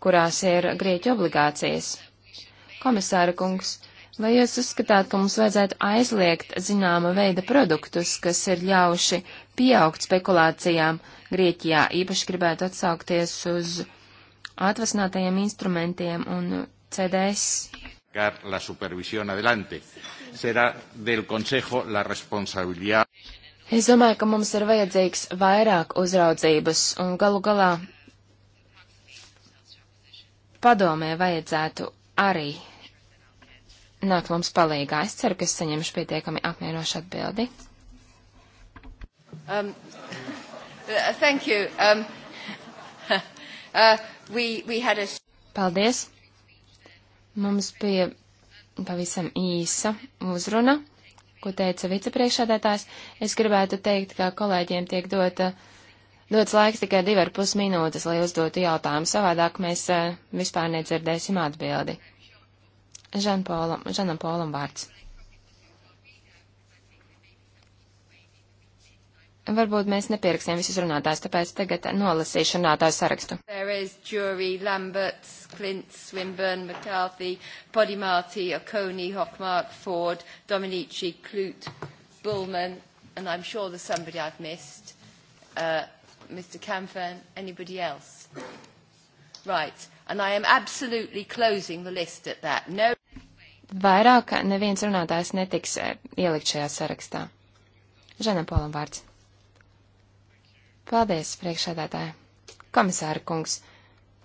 kurās ir Grieķu obligācijas. Komisāra kungs, Vai jūs uzskatāt, ka mums vajadzētu aizliegt zināma veida produktus, kas ir ļauši pieaugt spekulācijām Grieķijā? Īpaši gribētu atsaukties uz atvasinātajiem instrumentiem un CDS. La supervisión adelante. Será del Consejo la responsabilidad. Es domāju, ka mums ir vajadzīgs vairāk uzraudzības un galu galā padomē vajadzētu arī nāk mums palīgā. Es ceru, ka es saņemšu pietiekami apmierinošu atbildi. Um, uh, thank you. Um, uh, we, we had a... Paldies. Mums bija pavisam īsa uzruna, ko teica vicepriekšādātājs. Es gribētu teikt, ka kolēģiem tiek dota. Dots laiks tikai divi ar pus minūtes, lai uzdotu jautājumu, savādāk mēs uh, vispār nedzirdēsim atbildi. Žanam Žan Polam vārds. Varbūt mēs nepierakstījām visus runātājus, tāpēc tagad nolasīšu runātāju sarakstu. Perez, Jury, Lamberts, Clint, Swinburne, McCarthy, Podimati, Oconee, Hockmark, Ford, Dominici, Clute, Bullman, and I'm sure there's somebody I've missed. Uh, Mr. Camfern, anybody else? Right and I am absolutely closing the list at that. No. Vairāk neviens runātājs netiks eh, ielikt šajā sarakstā. Ženapolam vārds. Paldies, priekšsēdētāji. Komisāra kungs,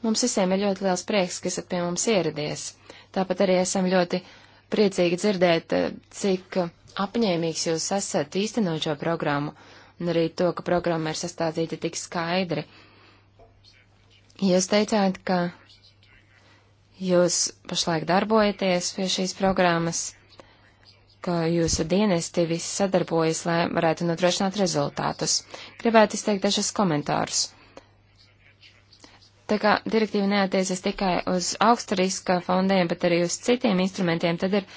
mums visiem ir ļoti liels prieks, ka esat pie mums ieradies. Tāpat arī esam ļoti priecīgi dzirdēt, eh, cik apņēmīgs jūs esat īstenot šo programmu, un arī to, ka programma ir sastādīta tik skaidri. Jūs teicāt, ka jūs pašlaik darbojaties pie šīs programmas, ka jūsu dienesti visi sadarbojas, lai varētu nodrošināt rezultātus. Gribētu izteikt dažas komentārus. Tā kā direktīva neatiecas tikai uz augsta riska fondiem, bet arī uz citiem instrumentiem, tad ir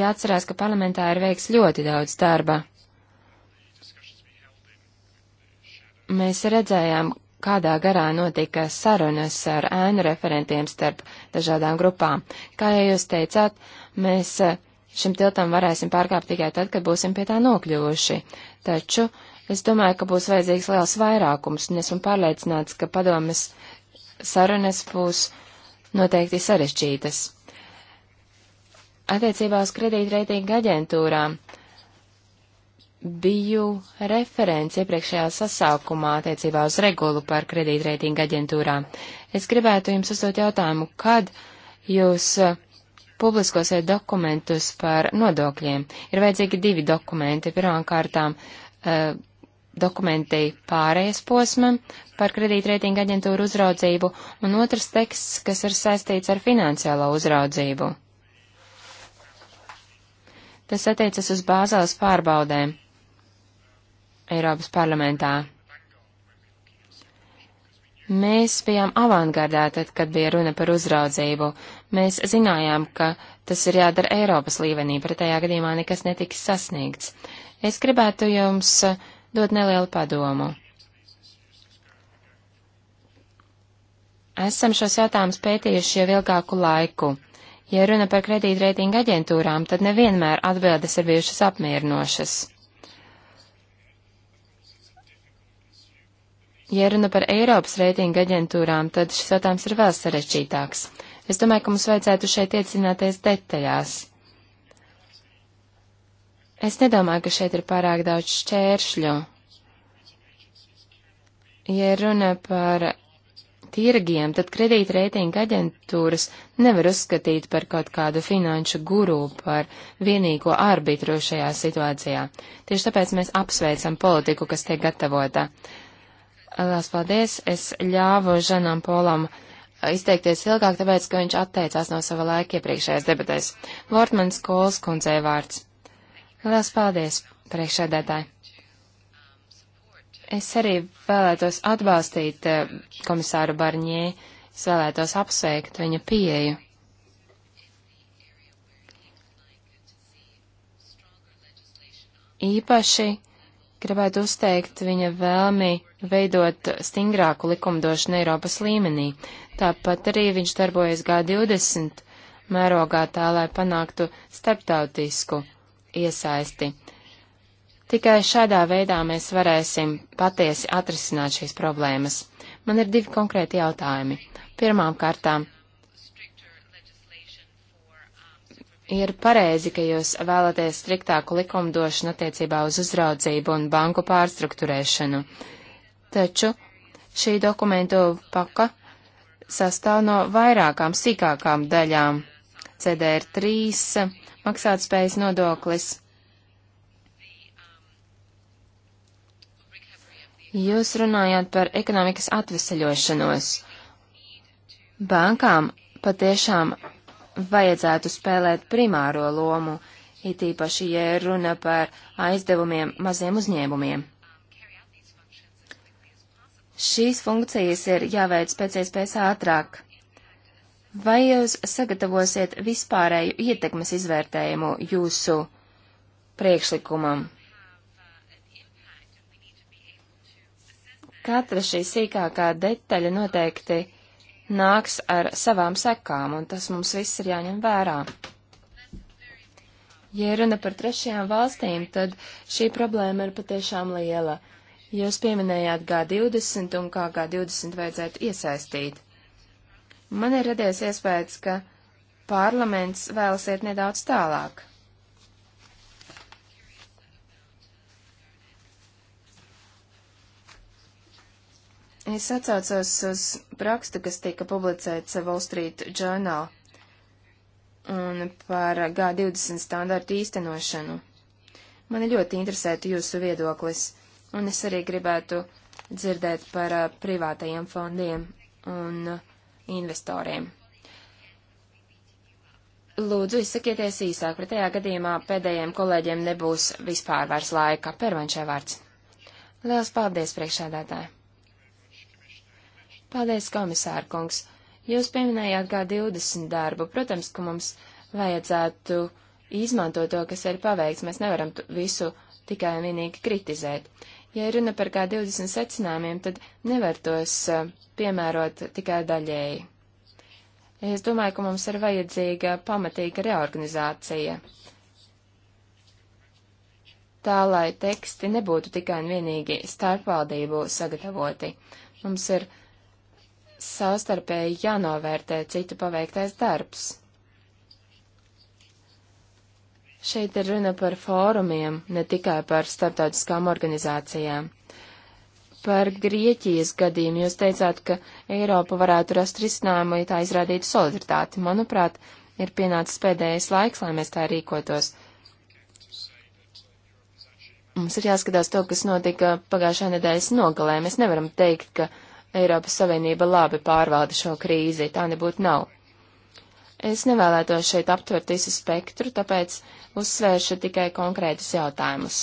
jāatcerās, ka parlamentā ir veiks ļoti daudz darba. Mēs redzējām, kādā garā notika sarunas ar ēnu referentiem starp dažādām grupām. Kā jau jūs teicāt, mēs eh, šim tiltam varēsim pārkāpt tikai tad, kad būsim pie tā nokļuvuši. Taču es domāju, ka būs vajadzīgs liels vairākums, un esmu pārliecināts, ka padomas sarunas būs noteikti sarežģītas. Attiecībā uz kredītreitinga aģentūrām biju referents iepriekšējā sasaukumā attiecībā uz regulu par kredītreitinga aģentūrām. Es gribētu jums uzdot jautājumu, kad jūs eh, publiskosiet dokumentus par nodokļiem. Ir vajadzīgi divi dokumenti. Pirmām kārtām eh, dokumenti pārējais posmam par kredītreitinga aģentūru uzraudzību, un otrs teksts, kas ir saistīts ar finansiālo uzraudzību. Tas attiecas uz bāzēlas pārbaudēm. Eiropas parlamentā. Mēs bijām avangardā tad, kad bija runa par uzraudzību. Mēs zinājām, ka tas ir jādara Eiropas līmenī, pretējā gadījumā nekas netiks sasniegts. Es gribētu jums eh, dot nelielu padomu. Esam šos jautājumus pētījuši jau ilgāku laiku. Ja runa par kredītreitinga aģentūrām, tad nevienmēr atbildes ir bijušas apmierinošas. Ja runa par Eiropas reitinga aģentūrām, tad šis jautājums ir vēl sarežģītāks. Es domāju, ka mums vajadzētu šeit iedzināties detaļās. Es nedomāju, ka šeit ir pārāk daudz šķēršļu. Ja runa par tirgiem, tad kredītreitinga aģentūras nevar uzskatīt par kaut kādu finanšu guru, par vienīgo arbitru šajā situācijā. Tieši tāpēc mēs apsveicam politiku, kas tiek gatavota. Lielas paldies! Es ļāvu Žanam Polam uh, izteikties ilgāk, tāpēc, ka viņš atteicās no sava laika iepriekšējās debatēs. Vortmans Kols kundzei vārds. Lielas paldies, priekšēdētāji! Es arī vēlētos atbalstīt uh, komisāru Barņē, es vēlētos apsveikt viņa pieeju. Īpaši gribētu uzteikt viņa vēlmi veidot stingrāku likumdošanu Eiropas līmenī. Tāpat arī viņš darbojas G20 mērogā tā, lai panāktu starptautisku iesaisti. Tikai šādā veidā mēs varēsim patiesi atrisināt šīs problēmas. Man ir divi konkrēti jautājumi. Pirmām kārtām, ir pareizi, ka jūs vēlaties striktāku likumdošanu attiecībā uz uzraudzību un banku pārstruktūrēšanu. Taču šī dokumentu paka sastāv no vairākām sīkākām daļām - CDR3, maksātspējas nodoklis. Jūs runājāt par ekonomikas atveseļošanos. Bankām patiešām vajadzētu spēlēt primāro lomu, it īpaši, ja runa par aizdevumiem maziem uzņēmumiem. Šīs funkcijas ir jāveic pēc iespējas ātrāk. Vai jūs sagatavosiet vispārēju ietekmes izvērtējumu jūsu priekšlikumam? Katra šī sīkākā detaļa noteikti nāks ar savām sekām, un tas mums viss ir jāņem vērā. Ja runa par trešajām valstīm, tad šī problēma ir patiešām liela. Jūs pieminējāt G20 un kā G20 vajadzētu iesaistīt. Man ir radies iespējas, ka parlaments vēlas iet nedaudz tālāk. Es atcaucos uz prakstu, kas tika publicēts Wall Street Journal un par G20 standartu īstenošanu. Mani ļoti interesētu jūsu viedoklis, un es arī gribētu dzirdēt par uh, privātajiem fondiem un investoriem. Lūdzu, izsakieties īsāk, pretējā gadījumā pēdējiem kolēģiem nebūs vispār vairs laika. Pervančē vārds. Liels paldies, priekšādātāji! Paldies, komisārkungs! Jūs pieminējāt G20 darbu. Protams, ka mums vajadzētu izmantot to, kas ir paveikts. Mēs nevaram visu tikai un vienīgi kritizēt. Ja runa par G20 secinājumiem, tad nevar tos eh, piemērot tikai daļēji. Es domāju, ka mums ir vajadzīga pamatīga reorganizācija. Tā, lai teksti nebūtu tikai un vienīgi starpvaldību sagatavoti. Mums ir savstarpēji jānovērtē citu paveiktais darbs. Šeit ir runa par fórumiem, ne tikai par starptautiskām organizācijām. Par Grieķijas gadījumu jūs teicāt, ka Eiropa varētu rast risinājumu, ja tā izrādītu solidaritāti. Manuprāt, ir pienācis pēdējais laiks, lai mēs tā rīkotos. Mums ir jāskatās to, kas notika pagājušā nedēļas nogalē. Mēs nevaram teikt, ka Eiropas Savienība labi pārvalda šo krīzi, tā nebūtu nav. Es nevēlētos šeit aptvert visu spektru, tāpēc uzsvēršu tikai konkrētus jautājumus.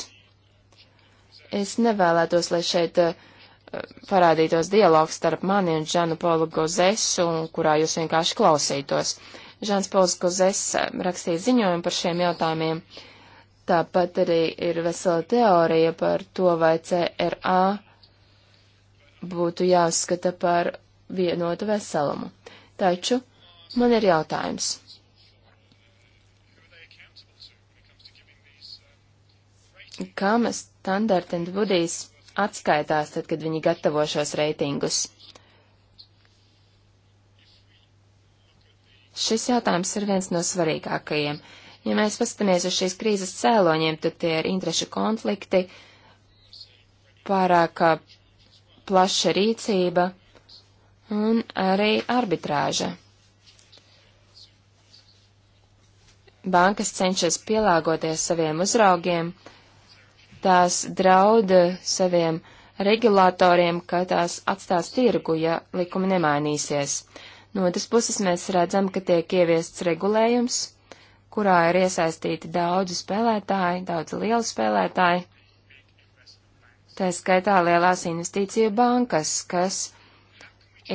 Es nevēlētos, lai šeit eh, parādītos dialogs starp mani un Žanu Polu Gozesu, kurā jūs vienkārši klausītos. Žans Pols Gozes eh, rakstīja ziņojumu par šiem jautājumiem. Tāpat arī ir vesela teorija par to, vai CRA būtu jāskata par vienotu veselumu. Taču man ir jautājums. Kam Standard and Woodies atskaitās tad, kad viņi gatavo šos reitingus? Šis jautājums ir viens no svarīgākajiem. Ja mēs paskatāmies uz šīs krīzes cēloņiem, tad tie ir interešu konflikti, pārāk plaša rīcība un arī arbitrāža. Bankas cenšas pielāgoties saviem uzraugiem, tās draud saviem regulātoriem, ka tās atstās tirgu, ja likumi nemainīsies. No otras puses mēs redzam, ka tiek ieviests regulējums, kurā ir iesaistīti daudzi spēlētāji, daudzi lieli spēlētāji. Tā skaitā lielās investīciju bankas, kas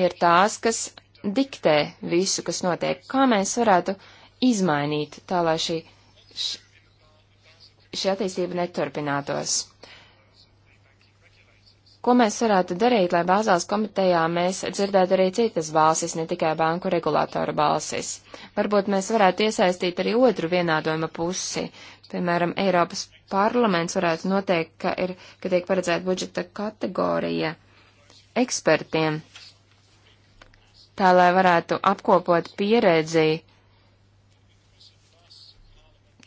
ir tās, kas diktē visu, kas notiek. Kā mēs varētu izmainīt tā, lai šī, šī attīstība neturpinātos? Ko mēs varētu darīt, lai bāzās komitejā mēs dzirdētu arī citas balsis, ne tikai banku regulātoru balsis? Varbūt mēs varētu iesaistīt arī otru vienādojuma pusi, piemēram, Eiropas parlaments varētu noteikt, ka, ir, ka tiek paredzēta budžeta kategorija ekspertiem, tā lai varētu apkopot pieredzi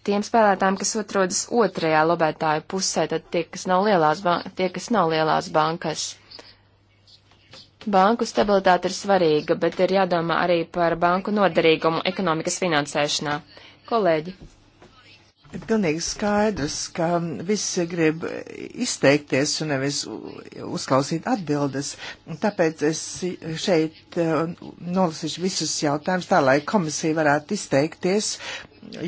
tiem spēlētājiem, kas atrodas otrajā lobētāju pusē, tad tie, kas nav lielās, tie, kas nav lielās bankas. Banku stabilitāte ir svarīga, bet ir jādomā arī par banku noderīgumu ekonomikas finansēšanā. Kolēģi! Ir pilnīgi skaidrs, ka visi grib izteikties un nevis uzklausīt atbildes. Tāpēc es šeit e, nolasīšu visus jautājumus tā, lai komisija varētu izteikties.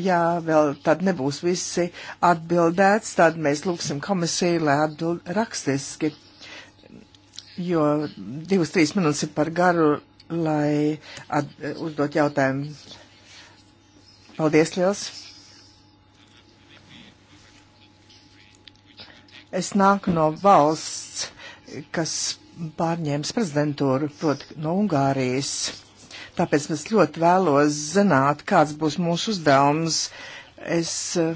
Ja vēl tad nebūs visi atbildēts, tad mēs lūgsim komisiju, lai atbild rakstiski. Jo divas, trīs minūtes ir par garu, lai at, uzdot jautājumu. Paldies liels! Es nāku no valsts, kas pārņēmis prezidentūru, proti no Ungārijas. Tāpēc es ļoti vēlos zināt, kāds būs mūsu uzdevums. Es uh,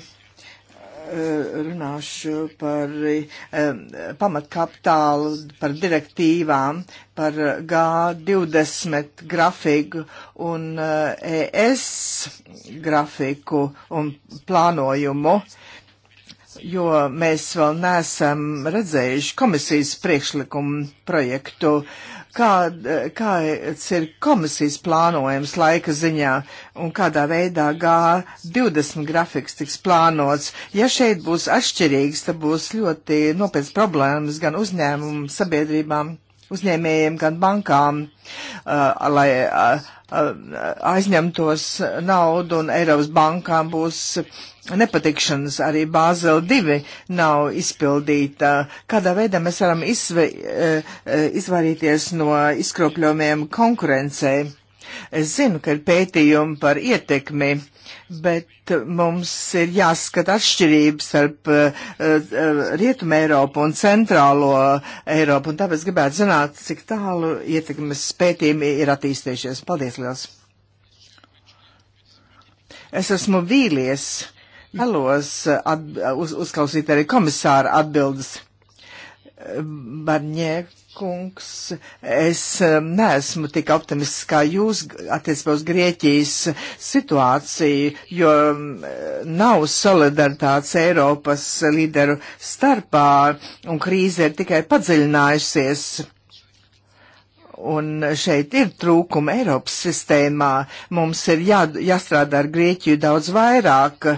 runāšu par um, pamatkapitālu, par direktīvām, par eh, G20 grafiku un uh, ES grafiku un plānojumu. Uh, jo mēs vēl neesam redzējuši komisijas priekšlikumu projektu. Kā, kāds ir komisijas plānojums laika ziņā un kādā veidā G20 grafiks tiks plānots? Ja šeit būs atšķirīgs, tad būs ļoti nopietnas problēmas gan uzņēmumu sabiedrībām, uzņēmējiem, gan bankām, uh, lai uh, aizņemtos naudu un Eiropas bankām būs nepatikšanas. Arī Bāzela 2 nav izpildīta. Kādā veidā mēs varam izve, e, e, izvairīties no izkropļojumiem konkurencei? Es zinu, ka ir pētījumi par ietekmi Bet mums ir jāskata atšķirības starp uh, uh, Rietumu Eiropu un Centrālo Eiropu, un tāpēc gribētu zināt, cik tālu ietekmes pētījumi ir attīstījušies. Paldies liels! Es esmu vīlies, vēlos eh, uz, uzklausīt arī komisāra atbildes. Barņē kungs, es um, neesmu tik optimists kā jūs attiecībā uz Grieķijas situāciju, jo um, nav solidaritātes Eiropas līderu starpā un krīze ir tikai padziļinājusies. Un šeit ir trūkumi Eiropas sistēmā. Mums ir jā, jāstrādā ar Grieķiju daudz vairāk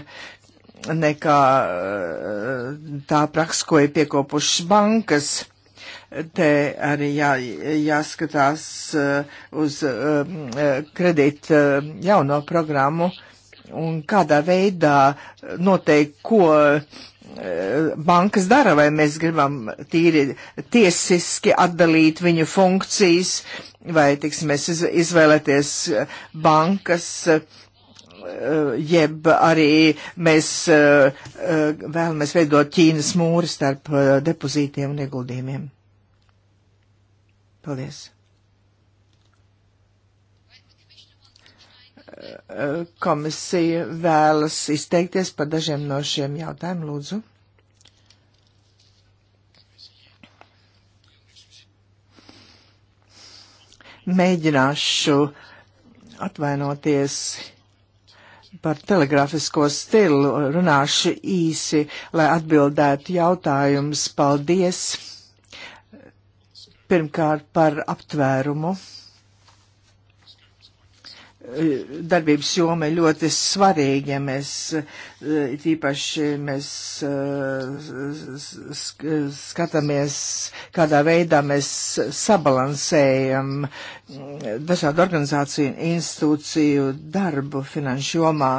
nekā uh, tā praksa, ko ir piekopušas bankas te arī jā, jāskatās eh, uz eh, kredīt eh, jauno programmu un kādā veidā noteikti, ko bankas dara, vai mēs gribam tīri tiesiski atdalīt viņu funkcijas, vai, tiksim, mēs izvēlēties bankas, jeb arī mēs vēlamies veidot Ķīnas mūri starp depozītiem un ieguldījumiem. Paldies. Komisija vēlas izteikties par dažiem no šiem jautājumiem, lūdzu. Mēģināšu atvainoties par telegrafisko stilu, runāšu īsi, lai atbildētu jautājumus. Paldies! Pirmkārt par aptvērumu. E, darbības joma ir ļoti svarīga, ja mēs e, tīpaši mēs e, skatāmies, kādā veidā mēs sabalansējam dažādu organizāciju un institūciju darbu finanšu jomā.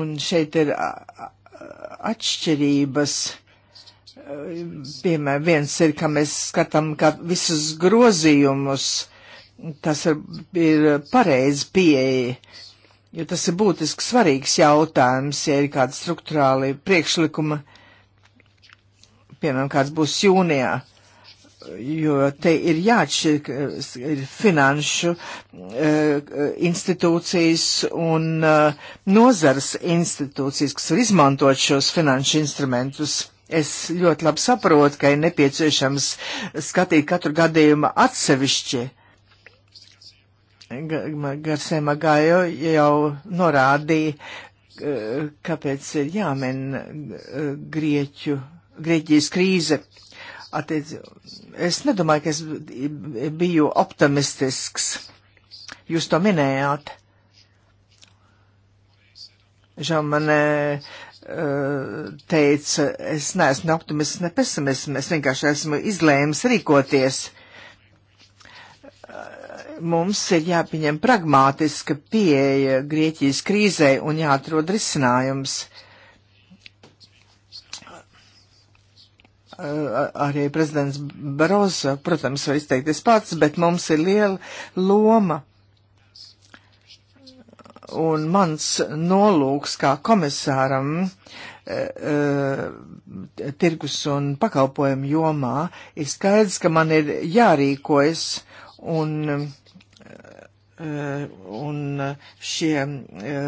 Un šeit ir atšķirības. Uh, Piemēram, viens ir, ka mēs skatām ka visus grozījumus, tas ir, ir pareizi pieeja, jo tas ir būtiski svarīgs jautājums, ja ir kāda struktūrāli priekšlikuma, piemēram, kāds būs jūnijā jo te ir jāatšķir ir finanšu e, e, institūcijas un e, nozares institūcijas, kas var izmantot šos finanšu instrumentus. Es ļoti labi saprotu, ka ir nepieciešams skatīt katru gadījumu atsevišķi. Garsēma Gājo jau norādīja, kāpēc ir jāmen e, Grieķu, Grieķijas krīze. Attiec, es nedomāju, ka es biju optimistisks. Jūs to minējāt. Žēl man. Uh, teica, es neesmu ne optimists, ne pesimists, es vienkārši esmu izlēmis rīkoties. Mums ir jāpieņem pragmātiska pieeja Grieķijas krīzē un jāatrod risinājums. Arī prezidents Barozo, protams, var izteikties pats, bet mums ir liela loma Un mans nolūks kā komisāram e, e, tirgus un pakalpojumu jomā ir skaidrs, ka man ir jārīkojas un e, un šie e,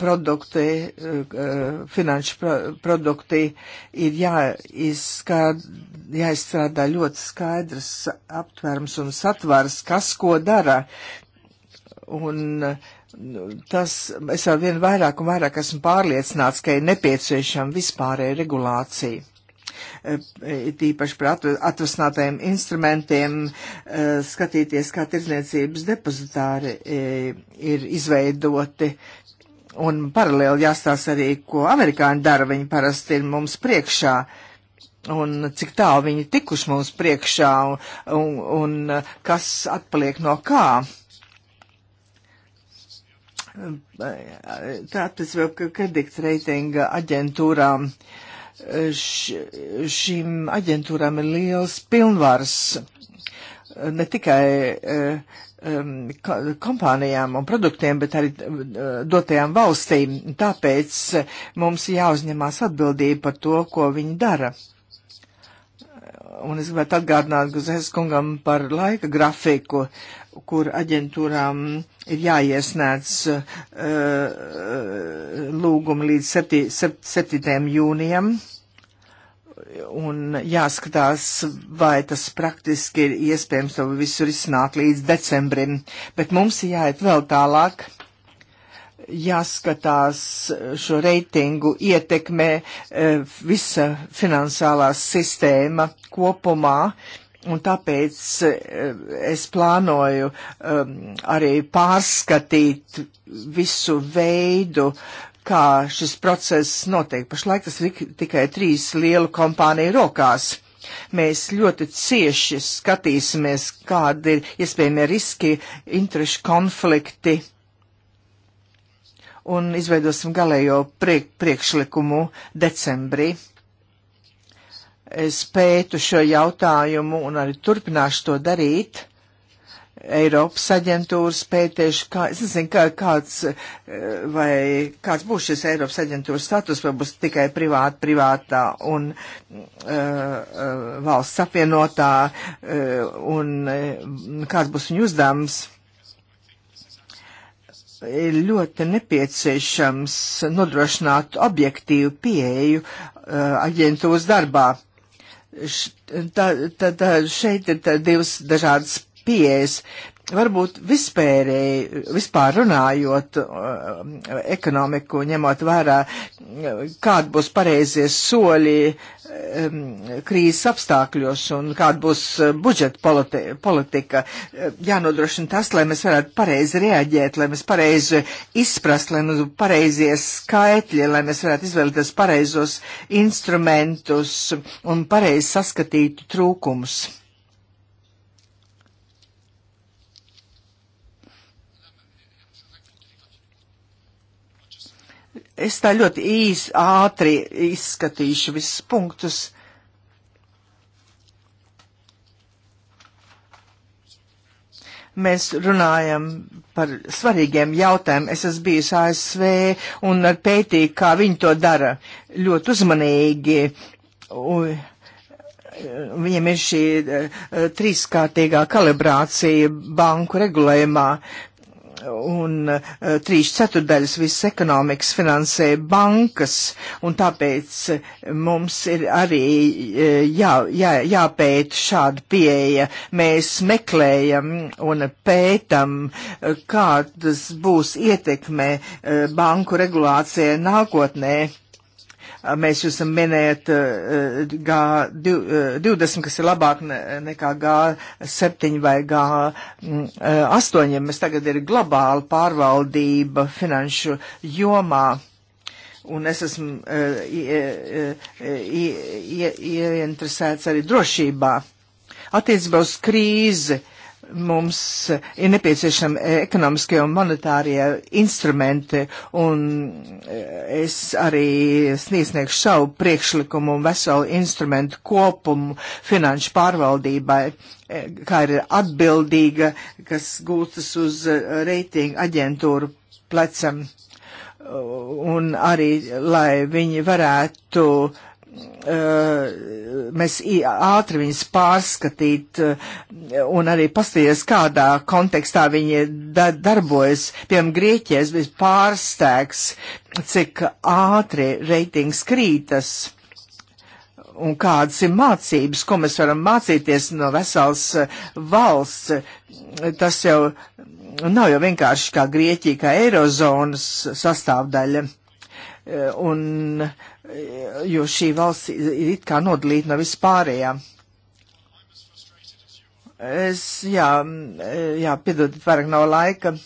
produkti, e, finanšu produkti ir jāizskād, jāizstrādā ļoti skaidrs aptvērums un satvars, kas ko dara. Un uh, Tas es ar vien vairāk un vairāk esmu pārliecināts, ka ir nepieciešama vispārēja regulācija e, e, tīpaši par atvasinātajiem instrumentiem, e, skatīties, kā tirzniecības depozitāri ir izveidoti. Un paralēli jāstāsta arī, ko amerikāņi dara, viņi parasti ir mums priekšā. Un cik tālu viņi tikuši mums priekšā un, un, un kas atpaliek no kā. Uh, tātad kredītreitinga aģentūrām. Š, šīm aģentūrām ir liels pilnvars ne tikai e, kompānijām un produktiem, bet arī e, dotajām valstīm. Tāpēc e, mums jāuzņemās atbildība par to, ko viņi dara. Un es gribētu atgādināt Guzēs kungam par laika grafiku. Uh, kur aģentūrām ir jāiesniedz uh, lūgumi līdz 7, 7. jūnijam un jāskatās, vai tas praktiski ir iespējams to visu risināt līdz decembrim. Bet mums ir jāiet vēl tālāk, jāskatās šo reitingu ietekmē eh, visa finansālā sistēma kopumā. Uh, Un tāpēc eh, es plānoju um, arī pārskatīt visu veidu, kā šis process notiek. Pašlaik tas ir tikai trīs lielu kompāniju rokās. Mēs ļoti cieši skatīsimies, kādi ir iespējamie riski, interešu konflikti un izveidosim galējo priek priekšlikumu decembrī. Es pētu šo jautājumu un arī turpināšu to darīt. Eiropas aģentūras pētieši, kā, es nezinu, kā, kāds, eh, vai, kāds būs šis Eiropas aģentūras status, vai būs tikai privāta, privātā un uh, valsts apvienotā, uh, un kāds būs viņu uzdevums. Ir ļoti nepieciešams nodrošināt objektīvu pieeju uh, aģentūras darbā. Uh, Š, tā, tā, tā, šeit ir tā divas dažādas pieejas varbūt vispērēji, vispār runājot uh, ekonomiku, ņemot vērā, kāda būs pareizie soļi um, krīzes apstākļos un kāda būs uh, budžeta politi politika, uh, jānodrošina tas, lai mēs varētu pareizi reaģēt, lai mēs pareizi izprast, lai mums būtu pareizie skaitļi, lai mēs varētu izvēlēties pareizos instrumentus un pareizi saskatītu trūkumus. Es tā ļoti īs, ātri izskatīšu visus punktus. mēs runājam par svarīgiem jautājumiem. Es esmu bijis ASV un pētīju, kā viņi to dara ļoti uzmanīgi. Un viņiem ir šī eh, trīskārtīgā kalibrācija banku regulējumā, un eh, trīs ceturdaļas visas ekonomikas finansē bankas, un tāpēc eh, mums ir arī eh, jā, jā, jāpēta šāda pieeja. Mēs meklējam un pētam, kādas būs ietekme banku regulācijai nākotnē Mēs jūs minējat G20, kas ir labāk nekā G7 vai G8, mēs tagad ir globāla pārvaldība finanšu jomā un es esmu uh, ieinteresēts arī drošībā. Attiecībā uz krīzi mums ir nepieciešami e, ekonomiskie un monetārie instrumenti, un e, es arī sniegšu savu priekšlikumu un veselu instrumentu kopumu finanšu pārvaldībai, e, kā ir atbildīga, kas gūtas uz reitingu aģentūru plecam, un arī, lai viņi varētu uh, Eh, mēs ātri viņus pārskatīt eh, un arī pastīties, kādā kontekstā viņi da darbojas. Piemēram, Grieķijas bija pārstēgs, cik ātri reitings krītas un kādas ir mācības, ko mēs varam mācīties no vesels eh, valsts. Tas jau nav jau vienkārši kā Grieķija, kā Eirozonas sastāvdaļa. Un uh, jo šī valsts ir it kā nodalīta no vispārējā. Es, jā, jā, piedod, vairāk nav laika.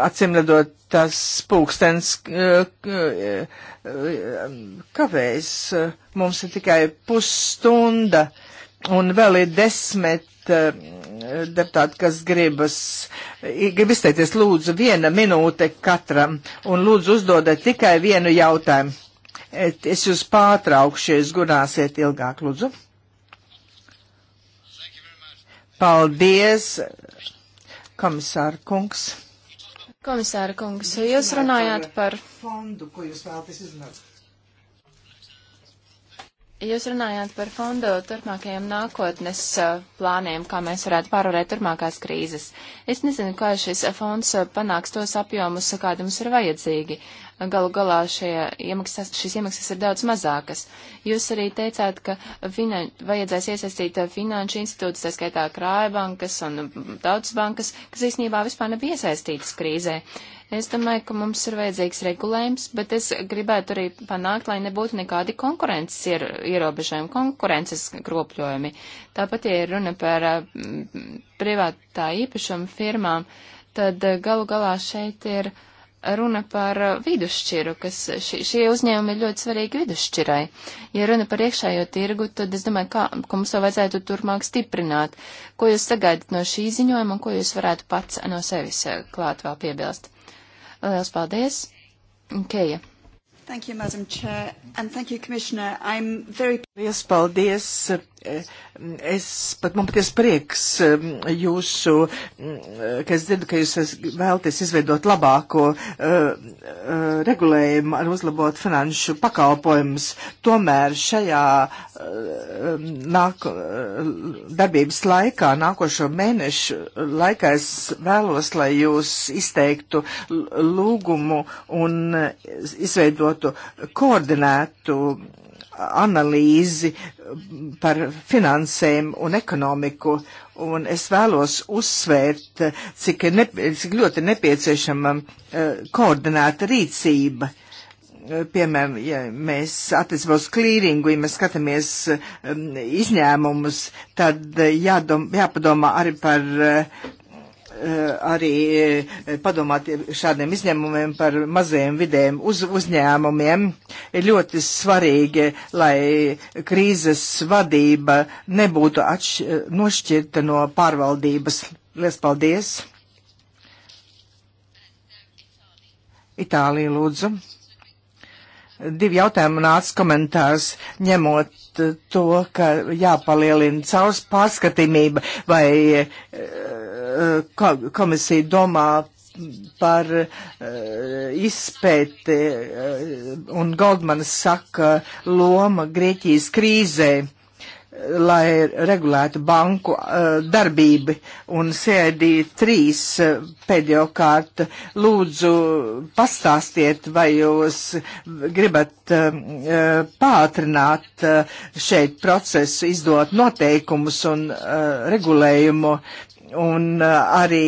Atsimredot tas pūkstens kavējas, mums ir tikai pusstunda un vēl ir desmit eh, deputāti, kas gribas, grib izteikties, lūdzu, viena minūte katram un lūdzu uzdodēt tikai vienu jautājumu. Es jūs pārtraukšu, ja jūs gurāsiet ilgāk, lūdzu. Paldies, komisāra kungs. Komisāra kungs, jūs runājāt par fondu, ko jūs vēlaties izmantot. Jūs runājāt par fondu turpmākajiem nākotnes uh, plāniem, kā mēs varētu pārvarēt turpmākās krīzes. Es nezinu, kā šis eh, fonds eh, panāks tos apjomus, kādi mums ir vajadzīgi. Galu galā iemaksas, šīs iemaksas ir daudz mazākas. Jūs arī teicāt, ka finan vajadzēs iesaistīt finanšu institūtus, tā skaitā krājbankas un mm, daudz bankas, kas īstenībā vispār nebija iesaistītas krīzē. Uh, Es domāju, ka mums ir vajadzīgs regulējums, bet es gribētu arī panākt, lai nebūtu nekādi konkurences ier, ierobežojumi, konkurences kropļojumi. Tāpat, ja ir runa par mm, privātā īpašuma firmām, tad eh, galu galā šeit ir runa par vidusšķiru, kas šie, šie uzņēmumi ir ļoti svarīgi vidusšķirai. Ja runa par iekšējo tirgu, tad es domāju, kā, ka mums to vajadzētu turpmāk stiprināt. Ko jūs sagaidat no šī ziņojuma un ko jūs varētu pats no sevis eh, klāt vēl piebilst? Lielas paldies! Keja. Thank you, Madam Chair, and thank you, Commissioner. I'm very... Lielas paldies, es pat man paties prieks um, jūsu, mm, ka es dzirdu, ka jūs vēlties izveidot labāko uh, uh, regulējumu ar uzlabot finanšu pakalpojumus. Tomēr šajā uh, um, nāk, darbības laikā, nākošo mēnešu laikā es vēlos, lai jūs izteiktu lūgumu un izveidotu koordinētu analīzi par finansēm un ekonomiku, un es vēlos uzsvērt, cik, ne, cik ļoti nepieciešama e, koordinēta rīcība e, piemēram, ja mēs attiecībā uz klīringu, ja mēs skatāmies um, izņēmumus, tad jādom, jāpadomā arī par uh, Eh, arī eh, padomāt šādiem izņēmumiem par mazajiem vidējiem uz, uzņēmumiem. Ir ļoti svarīgi, lai krīzes vadība nebūtu atš, nošķirta no pārvaldības. Lies paldies! Itālija lūdzu. Divi jautājumi nāca komentārs, ņemot to, ka jāpalielina caurs pārskatīmība vai uh, komisija domā par eh, izpēti eh, un Goldmanas saka loma Grieķijas krīzē lai regulētu banku uh, darbību un sēdī trīs uh, pēdējo kārtu. Lūdzu, pastāstiet, vai jūs gribat uh, pātrināt šeit procesu, izdot noteikumus un regulējumu un eh, arī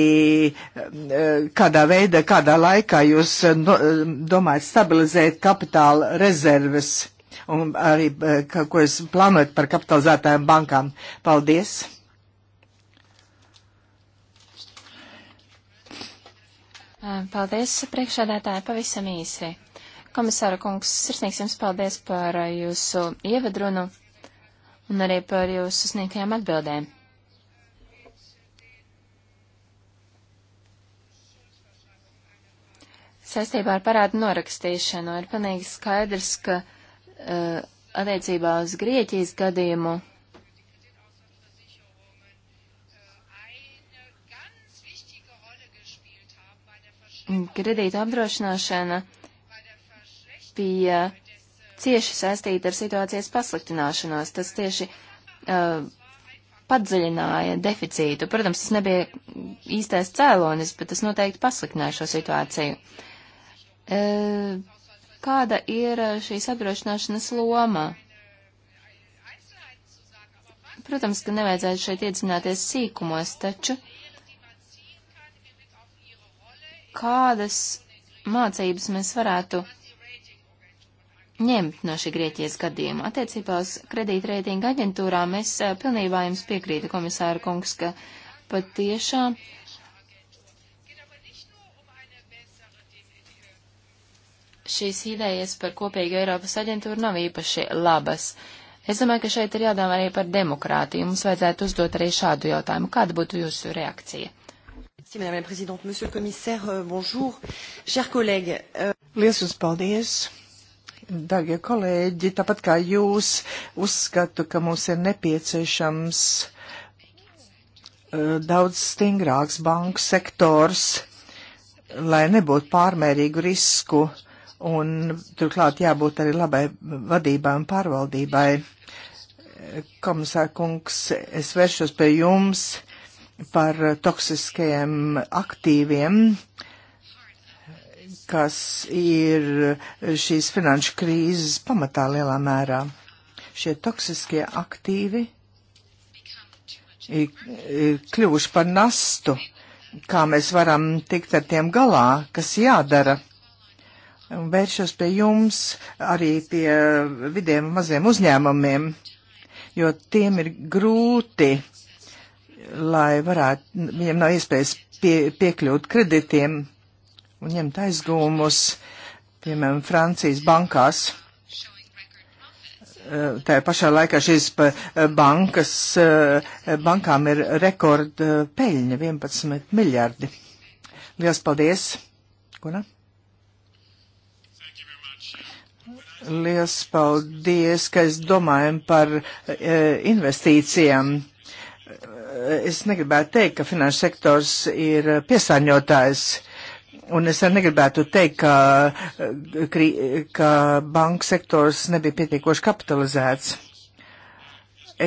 eh, kādā veidā, kādā laikā jūs eh, domājat stabilizēt kapitāla rezerves un arī, ko jūs plānojat par kapitalizētājiem bankām. Paldies! Paldies, priekšādātāji, pavisam īsi. Komisāra kungs, sirsnīgs jums paldies par jūsu ievadrunu un arī par jūsu sniegtajām atbildēm. Saistībā ar parādu norakstīšanu ir panīgi skaidrs, ka uh, attiecībā uz Grieķijas gadījumu kredīta apdrošināšana bija cieši saistīta ar situācijas pasliktināšanos. Tas tieši uh, padziļināja deficītu. Protams, tas nebija īstais cēlonis, bet tas noteikti pasliktināja šo situāciju. E, kāda ir e, šīs apdrošināšanas loma? Protams, ka nevajadzētu šeit iedzināties sīkumos, taču kādas mācības mēs varētu ņemt no šī Grieķijas gadījuma. Attiecībā uz kredītreitinga aģentūrām es e, pilnībā jums piekrītu, komisāra kungs, ka patiešām uh, šīs idejas par kopīgu Eiropas aģentūru nav īpaši labas. Es domāju, ka šeit ir jādomā arī par demokrātiju. Mums vajadzētu uzdot arī šādu jautājumu. Kāda būtu jūsu reakcija? Madame la Présidente, Monsieur le Commissaire, euh, bonjour. Chers collègues. Euh, Liels jums paldies! Darbie kolēģi, tāpat kā jūs, uzskatu, ka mums ir nepieciešams uh, daudz stingrāks banku sektors, lai nebūtu pārmērīgu risku un turklāt jābūt arī labai vadībai un pārvaldībai. Komisārkungs, es vēršos pie jums par toksiskajiem aktīviem, kas ir šīs finanšu krīzes pamatā lielā mērā. Šie toksiskie aktīvi ir, ir kļuvuši par nastu, kā mēs varam tikt ar tiem galā, kas jādara vēršos pie jums arī pie vidiem maziem uzņēmumiem, jo tiem ir grūti, lai varētu, viņiem nav iespējas pie, piekļūt kreditiem un ņemt aizgūmus, piemēram, Francijas bankās. Tā pašā laikā šīs bankas, bankām ir rekord peļņa 11 miljardi. Lielas paldies! Ko ne? Liels paldies, ka es domājam par e, investīcijām. Es negribētu teikt, ka finanšu sektors ir piesārņotājs. Un es arī negribētu teikt, ka, e, ka banka sektors nebija pietiekoši kapitalizēts.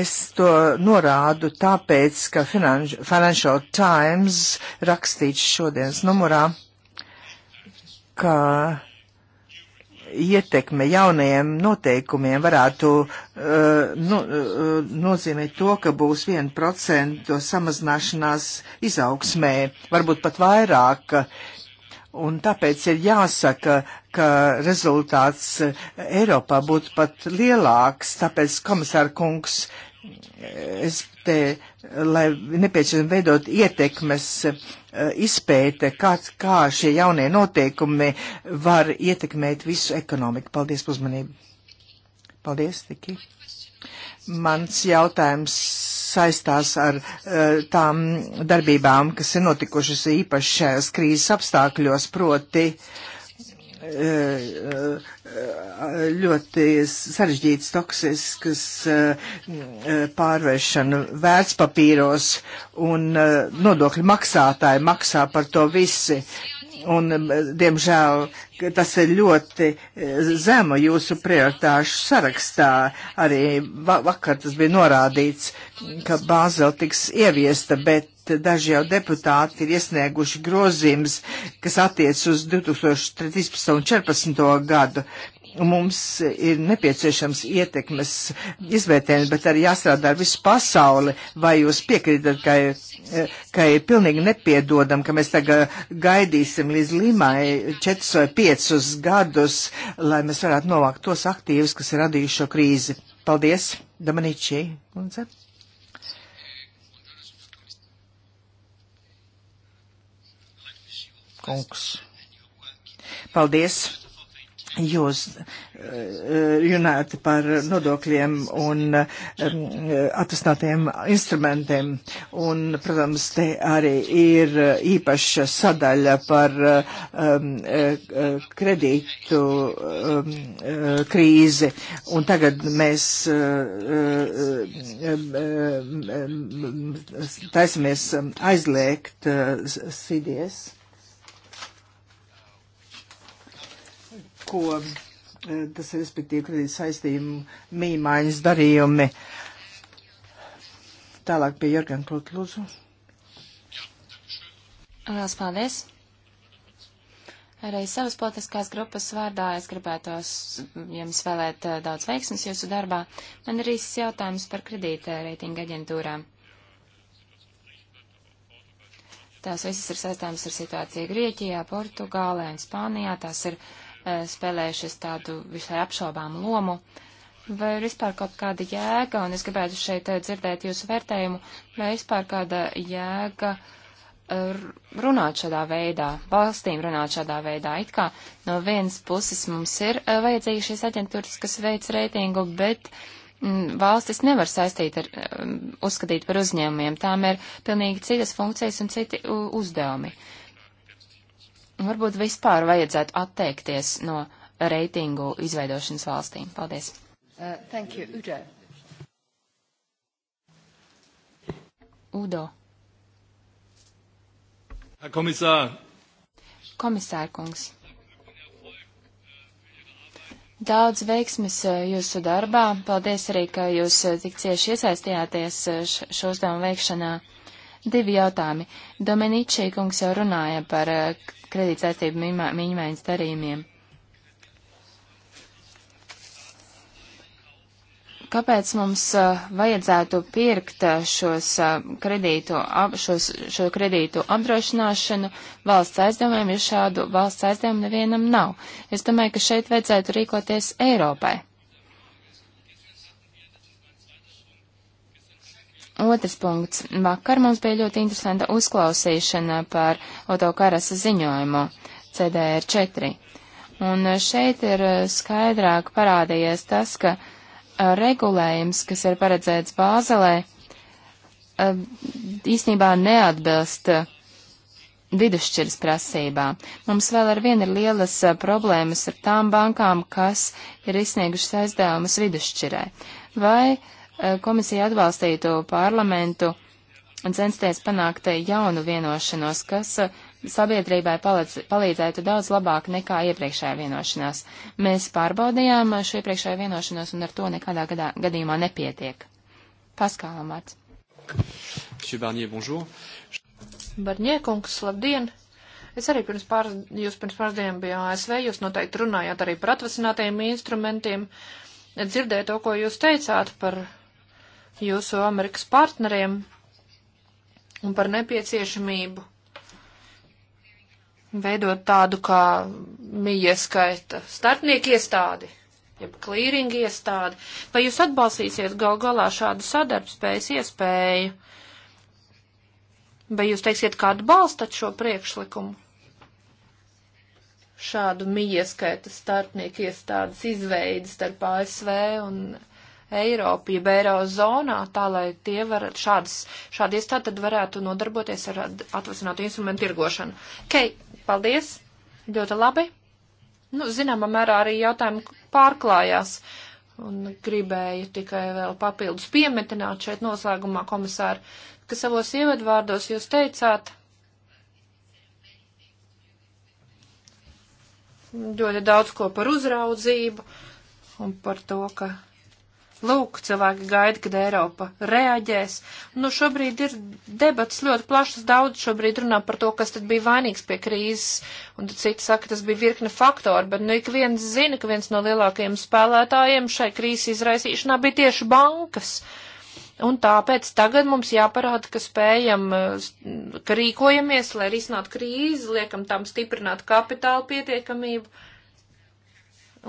Es to norādu tāpēc, ka Financial Times rakstīts šodienas numurā, ka ietekme jaunajiem noteikumiem varētu uh, nu, uh, nozīmēt to, ka būs 1% samazināšanās izaugsmē, varbūt pat vairāk. Un tāpēc ir jāsaka, ka rezultāts eh, Eiropā būtu pat lielāks, tāpēc komisāra kungs es te, lai nepieciešam veidot ietekmes eh, izpēte, kā, kā šie jaunie noteikumi var ietekmēt visu ekonomiku. Paldies par uzmanību. Paldies, Tiki. Mans jautājums saistās ar uh, tām darbībām, kas ir notikušas īpaši šajās krīzes apstākļos, proti uh, ļoti sarežģītas toksiskas eh, eh, pārvēršana vērtspapīros un eh, nodokļu maksātāji maksā par to visi. Un, diemžēl, tas ir ļoti zema jūsu prioritāšu sarakstā. Arī vakar tas bija norādīts, ka Bāzela tiks ieviesta, bet bet daži jau deputāti ir iesnieguši grozījums, kas attiec uz 2013. un 2014. gadu. Mums ir nepieciešams ietekmes izvērtējums, bet arī jāstrādā ar visu pasauli. Vai jūs piekrītat, ka, ir, ka ir pilnīgi nepiedodam, ka mēs tagad gaidīsim līdz Limai četrus vai piecus gadus, lai mēs varētu novākt tos aktīvus, kas ir radījuši šo krīzi? Paldies, Dominičī. Un ceru. kungs. Paldies! Jūs eh, runājat par nodokļiem un eh, atrastinātiem instrumentiem. Un, protams, te arī ir īpaša sadaļa par um, kredītu um, krīzi. Un tagad mēs um, taisamies aizliegt CDS. ko eh, tas ir respektīvi kredīt saistību mīmaiņas darījumi. Tālāk pie Jorgan Klūta lūdzu. Lielas paldies! Arī savas politiskās grupas vārdā es gribētos jums vēlēt eh, daudz veiksmes jūsu darbā. Man ir īsts jautājums par kredīta reitinga aģentūrām. Tās visas ir saistāmas ar situāciju Grieķijā, Portugālē un Spānijā. Tās ir uh, Eh, spēlējušas tādu visai apšaubāmu lomu. Vai ir vispār kaut kāda jēga, un es gribētu šeit eh, dzirdēt jūsu vērtējumu, vai vispār kāda jēga eh, runāt šādā veidā, valstīm runāt šādā veidā. It kā no vienas puses mums ir vajadzīgas šīs aģentūras, kas veic reitingu, bet mm, valstis nevar saistīt ar, uzskatīt par uzņēmumiem. Tām ir pilnīgi citas funkcijas un citi uzdevumi. Uh, Varbūt vispār vajadzētu atteikties no reitingu izveidošanas valstīm. Paldies. Uh, thank you, Udo. Udo. Herr Kommissar. Komisārkungs. Daudz veiksmes uh, jūsu darbā. Paldies arī, ka jūs uh, tik cieši iesaistījāties uh, šo uzdevumu veikšanā. Divi jautājumi. Dominičī kungs jau runāja par eh, kredītsaistību mīņmaiņas darījumiem. kāpēc mums uh, vajadzētu pirkt eh, šos uh, kredītu, ap, šos, šo kredītu apdrošināšanu valsts aizdevumiem, ja šādu valsts aizdevumu nevienam nav. Es domāju, ka šeit vajadzētu rīkoties Eiropai. Otrs punkts. Vakar mums bija ļoti interesanta uzklausīšana par Oto Karasa ziņojumu CDR4. Un šeit ir skaidrāk parādījies tas, ka regulējums, kas ir paredzēts Bāzelē, īstenībā neatbilst vidusšķiras prasībā. Mums vēl ar vienu ir lielas problēmas ar tām bankām, kas ir izsniegušas aizdevumus vidusšķirai. Vai uh, komisija atbalstītu parlamentu un censties panākt jaunu vienošanos, kas sabiedrībai palīdz, palīdzētu daudz labāk nekā iepriekšējā vienošanās. Mēs pārbaudījām šo iepriekšējo vienošanos un ar to nekādā gadā, gadījumā nepietiek. Paskālā Marts. Barņie, bonjour. Barņie, kungs, labdien! Es arī pirms pāris, jūs pirms pāris dienām biju ASV, jūs noteikti runājāt arī par atvasinātajiem instrumentiem. Dzirdēju to, ko jūs teicāt par jūsu Amerikas partneriem un par nepieciešamību veidot tādu kā mīieskaita starpnieku iestādi, jeb klīringu iestādi. Vai jūs atbalstīsiet gal galā šādu sadarbspējas iespēju? Vai jūs teiksiet, kā atbalstat šo priekšlikumu? Šādu mīieskaita starpnieku iestādes izveidi starp ASV un Eiropu, jeb Eirozonā, tā lai tie var šādas, šādi iestādi tad varētu nodarboties ar atvasinātu instrumentu tirgošanu. Kei, paldies, ļoti labi. Nu, zināmā mērā arī jautājumi pārklājās un gribēju tikai vēl papildus piemetināt šeit noslēgumā, komisāri, ka savos ievadvārdos jūs teicāt, ļoti daudz ko par uzraudzību un par to, ka Lūk, cilvēki gaida, kad Eiropa reaģēs. Nu, šobrīd ir debats ļoti plašas, daudz šobrīd runā par to, kas tad bija vainīgs pie krīzes, un citi saka, tas bija virkne faktori, bet nu ik viens zina, ka viens no lielākajiem spēlētājiem šai krīzes izraisīšanā bija tieši bankas. Un tāpēc tagad mums jāparāda, ka spējam, ka rīkojamies, lai risinātu krīzi, liekam tam stiprināt kapitāla pietiekamību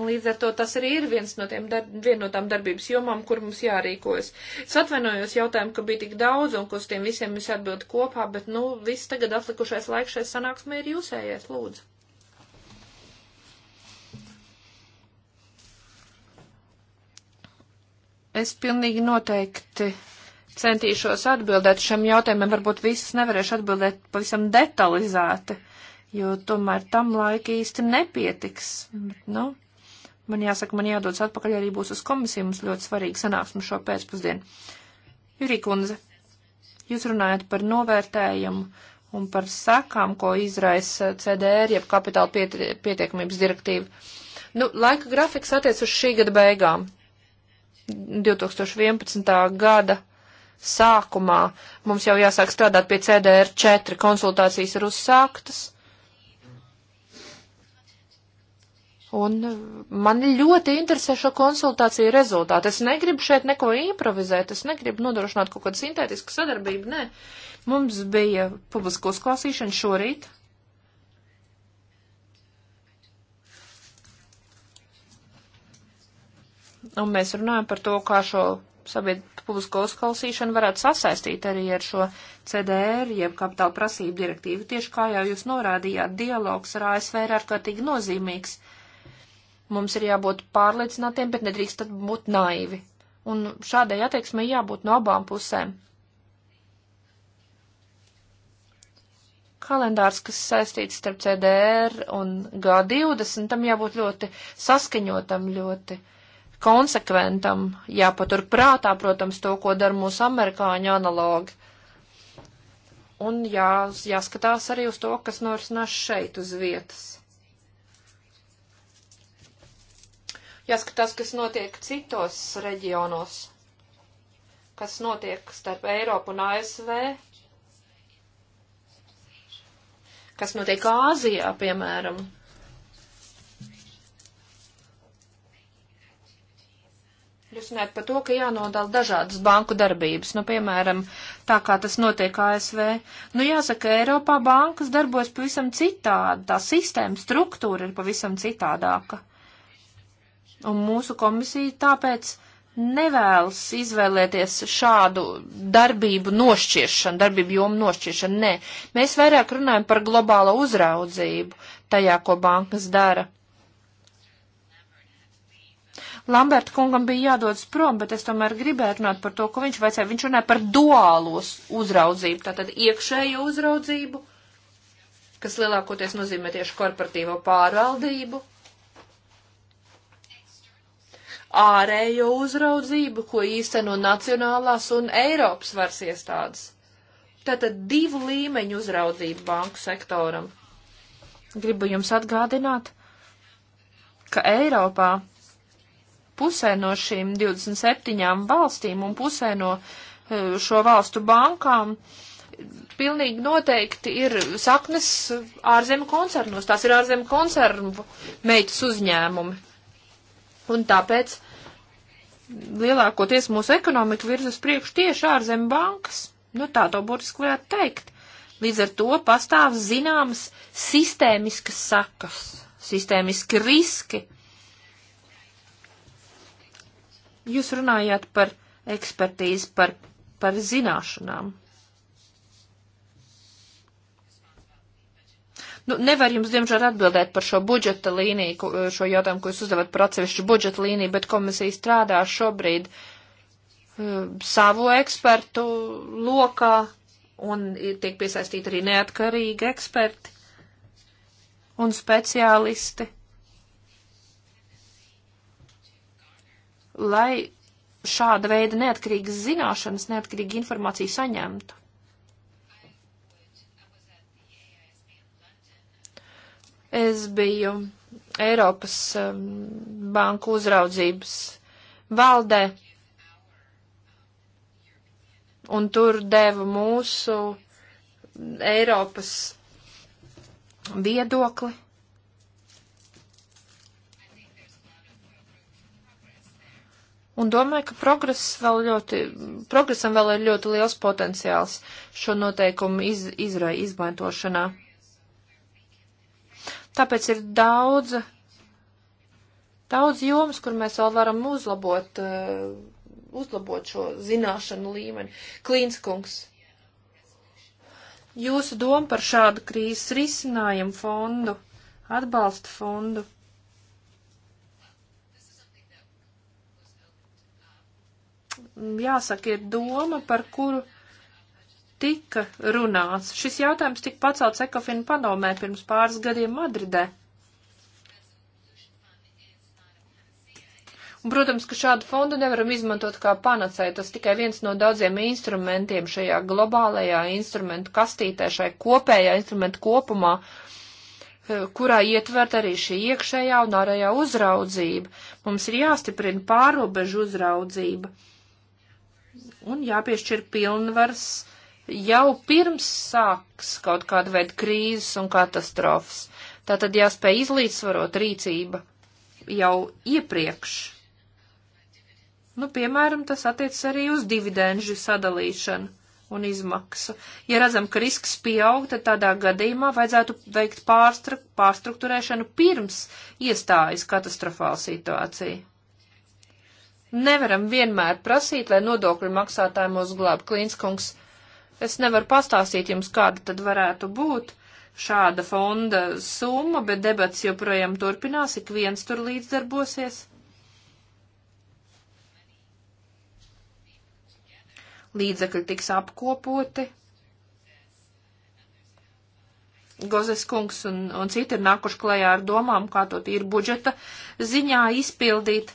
Līdz ar to tas arī ir viens no tiem, dar, viena no tām darbības jomām, kur mums jārīkojas. Es atvainojos jautājumu, ka bija tik daudz un uz tiem visiem es atbildu kopā, bet, nu, viss tagad atlikušais laiks šai sanāksmē ir jūsējais, lūdzu. Es pilnīgi noteikti centīšos atbildēt šiem jautājumiem, varbūt visus nevarēšu atbildēt pavisam detalizēti, jo tomēr tam laika īsti nepietiks. Bet, nu, Man jāsaka, man jādodas atpakaļ arī būs uz komisiju, mums ļoti svarīgi sanāksme šo pēcpusdienu. Jurī Kunze, jūs runājat par novērtējumu un par sakām, ko izraisa CDR, jeb kapitāla piet pietiekamības direktīva. Nu, laika grafiks attiec uz šī gada beigām. 2011. gada sākumā mums jau jāsāk strādāt pie CDR4, konsultācijas ir uzsāktas, Un eh, man ļoti interesē šo konsultāciju rezultāti. Es negribu šeit neko improvizēt, es negribu nodrošināt kaut kādu sintētisku sadarbību, nē. Mums bija publiska uzklausīšana šorīt. Un mēs runājam par to, kā šo sabiedrību publisko uzklausīšanu varētu sasaistīt arī ar šo CDR, jeb kapitāla prasību direktīvu. Tieši kā jau jūs norādījāt, dialogs ar ASV ir ārkārtīgi nozīmīgs Mums ir jābūt pārliecinātiem, bet nedrīkst būt naivi. Un šādai attieksmei jābūt no abām pusēm. kalendārs, kas saistīts starp CDR un G20, tam jābūt ļoti saskaņotam, ļoti konsekventam, jāpatur prātā, protams, to, ko dara mūsu amerikāņu analogi. Un jā, jāskatās arī uz to, kas norisinās šeit uz vietas. jāskatās, kas notiek citos reģionos, kas notiek starp Eiropu un ASV, kas notiek Āzijā, piemēram. Jūs runājat par to, ka jānodala dažādas banku darbības, nu, piemēram, tā kā tas notiek ASV. Nu, jāsaka, Eiropā bankas darbojas pavisam citādi, tā sistēma struktūra ir pavisam citādāka. Un mūsu komisija tāpēc nevēlas izvēlēties šādu darbību nošķiršanu, darbību jomu nošķiršanu. Nē, mēs vairāk runājam par globālo uzraudzību tajā, ko bankas dara. Lamberta kungam bija jādodas prom, bet es tomēr gribēju runāt par to, ko viņš vajadzēja. Viņš runāja par duālos uzraudzību, tātad iekšējo uzraudzību, kas lielākoties nozīmē tieši korporatīvo pārvaldību ārējo uzraudzību, ko īsteno nacionālās un Eiropas varas iestādes. Tātad divu līmeņu uzraudzību banku sektoram. Gribu jums atgādināt, ka Eiropā pusē no šīm 27 valstīm un pusē no eh, šo valstu bankām pilnīgi noteikti ir saknes ārzemju koncernos. Tās ir ārzemju koncernu meitas uzņēmumi. Un tāpēc lielākoties mūsu ekonomika virz uz priekšu tieši ārzem bankas. Nu, tā to būtiski varētu teikt. Līdz ar to pastāv zināmas sistēmiskas sakas, sistēmiski riski. Jūs runājāt par ekspertīzi, par, par zināšanām. Nu, nevar jums, diemžēl, atbildēt par šo budžeta līniju, šo jautājumu, ko jūs uzdevat par atsevišķu budžeta līniju, bet komisija strādā šobrīd uh, savu ekspertu lokā un tiek piesaistīti arī neatkarīgi eksperti un speciālisti, lai šāda veida neatkarīgas zināšanas, neatkarīgi informāciju saņemtu. Es biju Eiropas um, banku uzraudzības valdē, un tur deva mūsu Eiropas viedokli. Un domāju, ka progress vēl ļoti, progresam vēl ir ļoti liels potenciāls šo noteikumu iz, izrai izmantošanā. Tāpēc ir daudz, daudz jomas, kur mēs vēl varam uzlabot, eh, uzlabot šo zināšanu līmeni. Klīnskungs, jūsu doma par šādu krīzes risinājumu fondu, atbalsta fondu. Jāsaka, ir doma, par kuru tika runāts. Šis jautājums tika pacelts Ekofina padomē pirms pāris gadiem Madridē. Un, protams, ka šādu fondu nevaram izmantot kā panacēju. Tas tikai viens no daudziem instrumentiem šajā globālajā instrumentu kastītē, šai kopējā instrumentu kopumā, eh, kurā ietvert arī šī iekšējā un ārējā uzraudzība. Mums ir jāstiprina pārobežu uzraudzība un jāpiešķir pilnvars jau pirms sāks kaut kāda veida krīzes un katastrofas. Tā tad jāspēj izlīdzsvarot rīcība jau iepriekš. Nu, piemēram, tas attiec arī uz dividendžu sadalīšanu un izmaksu. Ja redzam, ka risks pieaug, tad tādā gadījumā vajadzētu veikt pārstru, pārstruktūrēšanu pirms iestājas katastrofāla situācija. Nevaram vienmēr prasīt, lai nodokļu maksātāji mūs glāb. Klīnskungs Es nevaru pastāstīt jums, kāda tad varētu būt šāda fonda summa, bet debats joprojām turpinās, ik viens tur līdzdarbosies. Līdzekļi tiks apkopoti. Gozes kungs un, un citi ir nākuši klajā ar domām, kā to tīri budžeta ziņā izpildīt.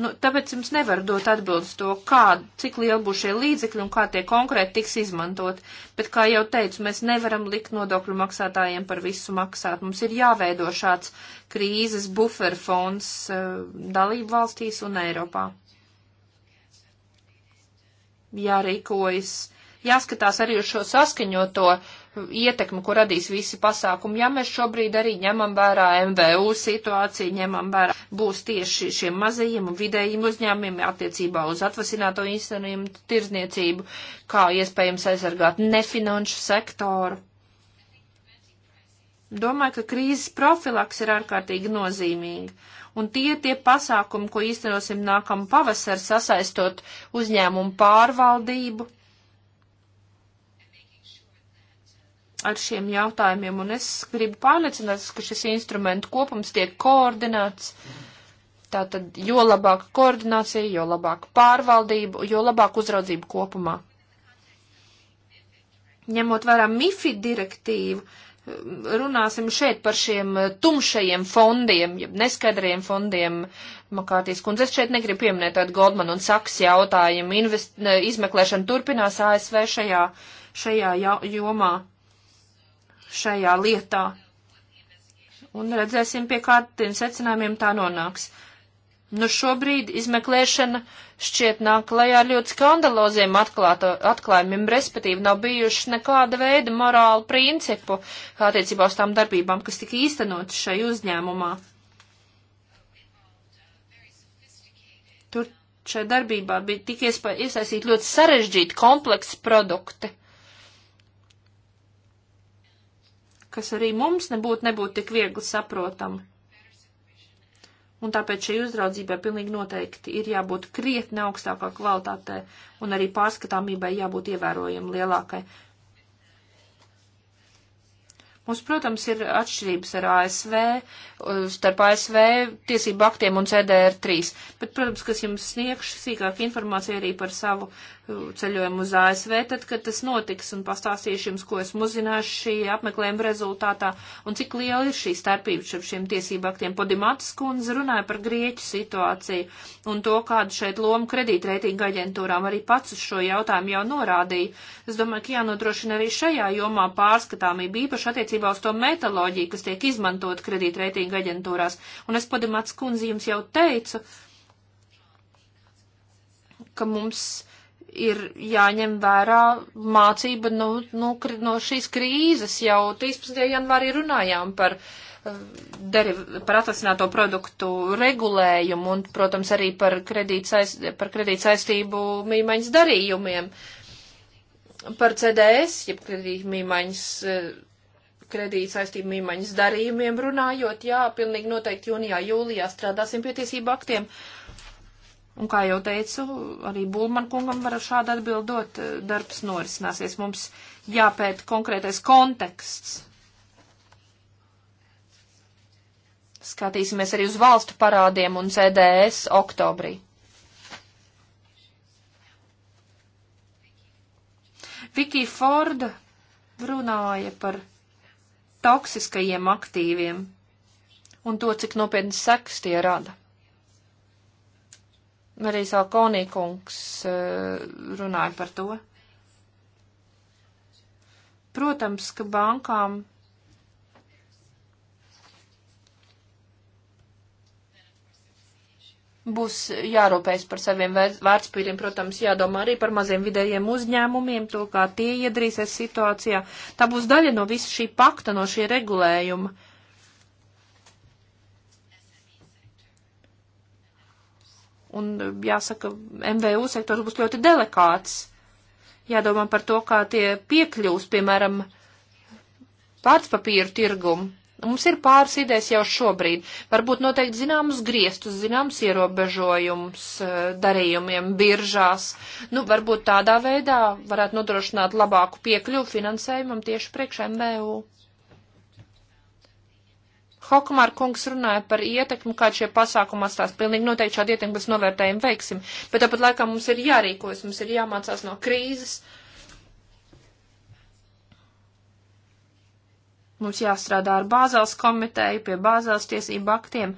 Nu, tāpēc jums nevar dot atbildes to, kā, cik liela būs šie līdzekļi un kā tie konkrēti tiks izmantot. Bet, kā jau teicu, mēs nevaram likt nodokļu maksātājiem par visu maksāt. Mums ir jāveido šāds krīzes buferfonds uh, eh, dalību valstīs un Eiropā. Jārīkojas, jāskatās arī uz šo saskaņoto uh, ietekmi, ko radīs visi pasākumi. Ja mēs šobrīd arī ņemam vērā MVU situāciju, ņemam vērā, būs tieši šiem mazajiem un vidējiem uzņēmumiem attiecībā uz atvasināto instrumentu tirzniecību, kā iespējams aizsargāt nefinanšu sektoru. Domāju, ka krīzes profilaks ir ārkārtīgi nozīmīga. Un tie tie pasākumi, ko īstenosim nākam pavasar, sasaistot uzņēmumu pārvaldību ar šiem jautājumiem, un es gribu pārliecināties, ka šis instrumentu kopums tiek koordinēts. Tātad, jo labāka koordinācija, jo labāka pārvaldība, jo labāka uzraudzība kopumā. Ņemot vērā MIFI direktīvu, runāsim šeit par šiem eh, tumšajiem fondiem, neskaidrajiem fondiem. Makārtīs kundze, es šeit negribu pieminēt tādu Goldman un Saks jautājumu. Invest, izmeklēšana turpinās ASV šajā, šajā jomā šajā lietā. Un redzēsim, pie kādiem secinājumiem tā nonāks. Nu šobrīd izmeklēšana šķiet nāk klajā ar ļoti skandaloziem atklāto, atklājumiem, respektīvi nav bijuši nekāda veida morāla principu attiecībā uz tām darbībām, kas tika īstenotas šai uzņēmumā. Tur šai darbībā bija tik iesaistīti ļoti sarežģīti kompleksi produkti. kas arī mums nebūtu nebūt tik viegli saprotama. Un tāpēc šai uzraudzībai pilnīgi noteikti ir jābūt krietni augstākā kvalitātē un arī pārskatāmībai jābūt ievērojami lielākai. Mums, protams, ir atšķirības ar ASV, starp ASV tiesību aktiem un CDR3, bet, protams, kas jums sniegšu sīkāk informāciju arī par savu ceļojumu uz ASV, tad, kad tas notiks, un pastāstīšu jums, ko esmu uzzinājuši šī apmeklējuma rezultātā, un cik liela ir šī starpība starp šiem tiesību aktiem. Podimatas kundze runāja par grieķu situāciju, un to, kādu šeit lomu kredītreitinga aģentūrām arī pats uz šo jautājumu jau norādīja. Es domāju, ka jānodrošina arī šajā jomā pārskatāmība, īpaši attiecībā uz to metaloģiju, kas tiek izmantot kredītreitinga aģentūrās. Un es Podimatas kundze jums jau teicu, ka mums ir jāņem vērā mācība no, nu, no, nu, no šīs krīzes. Jau 13. janvārī runājām par, eh, deriv, par atlasināto produktu regulējumu un, protams, arī par kredīt saistību mīmaiņas darījumiem. Par CDS, jeb kredīt mīmaiņas eh, kredīt saistību mīmaiņas darījumiem runājot, jā, pilnīgi noteikti jūnijā, jūlijā strādāsim pie tiesību aktiem. Un, kā jau teicu, arī Bulman kungam var šādu atbildot, eh, darbs norisināsies. Mums jāpēt konkrētais konteksts. Skatīsimies arī uz valstu parādiem un CDS oktobrī. Viki Forda runāja par toksiskajiem aktīviem un to, cik nopietnas sekas tie rada. Arī Salkonī kungs eh, runāja par to. Protams, ka bankām būs jārūpējas par saviem vērtspīriem, protams, jādomā arī par maziem vidējiem uzņēmumiem, to, kā tie iedrīsies situācijā. Tā būs daļa no visa šī pakta, no šī regulējuma. Un e, jāsaka, MVU sektors būs ļoti delikāts. Jādomā par to, kā tie piekļūs, piemēram, pārtspapīru tirgumu. Mums ir pāris idejas jau šobrīd. Varbūt noteikti zināmus griestus, zināmus ierobežojumus e, darījumiem biržās. Nu, varbūt tādā veidā varētu nodrošināt labāku piekļuvu finansējumam tieši priekš MVU. Hokumār kungs runāja par ietekmi, kāda šie pasākumi atstās. Pilnīgi noteikti šādu ietekmi mēs novērtējumu veiksim, bet tāpat laikā mums ir jārīkojas, mums ir jāmācās no krīzes. Mums jāstrādā ar Bāzels komiteju, pie Bāzels tiesību aktiem.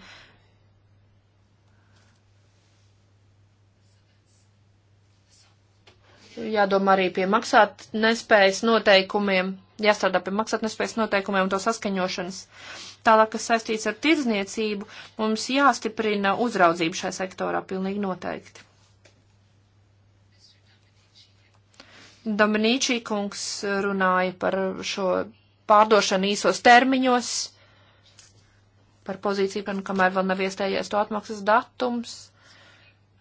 Jādomā arī pie maksāt nespējas noteikumiem jāstrādā pie maksātnespējas noteikumiem un to saskaņošanas. Tālāk, kas saistīts ar tirdzniecību, mums jāstiprina uzraudzību šai sektorā pilnīgi noteikti. Dominīčī kungs runāja par šo pārdošanu īsos termiņos, par pozīciju, par, kamēr vēl nav iestējies to atmaksas datums,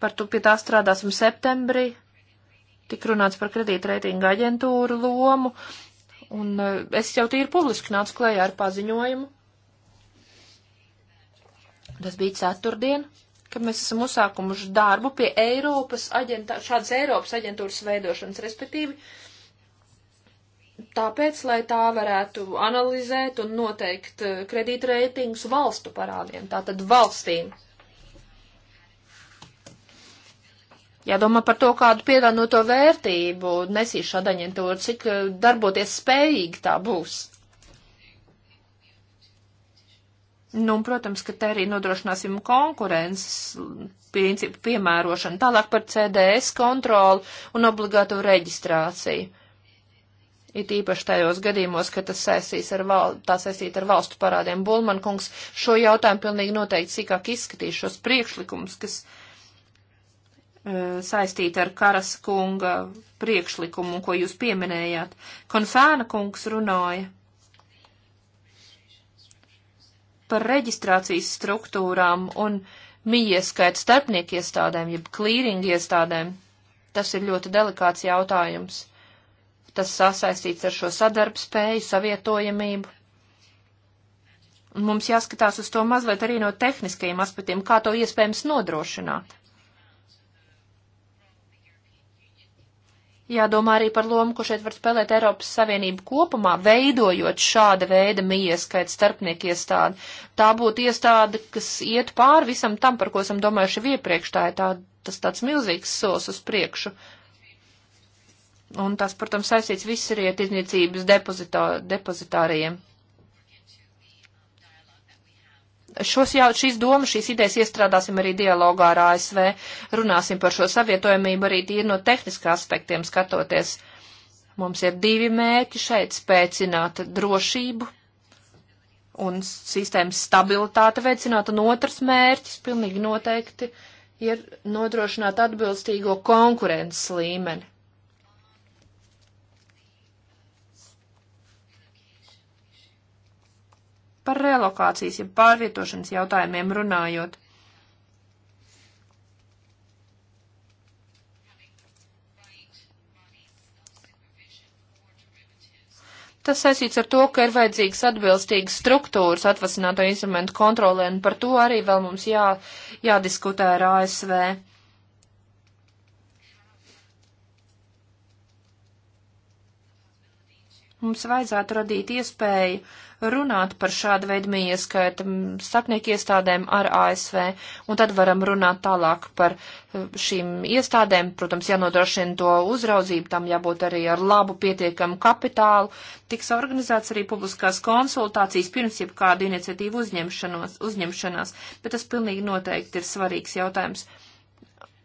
par to pie tā strādāsim septembrī, tik runāts par kredītreitinga aģentūru lomu, Un e, es jau tīri publiski nācu klējā ar paziņojumu. Tas bija ceturtdien, kad mēs esam uzsākumuši darbu pie Eiropas aģentā, šādas Eiropas aģentūras veidošanas, respektīvi, tāpēc, lai tā varētu analizēt un noteikt e, kredītreitingus valstu parādiem, tātad valstīm. Jādomā par to, kādu pievienoto no vērtību nesīs šāda aģentūra, cik eh, darboties spējīgi tā būs. Nu, un, protams, ka te arī nodrošināsim konkurences mm, principu piemērošanu, tālāk par CDS kontroli un obligātu reģistrāciju. It īpaši tajos gadījumos, ka tas saistīs ar, val, tā saistīt ar valstu parādiem. Bulman kungs šo jautājumu pilnīgi noteikti sīkāk izskatīs šos priekšlikumus, kas Eh, saistīta ar Karas kunga priekšlikumu, ko jūs pieminējāt. Konfēna kungs runāja par reģistrācijas struktūrām un mīieskaitu starpnieku iestādēm, jeb klīringu iestādēm. Tas ir ļoti delikāts jautājums. Tas sasaistīts ar šo sadarbspēju, savietojamību. Un mums jāskatās uz to mazliet arī no tehniskajiem aspektiem, kā to iespējams nodrošināt. Jādomā arī par lomu, ko šeit var spēlēt Eiropas Savienība kopumā, veidojot šāda veida mīieskaita starpnieku iestādi. Tā būtu iestāde, kas iet pāri visam tam, par ko esam domājuši iepriekš. Tā ir tā, tas tāds milzīgs solis uz priekšu. Un tas, protams, saistīts viss arī ar tirdzniecības depozitāriem šos jau, šīs domas, šīs idejas iestrādāsim arī dialogā ar ASV, runāsim par šo savietojamību arī tīri no tehniskā aspektiem skatoties. Mums ir divi mērķi šeit - spēcināt drošību un sistēmas stabilitāte veicināt, un otrs mērķis pilnīgi noteikti ir nodrošināt atbilstīgo konkurences līmeni. Par relokācijas, ja pārvietošanas jautājumiem runājot. Tas saistīts ar to, ka ir vajadzīgas atbilstīgas struktūras atvasināto instrumentu kontrolē, un par to arī vēl mums jā, jādiskutē ar ASV. Mums vajadzētu radīt iespēju runāt par šādu veidu mīieskaita starpnieku iestādēm ar ASV, un tad varam runāt tālāk par e, šīm iestādēm. Protams, jānodrošina to uzraudzību, tam jābūt arī ar labu pietiekamu kapitālu. Tiks organizēts arī publiskās konsultācijas pirms jebkāda iniciatīva uzņemšanās, uzņemšanās, bet tas pilnīgi noteikti ir svarīgs jautājums.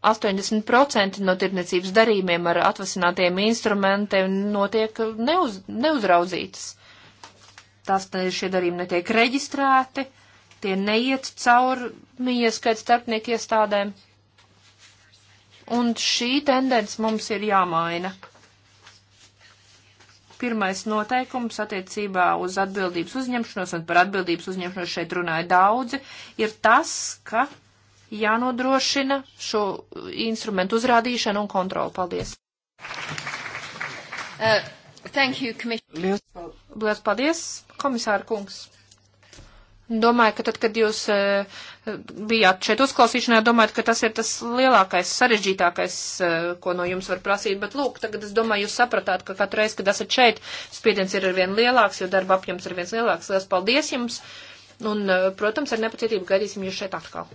80% no tirniecības darījumiem ar atvasinātiem instrumentiem notiek neuz, neuzraudzītas. Tās šie darījumi netiek reģistrēti, tie neiet cauri ieskait starpnieku iestādēm. Un šī tendence mums ir jāmaina. Pirmais noteikums attiecībā uz atbildības uzņemšanos, un par atbildības uzņemšanos šeit runāja daudzi, ir tas, ka jānodrošina šo instrumentu uzrādīšanu un kontroli. Paldies! Uh, thank you, Liels paldies, paldies komisāra kungs! Domāju, ka tad, kad jūs uh, bijāt šeit uzklausīšanā, domājat, ka tas ir tas lielākais, sarežģītākais, uh, ko no jums var prasīt. Bet lūk, tagad es domāju, jūs sapratāt, ka katru reizi, kad esat šeit, spiediens ir arvien lielāks, jo darba apjoms ir viens lielāks. Lielas paldies jums! Un, uh, protams, ar nepacietību gaidīsim jūs šeit atkal.